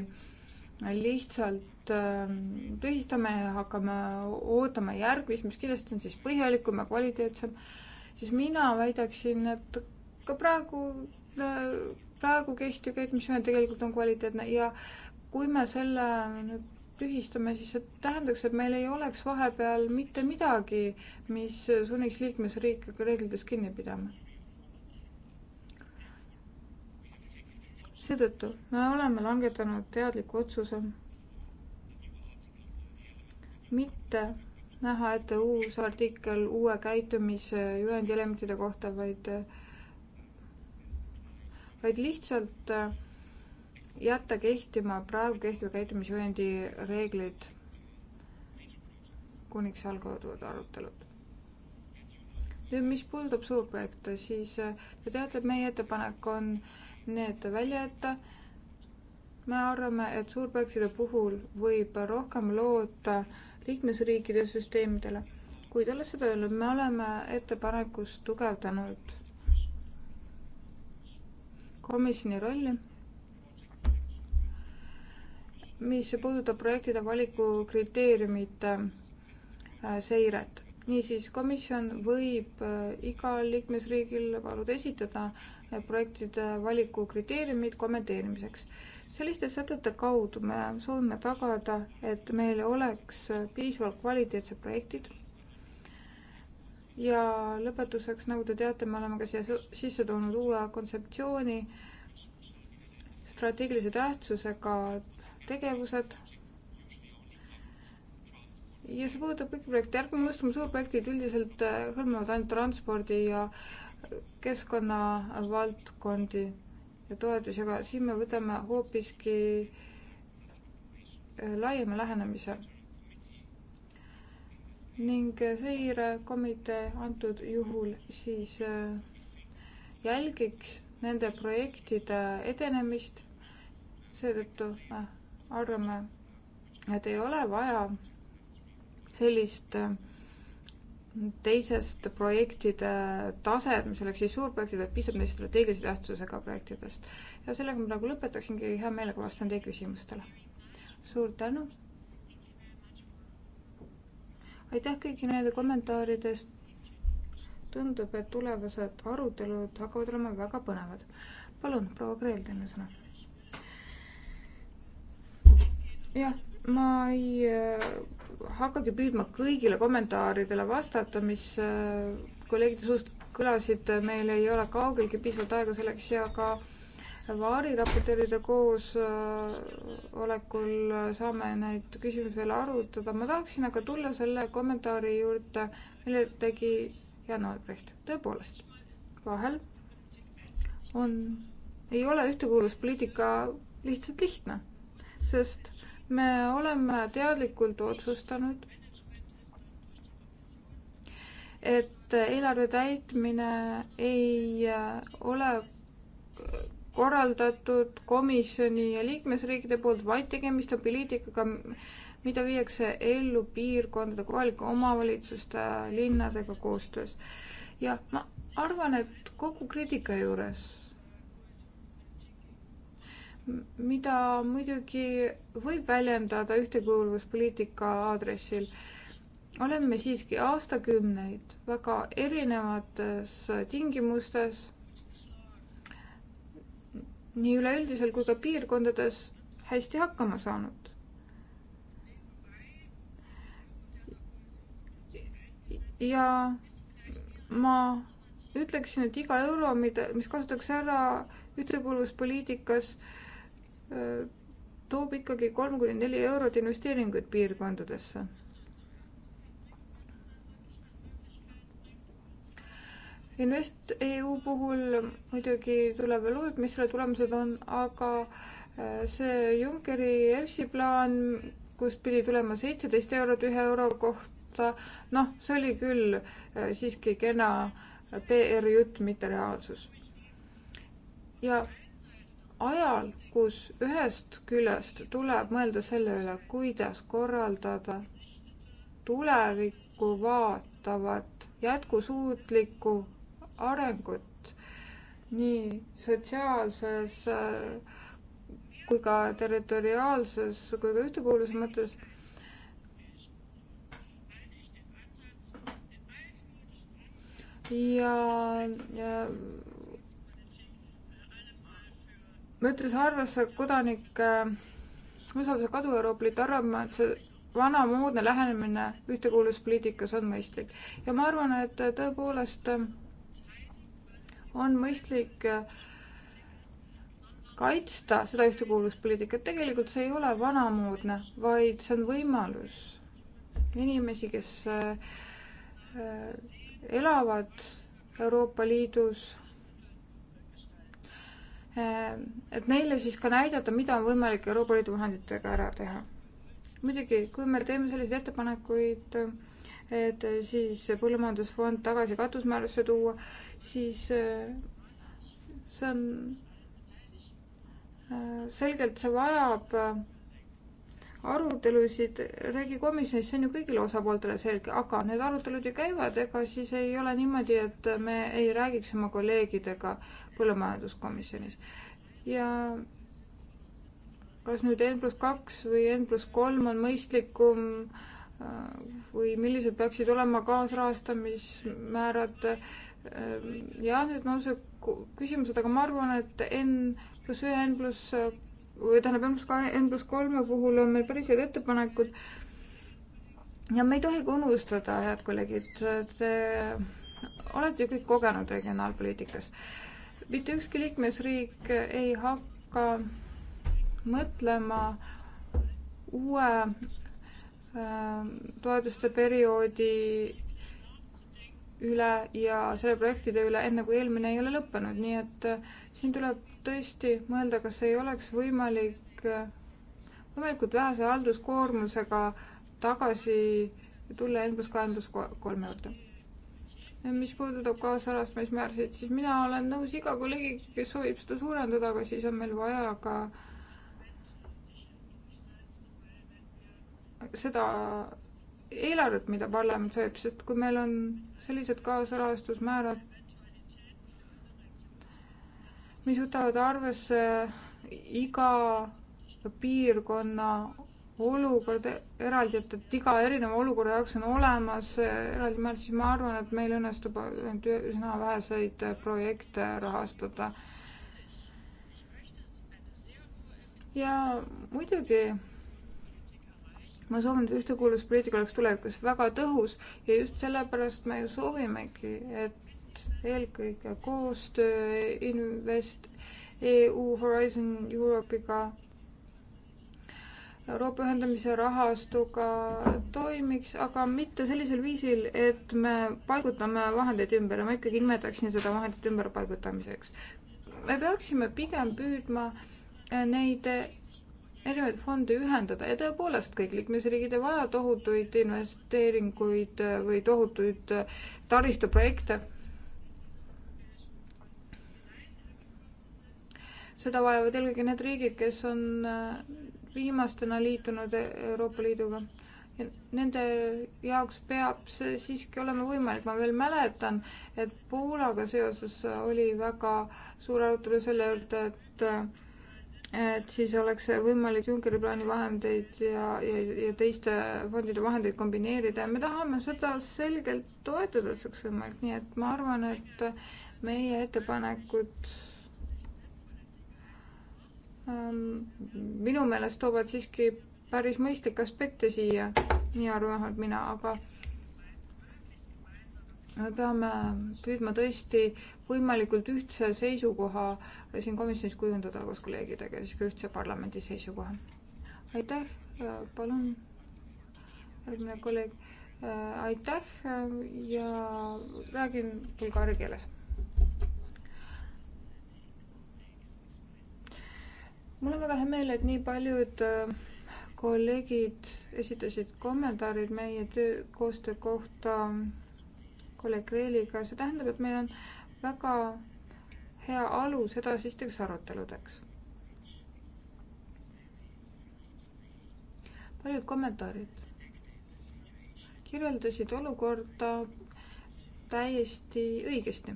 lihtsalt ähm, tühistame ja hakkame ootama järgmist, mis kindlasti on siis põhjalikum ja kvaliteetsem, siis mina väidaksin, et ka praegu Äh, praegu kehtiv köitmisvahend tegelikult on kvaliteetne ja kui me selle nüüd tühistame, siis see tähendaks, et meil ei oleks vahepeal mitte midagi, mis sunniks liikmesriike reeglitest kinni pidama. seetõttu me oleme langetanud teadliku otsuse mitte näha ette uus artikkel uue käitumisjuhendi elementide kohta, vaid äh, vaid lihtsalt äh, jätta kehtima praegu kehtiva käitumisjuhendi reeglid, kuniks algavad arutelud. nüüd, mis puudutab suurprojekte, siis äh, te teate, et meie ettepanek on need välja jätta me arvame, et suurprojektide puhul võib rohkem loota liikmesriikide süsteemidele, kuid olles seda öelnud, me oleme ettepanekust tugevdanud komisjoni rolli, mis puudutab projektide valikukriteeriumite äh, seiret. niisiis, komisjon võib äh, igal liikmesriigil paluda esitada äh, projektide valikukriteeriumid kommenteerimiseks. selliste sätete kaudu me soovime tagada, et meil oleks piisavalt kvaliteetsed projektid ja lõpetuseks, nagu te teate, me oleme ka siia sisse toonud uue kontseptsiooni, strateegilise tähtsusega tegevused. ja see puudutab kõiki projekte, ärge unustame, suurprojektid üldiselt äh, hõlmavad ainult transpordi ja keskkonnavaldkondi ja toetusi, aga siin me võtame hoopiski äh, laiema lähenemise ning seirekomitee antud juhul siis äh, jälgiks nende projektide edenemist. seetõttu me äh, arvame, et ei ole vaja sellist äh, teisest projektide taset, mis oleks siis suurprojektid, vaid piisab neist strateegilise tähtsusega projektidest. ja sellega ma praegu lõpetaksingi, hea meelega vastan teie küsimustele. suur tänu aitäh kõigi nende kommentaaridest. tundub, et tulevased arutelud hakkavad olema väga põnevad. palun, proua Kreel, teeme sõna. jah, ma ei äh, hakkagi püüdma kõigile kommentaaridele vastata, mis äh, kolleegide suust kõlasid, meil ei ole kaugeltki piisavalt aega selleks ja ka äh, vaariraportööride koosolekul saame neid küsimusi veel arutada. ma tahaksin aga tulla selle kommentaari juurde, mille tegi Jan Albrecht. tõepoolest, vahel on, ei ole ühtekuuluvuspoliitika lihtsalt lihtne, sest me oleme teadlikult otsustanud, et eelarve täitmine ei ole korraldatud komisjoni ja liikmesriikide poolt, vaid tegemist on poliitikaga, mida viiakse ellu piirkondade, kohalike omavalitsuste, linnadega koostöös. ja ma arvan, et kogu kriitika juures, mida muidugi võib väljendada ühtekuuluvuspoliitika aadressil, oleme siiski aastakümneid väga erinevates tingimustes nii üleüldisel kui ka piirkondades hästi hakkama saanud. ja ma ütleksin, et iga euro, mida, mis kasutatakse ära ühtekuuluvuspoliitikas, äh, toob ikkagi kolm kuni neli eurot investeeringuid piirkondadesse InvestEU puhul muidugi tuleb veel uurida, mis selle tulemused on, aga äh, see Junckeri EFSI plaan, kus pidi tulema seitseteist eurot ühe euro kohta, noh, see oli küll äh, siiski kena PR-jutt, mitte reaalsus. ja ajal, kus ühest küljest tuleb mõelda selle üle, kuidas korraldada tulevikku vaatavat jätkusuutlikku arengut nii sotsiaalses äh, kui ka territoriaalses kui ka ühtekuuluvuse mõttes. ja, ja võttes arvesse kodanike äh, usalduse kadu Euroopa Liidu arvama, et see vanamoodne lähenemine ühtekuuluvuspoliitikas on mõistlik ja ma arvan, et tõepoolest äh, on mõistlik äh, kaitsta seda ühtekuuluvuspoliitikat, tegelikult see ei ole vanamoodne, vaid see on võimalus inimesi, kes äh, elavad Euroopa Liidus, äh, et neile siis ka näidata, mida on võimalik Euroopa Liidu vahenditega ära teha. muidugi, kui me teeme selliseid ettepanekuid et et äh, siis Põllumajandusfond tagasi katusmäärusse tuua, siis äh, see on, äh, selgelt see vajab arutelusid regikomisjonis, see on ju kõigile osapooltele selge, aga need arutelud ju käivad, ega siis ei ole niimoodi, et me ei räägiks oma kolleegidega põllumajanduskomisjonis. ja kas nüüd N pluss kaks või N pluss kolm on mõistlikum äh, või millised peaksid olema kaasrahastamismäärad. jah, need on see küsimused, aga ma arvan, et N pluss ühe, N pluss või tähendab N pluss kahe, N pluss kolme puhul on meil päris head ettepanekud. ja me ei tohi ka unustada, head kolleegid, te olete ju kõik kogenud regionaalpoliitikas. mitte ükski liikmesriik ei hakka mõtlema uue Ähm, toetuste perioodi üle ja selle projektide üle, enne kui eelmine ei ole lõppenud, nii et äh, siin tuleb tõesti mõelda, kas ei oleks võimalik äh, võimalikult vähese halduskoormusega tagasi tulla N pluss kahe, N pluss kolme juurde. mis puudutab kaasrahastamismäärasid, siis mina olen nõus iga kolleegiga, kes soovib seda suurendada, aga siis on meil vaja ka äh, seda eelarvet, mida parlament sööb, sest kui meil on sellised kaasrahastusmäärad, mis võtavad arvesse iga piirkonna olukord eraldi, et, et iga erineva olukorra jaoks on olemas eraldi määr, siis ma arvan, et meil õnnestub ainult üsna väheseid projekte rahastada. ja muidugi ma soovin, et ühtekuuluvuspoliitika oleks tulevikus väga tõhus ja just sellepärast me ju soovimegi, et eelkõige koostöö Invest EU Horizon Europe'iga, Euroopa ühendamise rahastuga toimiks, aga mitte sellisel viisil, et me paigutame vahendeid ümber ja ma ikkagi nimetaksin seda vahendite ümberpaigutamiseks. me peaksime pigem püüdma neid erinevaid fonde ühendada ja tõepoolest kõik liikmesriigid ei vaja tohutuid investeeringuid äh, või tohutuid äh, taristuprojekte. seda vajavad eelkõige need riigid, kes on äh, viimastena liitunud Euroopa Liiduga. Nende jaoks peab see siiski olema võimalik, ma veel mäletan, et Poolaga seoses oli väga suur arutelu selle juurde, et et siis oleks võimalik Junckeri plaani vahendeid ja, ja, ja teiste fondide vahendeid kombineerida ja me tahame seda selgelt toetada, et see oleks võimalik, nii et ma arvan, et meie ettepanekud ähm, minu meelest toovad siiski päris mõistlikke aspekte siia, nii arvan vähemalt mina, aga me peame püüdma tõesti võimalikult ühtse seisukoha siin komisjonis kujundada koos kolleegidega ja siis ka ühtse parlamendi seisukoha. aitäh, palun, järgmine kolleeg, aitäh ja räägin bulgaari keeles. mul on väga hea meel, et nii paljud äh, kolleegid esitasid kommentaarid meie töö, koostöö kohta kolleeg Reeliga, see tähendab, et meil on väga hea alus edasisteks aruteludeks. paljud kommentaarid kirjeldasid olukorda täiesti õigesti.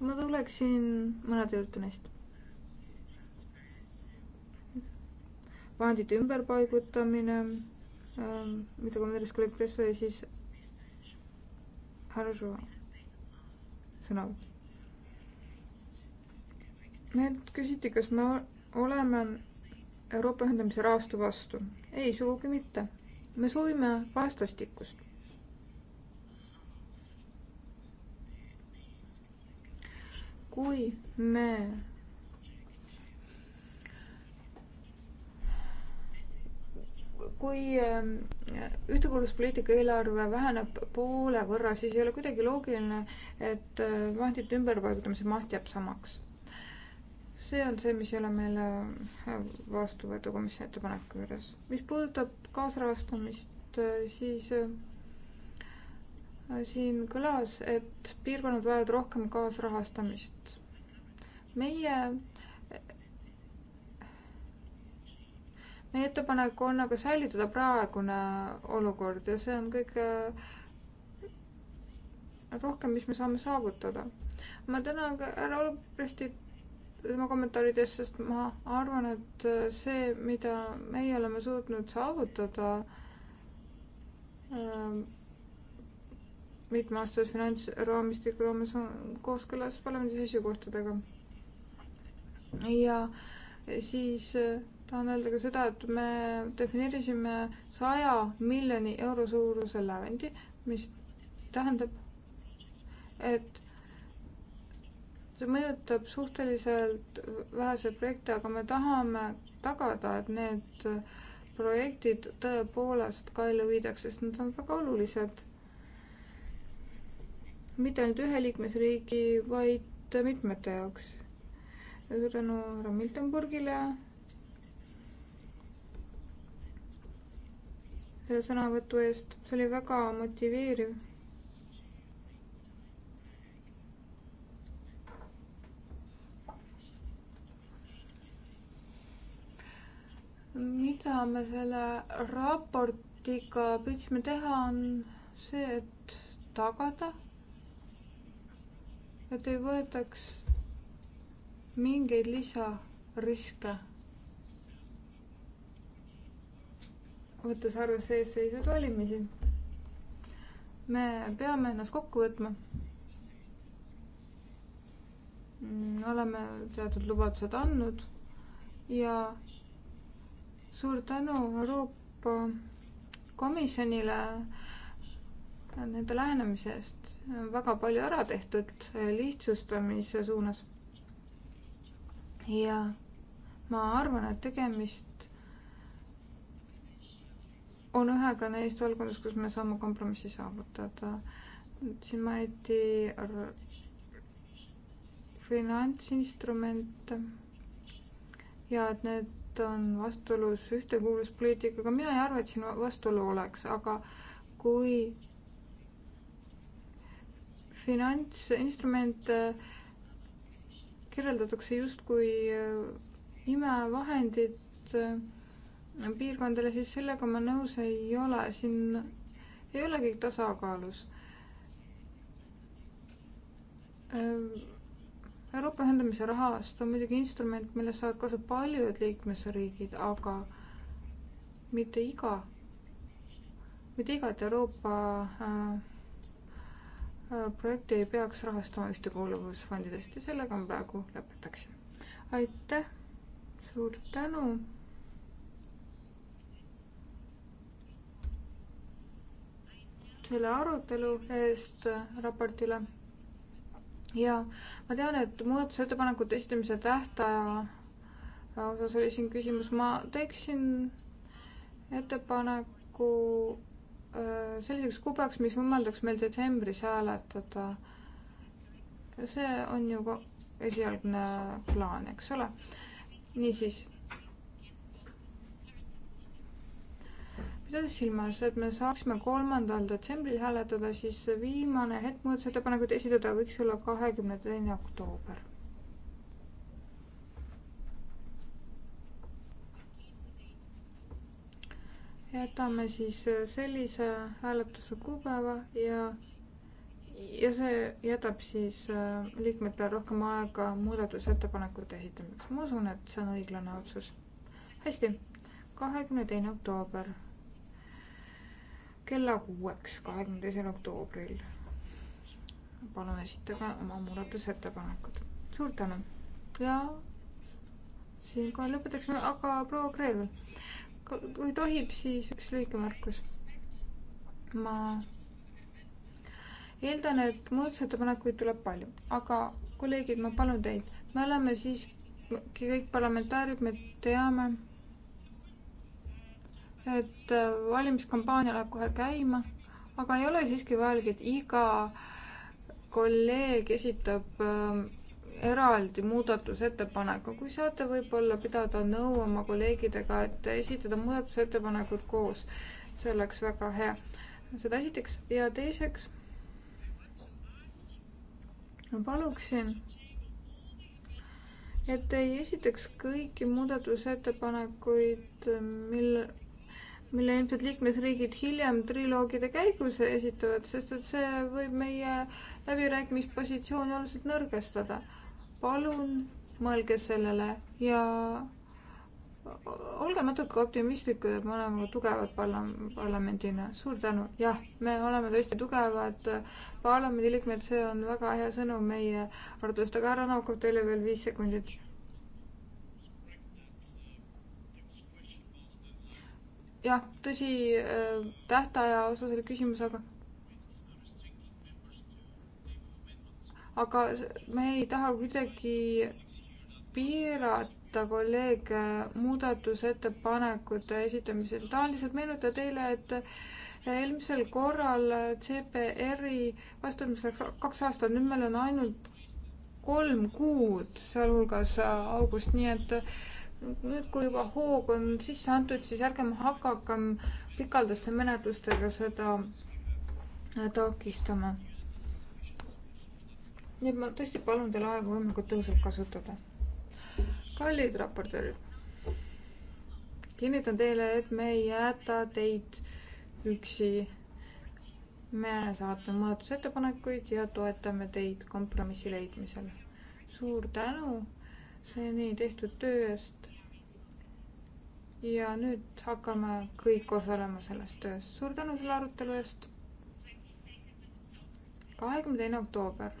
ma tuleksin mõnede juurde neist. vahendite ümberpaigutamine Ähm, mida kommenteeris kolleeg Presso ja siis härra Žuva sõnavõtt. meilt küsiti, kas me oleme Euroopa ühendamise rahastu vastu. ei, sugugi mitte. me soovime vastastikust. kui me kui ähm, ühtekuuluvuspoliitika eelarve väheneb poole võrra, siis ei ole kuidagi loogiline, et äh, vahendite ümberpaigutamise maht jääb samaks. see on see, mis ei ole meile äh, vastu võetud komisjoni ettepaneku juures. mis puudutab kaasrahastamist, äh, siis siin kõlas, et piirkonnad vajavad rohkem kaasrahastamist. meie meie ettepanek on aga säilitada praegune olukord ja see on kõige äh, rohkem, mis me saame saavutada. ma tänan ka härra Olbrechtit tema kommentaaridest, sest ma arvan, et äh, see, mida meie oleme suutnud saavutada ähm, mitmeaastase finantsraamistiku raames on kooskõlas parlamendi seisukohtadega. ja siis äh, tahan öelda ka seda, et me defineerisime saja miljoni euro suuruse lävendi, mis tähendab, et see mõjutab suhteliselt väheseid projekte, aga me tahame tagada, et need projektid tõepoolest ka ellu viidaks, sest nad on väga olulised. mitte ainult ühe liikmesriigi, vaid mitmete jaoks. suur tänu härra Miltenburgile selle sõnavõtu eest, see oli väga motiveeriv. mida me selle raportiga püüdsime teha, on see, et tagada, et ei võetaks mingeid lisariske võttes arvesse eesseisvaid valimisi. me peame ennast kokku võtma. Mm, oleme teatud lubadused andnud ja suur tänu Euroopa Komisjonile nende lähenemise eest. väga palju ära tehtud lihtsustamise suunas. ja ma arvan, et tegemist on ühega neist valdkondadest, kus me saame kompromissi saavutada. siin mainiti finantsinstrumente ja et need on vastuolus ühtekuuluvuspoliitikaga, mina ei arva, et siin vastuolu oleks, aga kui finantsinstrumente kirjeldatakse justkui imevahendid, piirkondadele, siis sellega ma nõus ei ole, siin ei ole kõik tasakaalus. Äh, Euroopa ühendamise rahast on muidugi instrument, millest saavad kasu paljud liikmesriigid, aga mitte iga, mitte igat Euroopa äh, äh projekti ei peaks rahastama ühtekuuluvusfondidest ja sellega ma praegu lõpetaksin. aitäh, suur tänu selle arutelu eest raportile. ja ma tean, et muudatusettepanekute esitamise tähtaja osas oli siin küsimus, ma teeksin ettepaneku äh, selliseks kuupäevaks, mis võimaldaks meil detsembris hääletada. see on ju esialgne plaan, eks ole. niisiis pidades silmas, et me saaksime kolmandal detsembril hääletada, siis viimane hetk muudatusettepanekuid esitada võiks olla kahekümne teine oktoober. jätame siis sellise hääletuse kuupäeva ja, ja see jätab siis äh, liikmetele rohkem aega muudatusettepanekute esitamiseks. ma usun, et see on õiglane otsus. hästi kahekümne teine oktoober kella kuueks, kahekümne teisel oktoobril. palun esitage oma muudatusettepanekud. suur tänu ja siinkohal lõpetaksime, aga proua Kreevel, kui tohib, siis üks lühike märkus. ma eeldan, et muudatusettepanekuid tuleb palju, aga kolleegid, ma palun teid, me oleme siiski kõik parlamentaarid, me teame et äh, valimiskampaania läheb kohe käima, aga ei ole siiski vajalik, et iga kolleeg esitab ähm, eraldi muudatusettepaneku, kui saate võib-olla pidada nõu oma kolleegidega, et esitada muudatusettepanekud koos, see oleks väga hea. seda esiteks ja teiseks ma paluksin, et ei esitaks kõiki muudatusettepanekuid, mille mille ilmselt liikmesriigid hiljem triloogide käigus esitavad, sest et see võib meie läbirääkimispositsiooni oluliselt nõrgestada. palun mõelge sellele ja olge natuke optimistlikud, et me oleme tugevad parlam-, parlamendina, suur tänu. jah, me oleme tõesti tugevad parlamendiliikmed, see on väga hea sõnum meie arvates, aga härra Novakov, teile veel viis sekundit. jah, tõsi, äh, tähtaja osas oli küsimus, aga aga me ei taha kuidagi piirata kolleege muudatusettepanekute esitamisel. tahan lihtsalt meenutada teile, et eelmisel korral CPR-i vastamiseks kaks aastat, nüüd meil on ainult kolm kuud, sealhulgas august, nii et nüüd, kui juba hoog on sisse antud, siis ärgem hakakem pikaldaste menetlustega seda äh, takistama. nii et ma tõesti palun teil aega võimalikult tõhusalt kasutada. kallid raportöörid, kinnitan teile, et me ei jäta teid üksi. me saatme muudatusettepanekuid ja toetame teid kompromissi leidmisel. suur tänu seni tehtud töö eest. ja nüüd hakkame kõik osalema selles töös. suur tänu selle arutelu eest. kahekümne teine oktoober,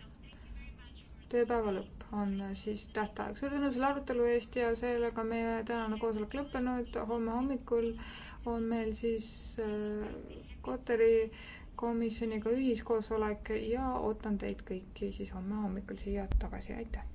tööpäeva lõpp on siis tähtaeg. suur tänu selle arutelu eest ja sellega meie tänane koosolek lõppenud. homme hommikul on meil siis äh, Kotari komisjoniga ühiskoosolek ja ootan teid kõiki siis homme hommikul siia tagasi, aitäh!